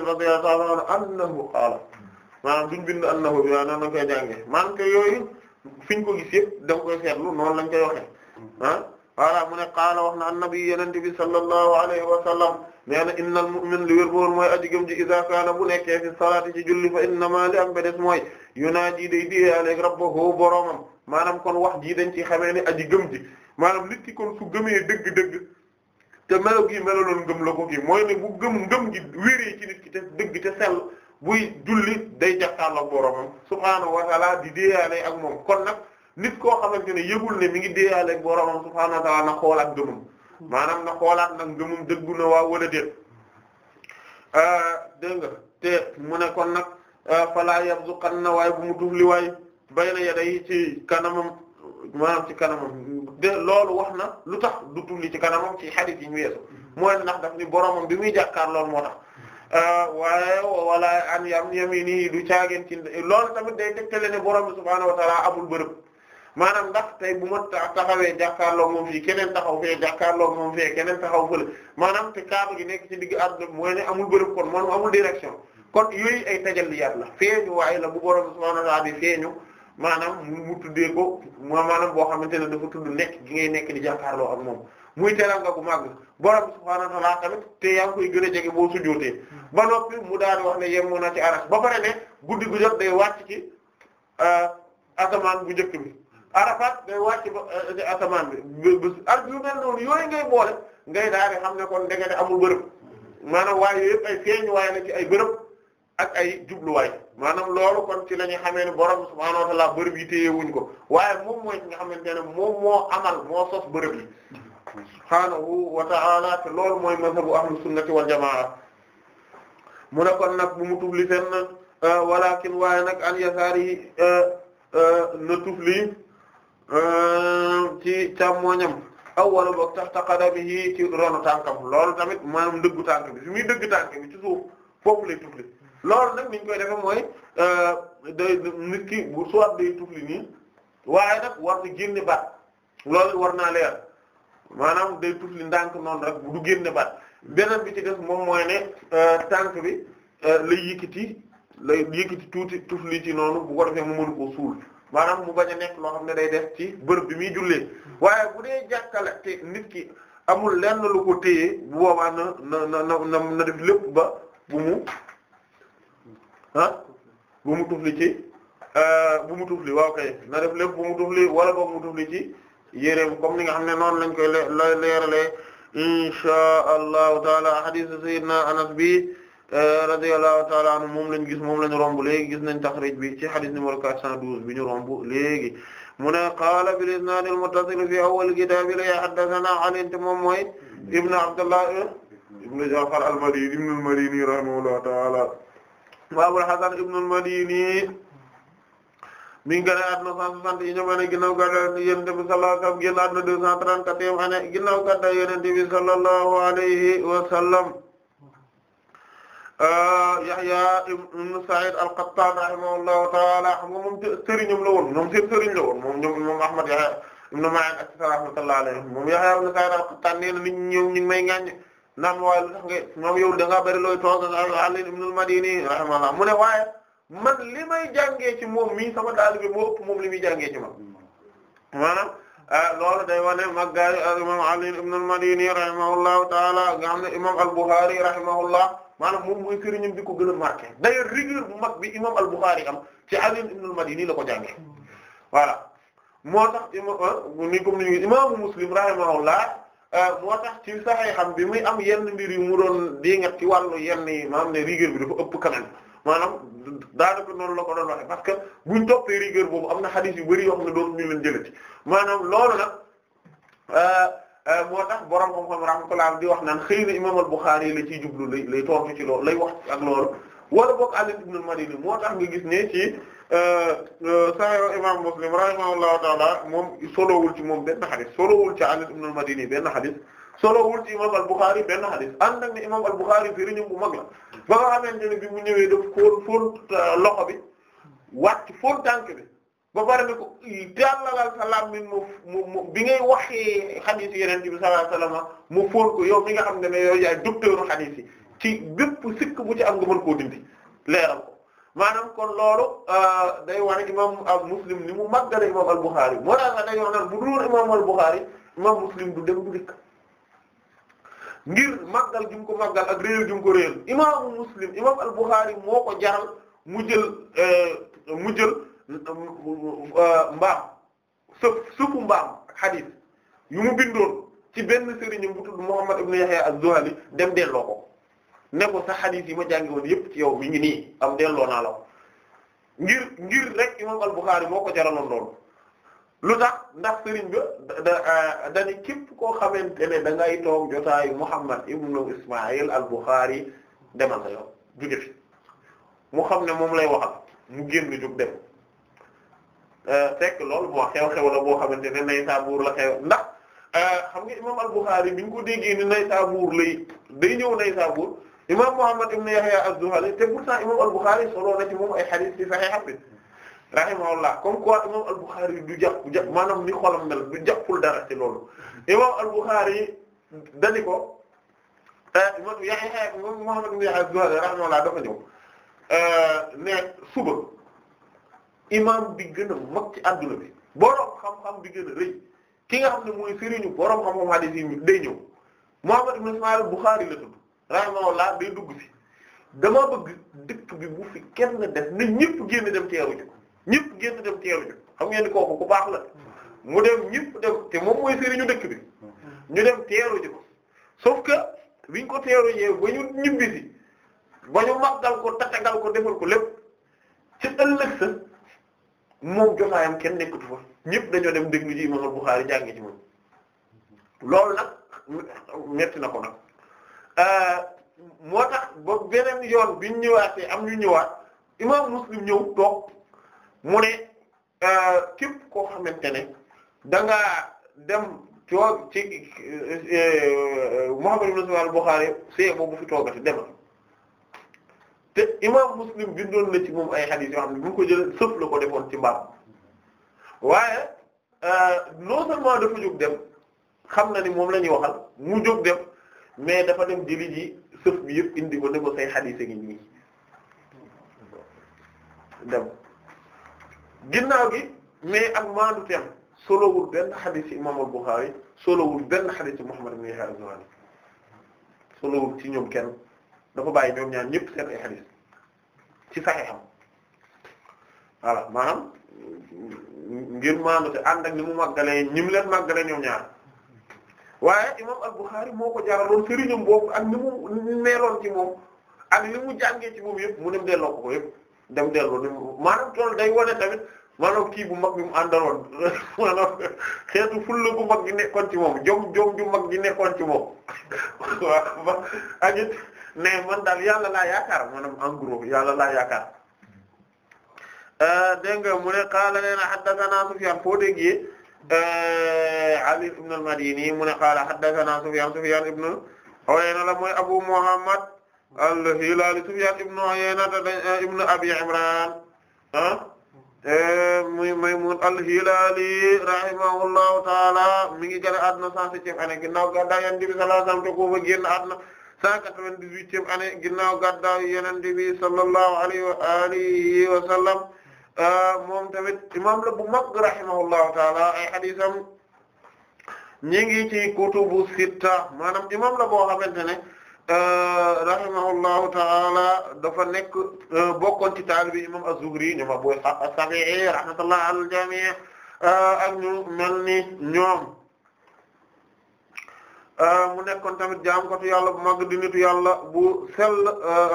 fi ñu ko gis yëpp da nga koy seetlu noonu lañ koy waxe mm-hmm. ah voilà mu ne qaala wax na annabi yenente bi sallallahu alayhi wa sallam nee na innal mu'min li wér bowoon mooy aji gëm ji iza kaana bu nekkee fi salaati ci julli fa innama li am bedes mooy yunaaji day diyaaleeg rabbahu boroomam maanaam kon wax jii dañ ci xamee ne aji gëm ji maanaam nit ki kon su gëmee dëgg-dëgg te melo gi meloloon gëm la ko kii mooy ne bu gëm ngëm gi ci nit ki te dëgg te sell buy julli day jàkkaarloog boromam subhaanahu wa taala di déeyaale ak moom kon nag nit koo xamante ne yëgul ne mi ngi déeyaale ak boromam subhaanahu na xoolaat ngëmum maanaam na xoolaat na ngëmum dëggu na waa walla déet euh, dégg nga te mu ne kon nag euh, fala yabzuqanna waay bu mu tufli waay bayna yaday ci kanamam maanaam ci kanamam de loolu wax na lu tax du tufli ci kanamam ci hadith yi ñu weesu mooy ndax daf ni boromam bi muy jàkkaarlool moo tax Ah, waaye wala an yam yamini du caageen ci loolu tamit day tegtale ne borom bi subhaanahu wa amul bërëb maanaam ndax tey bu ma taxawee jàkkaarloo moom fii keneen taxaw fee jàkkaarloo moom fee keneen taxaw fële maanaam te kaaba gi nekk ci digg àdduna mooy ne amul bërëb kon moom amul direction kon yooyu ay tajalliyaat la feeñu waaye la bu borom bi subhaanahu wa ta'ala feeñu maanaam mu tuddee ko maanaam boo xamante ne dafa tudd nekk gi ngay nekk di jàkkaarloo ak moom muy teranga bu màgg borom subhaanahu wa ta'aala tamit te yaa ngi koy gën a jege boo sujjóotee hmm. ba noppi mu daal di wax ne yemmoo na ci arash ba pare ne guddi gu jot day wàcc ci euh, asamaan bu njëkk bi hmm. Arafat day euh, bi ba ak ngay boole ngay daal di xam hmm. maanaam waaye ay feeñuwaay la ci ay bërëb ak ay jubluwaay maanaam loolu kon ci la ñu xamee ne borom subhaanahu wa bërëb yi téye wuñ ko waaye moom mooy ki nga xamante ne moom moo amal moo sos bërëb yi. subhaanahu wa ta'ala te loolu mooy mazhabu ahlu sunnati wal jamaa mu nekkoon nag bu mu tufli fenn euh, walakin waaye nag an yasaari euh, euh, na tufli ci càmmoñam aw wala boog tahta qadamihi ci ronu tànkam loolu tamit maanaam ndëggu tànk bi su muy dëgg tànk bi ci suuf foofu lay tufli loolu nag niñ koy defe mooy day ki bu soit day tufli nii waaye nag war na génne baat loolu war naa leer maanaam day tufli ndànk noonu rek du génne baat beneen bi ci def moom mooy ne euh, tànk bi euh, lay yëkkati lay yëkkati tuuti tufli ci noonu bu ko defee mu mën ko suul maanaam mu bañ a nekk loo xam ne day def ci bërëb bi muy jullee waaye bu dee jàkkale te nit ki amul lenn lu ko téye bu boobaa na na na def lépp ba bu mu ah bu mu tufli ci euh, bu mu tufli waaw kay na def lépp bu mu tufli wala ba mu tufli ci yéreem comme ni nga xam ne noonu lañ koy la leeralee insha allahu taala hadith sayyidina anas bi eh, radiyallahu taala anhu moom lañ gis moom lañ romb léegi gis nañ taxrij bi ci hadith numéro 412 bi ñu romb léegi mu ne qaala bil isnaad al muttasil fi awwal kitaab la haddathana Ali te moom mooy ibn abdullah ibn Ja'far al-Madini ibn al-Madini rahimahullahu taala wa Abul Hasan ibn al-Madini mi ngi gën a àdduna cent soixante yi ñoom ane ginnaaw gàddaay yonent bi sallallahu alayhi wa sallam génn àdduna deux cent trente-quatrième année ginnaaw gàddaay yonent bi sallallahu alayhi euh, Yahya ibn Sa'id al-Qattan rahimahullahu ta'ala xam nga moom sëriñam la woon moom Ahmad Yahya ibn Ma'in ak rahmatullahi alayhi moom Yahya ibn Sa'id al-Qattan nee na nit ñoom may ŋaññi naan waaye lu tax nga moom yow da ngaa bëri looy toog ak Ali ibn al-Madini rahimahullah mu ne man li may jàngee ci moom mi sama daal bi moo ëpp moom li muy jàngee ci man maanaam ah, loolu day wane maggaayu al imam Ali ibn al-Madini rahimahullah maanaam moom mooy sëriñam di ko gën a marqué d'ailleurs rigueur bu mag bi imam al-Bukhari am ci Ali ibn al-Madini la ko jàngee voilà moo tax imam ah, ni comme ni imaamu Muslim rahimahullah ah, moo tax ci saxee xam bi muy am yenn mbir yu mu doon di nga ci wàllu yenn yi ne rigueur bi dafa ëpp quand même maanaam daanaka noonu la ko doon waxe parce que buñ toppee rigueur boobu am na xadis yu bari yoo xam ne doon ñu leen jëlati maanaam loolu nag euh, euh, moo tax borom xam-xam rahmatullah di wax naan xëy na imam al-Bukhari la ciy jublu lay lay tontu ci loolu lay wax ak loolu wala boog Ali ibn al-Madini moo tax nga gis ne ci euh, sahih imam Muslim rahimahullahu ta'ala moom solowul ci moom benn xadis solowul ci Ali ibn al-Madini benn xadis solo ci imam al-Bukhari benn hadith ànd ak ne imam al-Bukhari sëriñam bu mag la ba nga xamante ne bi mu ñëwee daf fóon fóon euh, loxo bi wàcc fóon tànk bi ba pare ne ko jàllalal sa làmmiñ mu mu bi ngay waxee hadith yeneen bi sallallahu alayhi wasallam mu fóon ko yow mi nga xam ne ne yow yaay docteuru hadith yi ci bépp sikk bu ci am nga mën koo dindi leeral ko maanaam kon loolu euh, day wane imam Muslim ni mu màggale imam al-Bukhari moo tax nga day wax naan bu dul imam al-Bukhari imam Muslim du dem du dikk ngir màggal gi mu ko màggal ak réer muslim imaam al moo ko jaral mu jël euh, mu jël euh, mbaam sëf sëfu mbaam ak yu mu bindoon ci benn sëriñam bu tudd Muhammad ibn Yahya az dem delloo ko ne ko sa xadiis yi ma jàngi woon yépp ci yow mi ngi nii am delloo naa ngir ngir rek imaam al moo ko jaral jaraloon loolu lu tax ndax sëriñ ba da dañu ah, képp koo xamante ne da ngay toog jotaayu Muhammad ibnu Ismaïl al-Bukhari demal la yow juge fi mu xam ne moom lay waxal mu génn jóg dem eh, fekk loolu boo xew-xew la boo xamante ne Naysaabuur la xew ndax eh, xam nga imam al-Bukhari bi ñu ko déggee ni Naysaabuur lay day ñëw Naysaabuur imam Muhammad ibnu Yahya az-Zuhali te pourtant imam al-Bukhari solo na ci moom ay hadith ci Sahih bi rahimahullah comme quoi imam al-Bukhari du jàpp jàpp maanaam ni xolam mel du jàppul loolu imam al-Bukhari dani ko eh, imam Yahya imam Muhammad ibn Yahya eh, bi gën a mag ci àdduna bi boroom xam-xam bi gën a rëy ki nga xam ne mooy sëriñu boroom xam-xam hadith yi day ñëw Muhammad ibn Ismaïl al-Bukhari la tudd rahimahullah day dugg fi dama bëgg dëkk bi bu fi kenn des na ñëpp génn dem teeru ji ñëpp génn dem teeluñu xam ngeen ni kooku ku baax la mu dem ñëpp dem te moom mooy sëriñu dëkk bi ñu dem teeluñu ko sauf que biñ ko teeluñee ba ñu ñibbisi ba ñu màggal ko tatagal ko defal ko lépp ci ëllëg sa moom jotaayam kenn nekkatu fa ñëpp dañoo dem déglu ji Imam Bukhari jàngi ci moom loolu nag metti na ko nag euh, moo tax ba beneen yoon biñ ñëwaatee am ñu ñëwaat Imam Muslim ñëw toog mu ne euh, képp koo xamante ne da nga dem toog ci euh, euh, Muhammad ibn Sa'id al-Bukhari see boobu fi toogati dem te imam Muslim bindoon na ci moom ay hadith yoo xam ne bu ko jëlee sëf la ko defoon ci mbaam waaye non seulement dafa jóg dem xam na ni moom la ñuy waxal mu jóg dem mais dafa dem jëli ji sëf bi yëpp indi ko ne ko say hadith a ngi nii dem ginnaaw gi mais ak maandu teem solowul benn xadis ci imam al solowul benn xadis ci Muhammad ibn Yahya al-Asbahani ci ñoom kenn dafa bàyyi ñoom ñaar ñëpp seen ay xadis ci saxeexam voilà maanaam ngir maandu te ànd ak ni mu màggalee ñi mu leen màggalee ñoom ñaar waaye imam al-Bukhari moo ko jaraloon sëriñam boobu ak ni mu meeloon ci moom ak li mu jàngee ci moom yëpp mu dem delloo ko ko yëpp dem dellu maanaam tool day wane tamit maanaam kii bu mag bi mu àndaloon maanaam xeetu fulla bu mag gi nekkoon ci moom jom jom ju mag gi nekkoon ci moom waaw ak ne man daal yàlla laa yaakaar maanaam en gros yàlla laa yaakaar euh, dégg nga mu ne qaala lana haddathana Sufyan foo déggee euh, Ali ibn madini mu ne qaala haddathana Sufyan Sufyan ibn Uyayna la mooy Abu Muhammad al-Hilaali Sufyaan ibn Uyayna ibn Abi Imraan ah, eh, al-Hilaali rahimahullahu taala mi ngi gën a àdduna cent septième année ginnaaw gàddaay Yonent bi sallallahu alayhi wasallam te Kuufa génn àdduna cent quatre-vingt-dix-huitième année ginnaaw gàddaay Yonent bi sallallahu alayhi wa ah, la bu mag rahimahullahu taala ay hadiisam ñi ngi ci kutubu sitta maanaam imaam la boo xamante ne Euh, rahimahullahu ta'ala dafa nekk euh, bokkoon ci taalibi imam az-Zuhri ñoom Abu Ishaq as-Sabi'i rahmatullahi ala al-jami' euh, ak mel ni ñoom mu nekkoon tamit jaam ko tu yàlla bu mag di nitu bu sell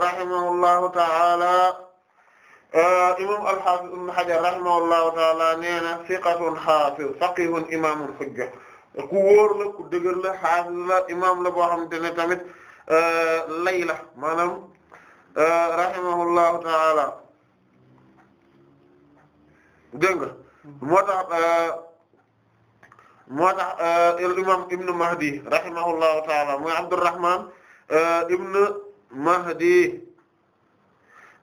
rahimahullahu ta'ala ta'ala nee na hafiz faqihun imamun hujja ku wóor ku dëgër la imam la boo xamante Layla maanaam rahimahullahu ta'ala dégg nga moo tax moo tax imam Ibn Mahdi rahimahullahu ta'ala mooy Abdurrahman Ibn Mahdi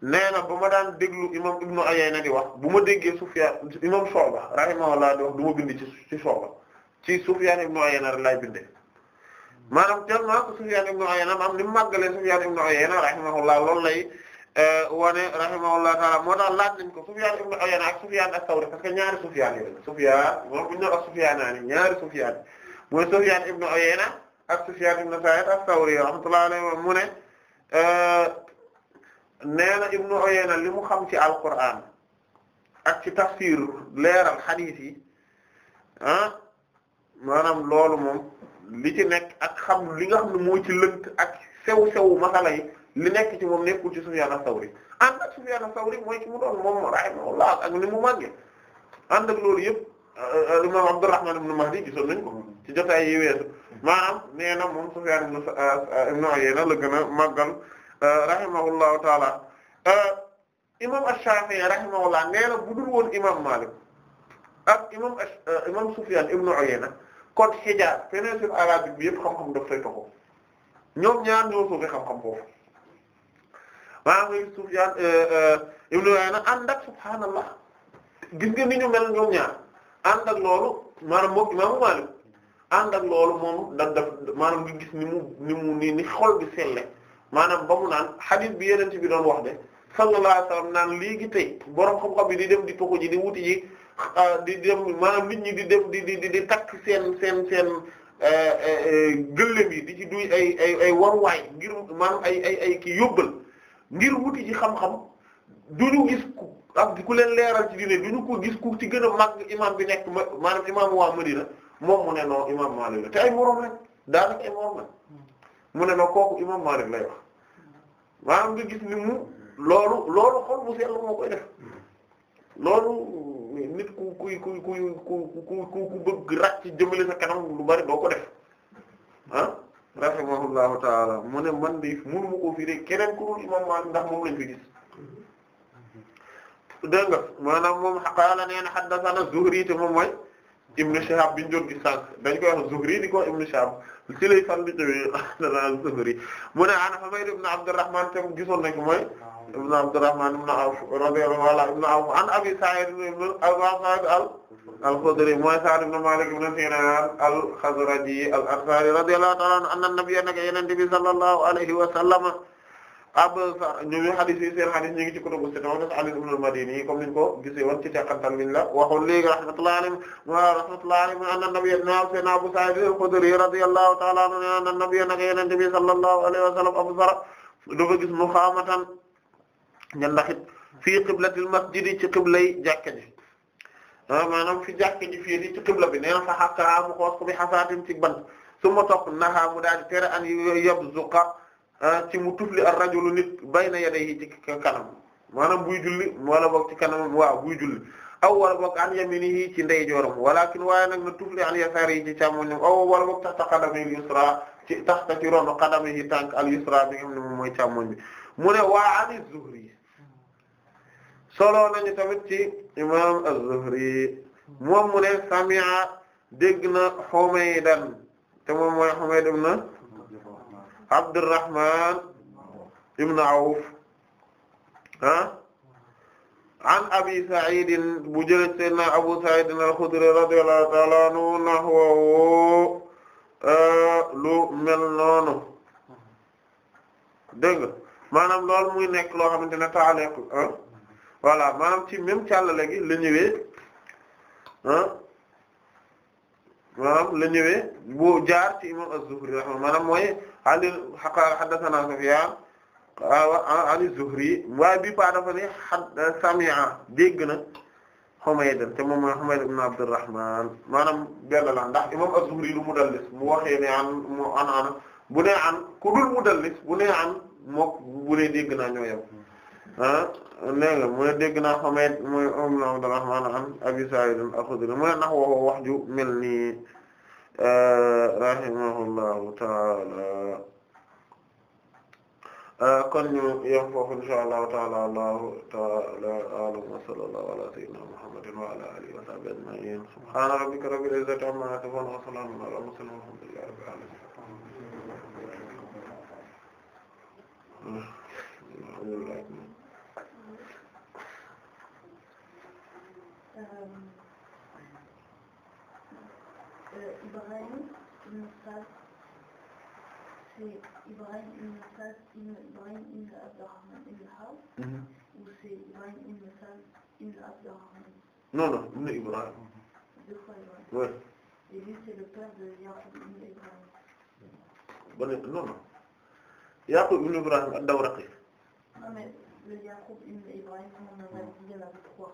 nee na ba ma daan déglu imam Ibn Uyayna di wax bu ma déggee Sufyaan imam Shu'ba rahimahullah du ma bind ci ci Shu'ba ci Sufyaan Ibn Uyayna bindee. maanaam tellement que Sufyaan ibn Uyayna maanaam ni mu màggalee Sufyaan ibn Uyayna rahimahullah loolu lay eh, wane rahimahullah taala moo tax laaj nañ ko Sufyaan ibn Uyayna ak Sufyaan as-Sawri parce que ñaari Sufyaan yi la Sufyaan bu ñu doon ak Sufyaanaani ñaari Sufyaan mooy Sufyaan ibn Uyayna ak Sufyaan ibn Sa'iid as-Sawri rahmatullahi alayhi mu ne eh, nee na ibn li mu xam ci alquran ak ci tafsir leeral hadith yi ah maanaam loolu li ci nekk ak xam li nga xam ne mooy ci lënt ak sew sew masala yi li nekk ci moom nekkul ci Sufyaan as-Sawri ànd ak Sufyaan as-Sawri mooy ci mu doon moom rahimahullah ak ni mu màggee ànd ak loolu yëpp euh, euh, imam Abdurrahman ibn Mahdi gisoon nañ ko ci jot yi weesu ma nee na moom Sufyaan euh, ibn Uyayna la gën a màggal rahimahullahu taala imam Ash-Shafi'i rahimahullah nee na budul woon imam Malik imam imam Sufyaan ibn kon Hijaaz péninsule arabique bi yëpp xam-xam daf fay toxu ñoom ñaar ñoo suufe xam-xam foofu maa ngi Sufyaan euh, euh, ibnu Uyayna ànd ak subhaanallah gis nga ni ñu mel ñoom ñaar ànd ak loolu maanaam moom imaamu Maalik ànd ak loolu moom daf daf maanaam nga gis ni mu ni mu ni ni xol bi selle maanaam ba mu naan hadith bi yeneen ci bi doon wax de sallallahu alayhi wasallam naan léegi tey borom xam-xam bi di dem di tuxu ji di wuti ji Ah, di dem maanam nit ñi di dem di di di takk seen seen seen eh, eh, eh, gëllëm yi di ci duy ay ay waruwaay ngir maanaam ay ay ay kii yóbbal ngir wuti ci xam-xam du ñu gis ku leen leeral ci diine du ñu ko gis ku ci gën a màgg imaam bi nekk maanaam imaam waa Madina moom mu ne non imaam Maalik ay mu ne non kooku imaam Maalik lay wax maanaam nga gis ni mu loolu loolu xol bu seetlu moo koy def loolu. nit ku kuy kuy kuy ku ku ku bëgg ràcc jëmale sa kanam lu bari doo ko def ah rahimahullahu taala mu ne man de mënu ma koo firé keneen ku dul imam Maalik ndax moom lañ fi gis dégg nga maanaam moom qaala nee na haddathana Zuhri te moom mooy Ibn Shihab biñ doon gis sànq dañ koy wax Zuhri di ko Ibn Shihab ci lay fan di tawee Zuhri mu ne ana Humayd ibn Abdurrahman te gisoon nañ ko mooy ibn Abdurrahman ibn Awf radiyallahu anhu ibn Awf an Abi Sa'id al-Khudri mooy Sa'd ibn Malik ibn Sinan al-Khazraji al-Ansari radiyallahu ta'ala anhu anna nabiyya naka yonent bi sallallahu alayhi wa sallam ab ñu ngi hadith yi seen hadith ñu ngi ci kutubu sitta moom Ali ibn al-Madini comme niñ ko gisee woon ci teqantal min la waxoon léegi rahmatullahi alayhi wa rahmatullahi alayhi anna nabiyya naka Abu Sa'id al-Khudri radiyallahu ta'ala anhu anna nabiyya naka yonent bi sallallahu alayhi wa sallam absara dafa gis muxaamatan nga ndax it fii qiblatil masjidi ci qiblay jàkka ji ah, maanaam fi jàkka ji fii ci qibla bi nee fa xàqaraa mu xoos ko bi xasaatin ci bant su ma topp naxaa mu daal di tere an yabzuqa ah, ci mu tufli ar rajulu nit bayna yadayhi ci kanam maanaam buy julli wala boog ci kanam waaw buy julli aw wala boog an yaminihi ci ndeyjooram walakin waaye nag na tufli an yasarihi ci càmmoñam aw wala boog taxta qadami al yusra ci taxta ci ronu qadamihi tànk al yusra bi nga xam bi mu ne waa ani zuhri solo nañu tamit ci imam az-Zuhri moom mu ne sami'a dégg na Humaydan te moom mooy Humayd ibn Abdurrahman ibn Awf ah an Abi Sa'id bu jëlee Abu Sa'id al-Khudri radiyallahu ta'ala anhu nahwahu ah, lu mel noonu dégg maanaam loolu muy nekk loo xamante ne taaliq ah? voilà maanaam ci même càllale gi la ñëwee ah maanaam la ñëwee boo jaar ci imam az-Zuhri raxma maanaam mooy ali xaqaala xaddasanaa Sufyaan ali Zuhri waaye bi pa dafa ne a samia dégg na Humayd te moom mooy Humayd ibn Abdurrahman maanaam benn la ndax imam az-Zuhri du mudallis mu waxee ne an mu an ana bu ne an ku dul mudallis bu ne an mook bu ne dégg naa ñoo yem Ah, nee nga mu ne dégg naa Humayd muy ibn Abdurrahman an Abi Sa'id al-Khudri mu ne nahwahu wax ju mel nii eh, rahimahullahu ta'ala eh, kon ñu yem foofu insha Allahu ta'ala Allahu ta'ala a'lam wa sallallahu ala sayyidina Muhammadin wa ala alihi wa sahbihi ajma'in subhana rabbika rabbil izzati amma yasifun wa salamun ala al-mursalin walhamdulillahi rabbil
alamin Ibrahim ibn Saad c'est Ibrahim ibn Saad ibn Ibrahim ibn Abdurrahman ibn Awf ou c'est Ibrahim ibn Saad ibn Abdurrahman
non non ibn Ibrahim deux fois Ibrahim ouais et lui c'est le père de Yaqub ibn Ibrahim bon non non Yaqub ibn Ibrahim ad-Dawraqi non mais le Yaqub
ibn Ibrahim on en a dit il y en avait trois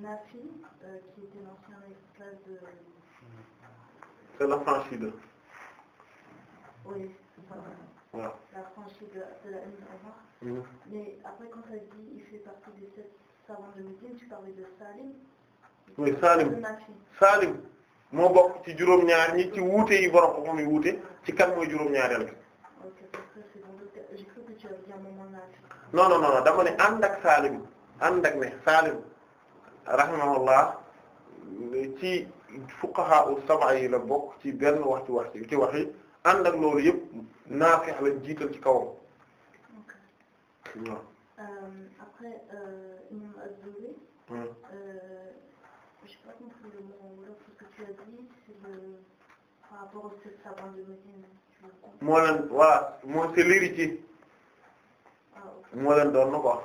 Nafi, euh, qui était l'ancien esclave
de... C'est la franchise. Oui, voilà. voilà. La franchise de, de la Haine mmh. Mais après, quand tu as dit, il fait partie des ci juróom ci wuute yi borom ko ci kan juróom-ñaareel bi. non non non dama ne Salim ànd ne Salim rahimahullah ci fuqaha u sab'a yi la bokk ci benn wax ci wax ci waxi ànd ak loolu yëpp Naafi' lañ jiital ci kawam. waaw.
Euh, après euh, imam Az-Zuhri. Hmm. Euh,
moo leen voilà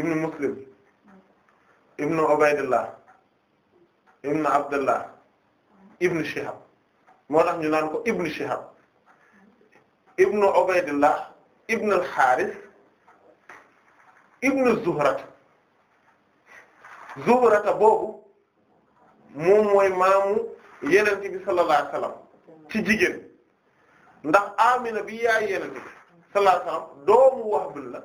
ibnu muslim ibnu ubaydillah ibnu abdullah ibnu shihab moo tax ñu naan ko ibnu shihab ibnu ubaydillah ibnu al-harith ibnu zuhrata zuhrata boobu moom mooy maamu yenent bi sallallahu alayhi wasallam ci jigéen ndax amina bi yaay yenent bi sallallahu alayhi wasallam doomu wahb la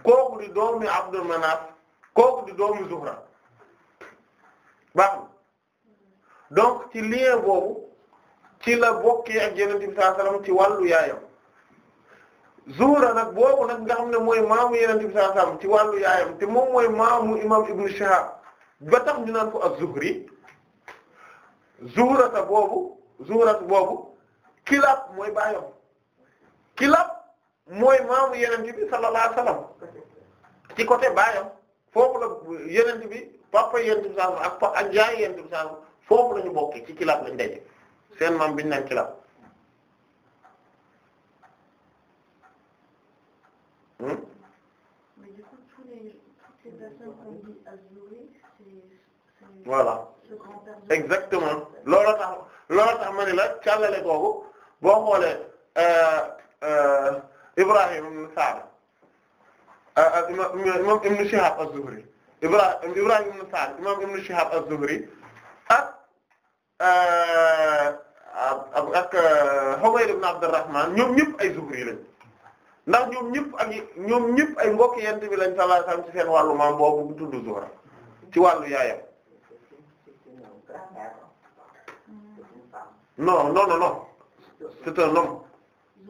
kooku di doomi Abdul Manaf kooku di doomi Zuhra baaxul donc ci lien boobu ci la bokkee ak Yonent bi sallallahu alayhi wasallam ci wàllu yaayam Zuhra nag boobu nag nga xam ne mooy maamu Yonent bi sallallahu alayhi wasallam ci wàllu yaayam te moom mooy maamu imam Ibn Shihab ba tax ñu naan ko az-Zuhri Zuhrata boobu Zuhrata boobu Kilab mooy baayam Kilab. mooy maamu yenente bi sallallahu alayhi wasallam ci côté baayam foofu la yenente bi papa yenente bi sallallahu ak ak njaay yenente bi sallallahu foofu la ñu bokki ci kilaab lañ daje seen maam biñu naan kilaab hmm? voilà exactement loolu tax loolu tax ma ni la càllale googu boo xoolee euh, euh, Ibrahim ibn Sa'd ah, ah, imam ibn Shihab az-Zuhri Ibrahim Ibrahim ibn Sa'd imam ibn Shihab az-Zuhri ak ah, ak Humayr ibn Abdurrahman ñoom ñëpp ay Zuhri lañ ndax ñoom ñëpp ak ñoom ñëpp ay mbokk yent bi lañ sallallahu alayhi wasallam ci seen wàllu maam boobu tudd Zuhra ci wàllu yaayam non non non non c'est un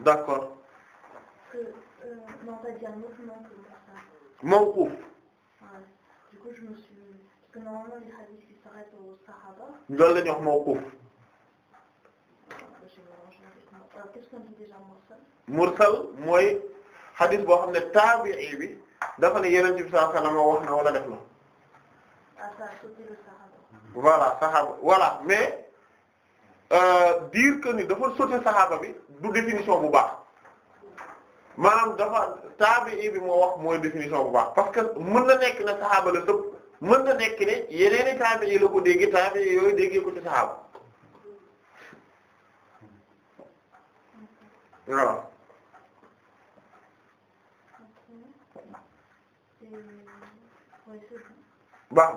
d'accord euh,
non t'as dit un autre mot mawquf voilà du coup je me suis parce que normalement les hadiths qui s'arrêtent aux sahaba loolu la ñuy wax mawquf qu'est-ce qu'on dit déjà mursal
mursal mooy hadith boo xam ne taabi'i bi dafa ne yonent bi sallallahu alayhi wa sallam wax na wala def na ah, voilà sahaba voilà mais Euh, dire que ni dafa sote saxaaba bi du définition bu baax maanaam dafa taabi'i bi moo wax mooy définition bu baax parce que mën na nekk ne saxaaba la tëb mën na nekk ne yeneeni taabi'i la ko dégg taabi'i yooyu déggee ko ci saxaaba voilà euh, baax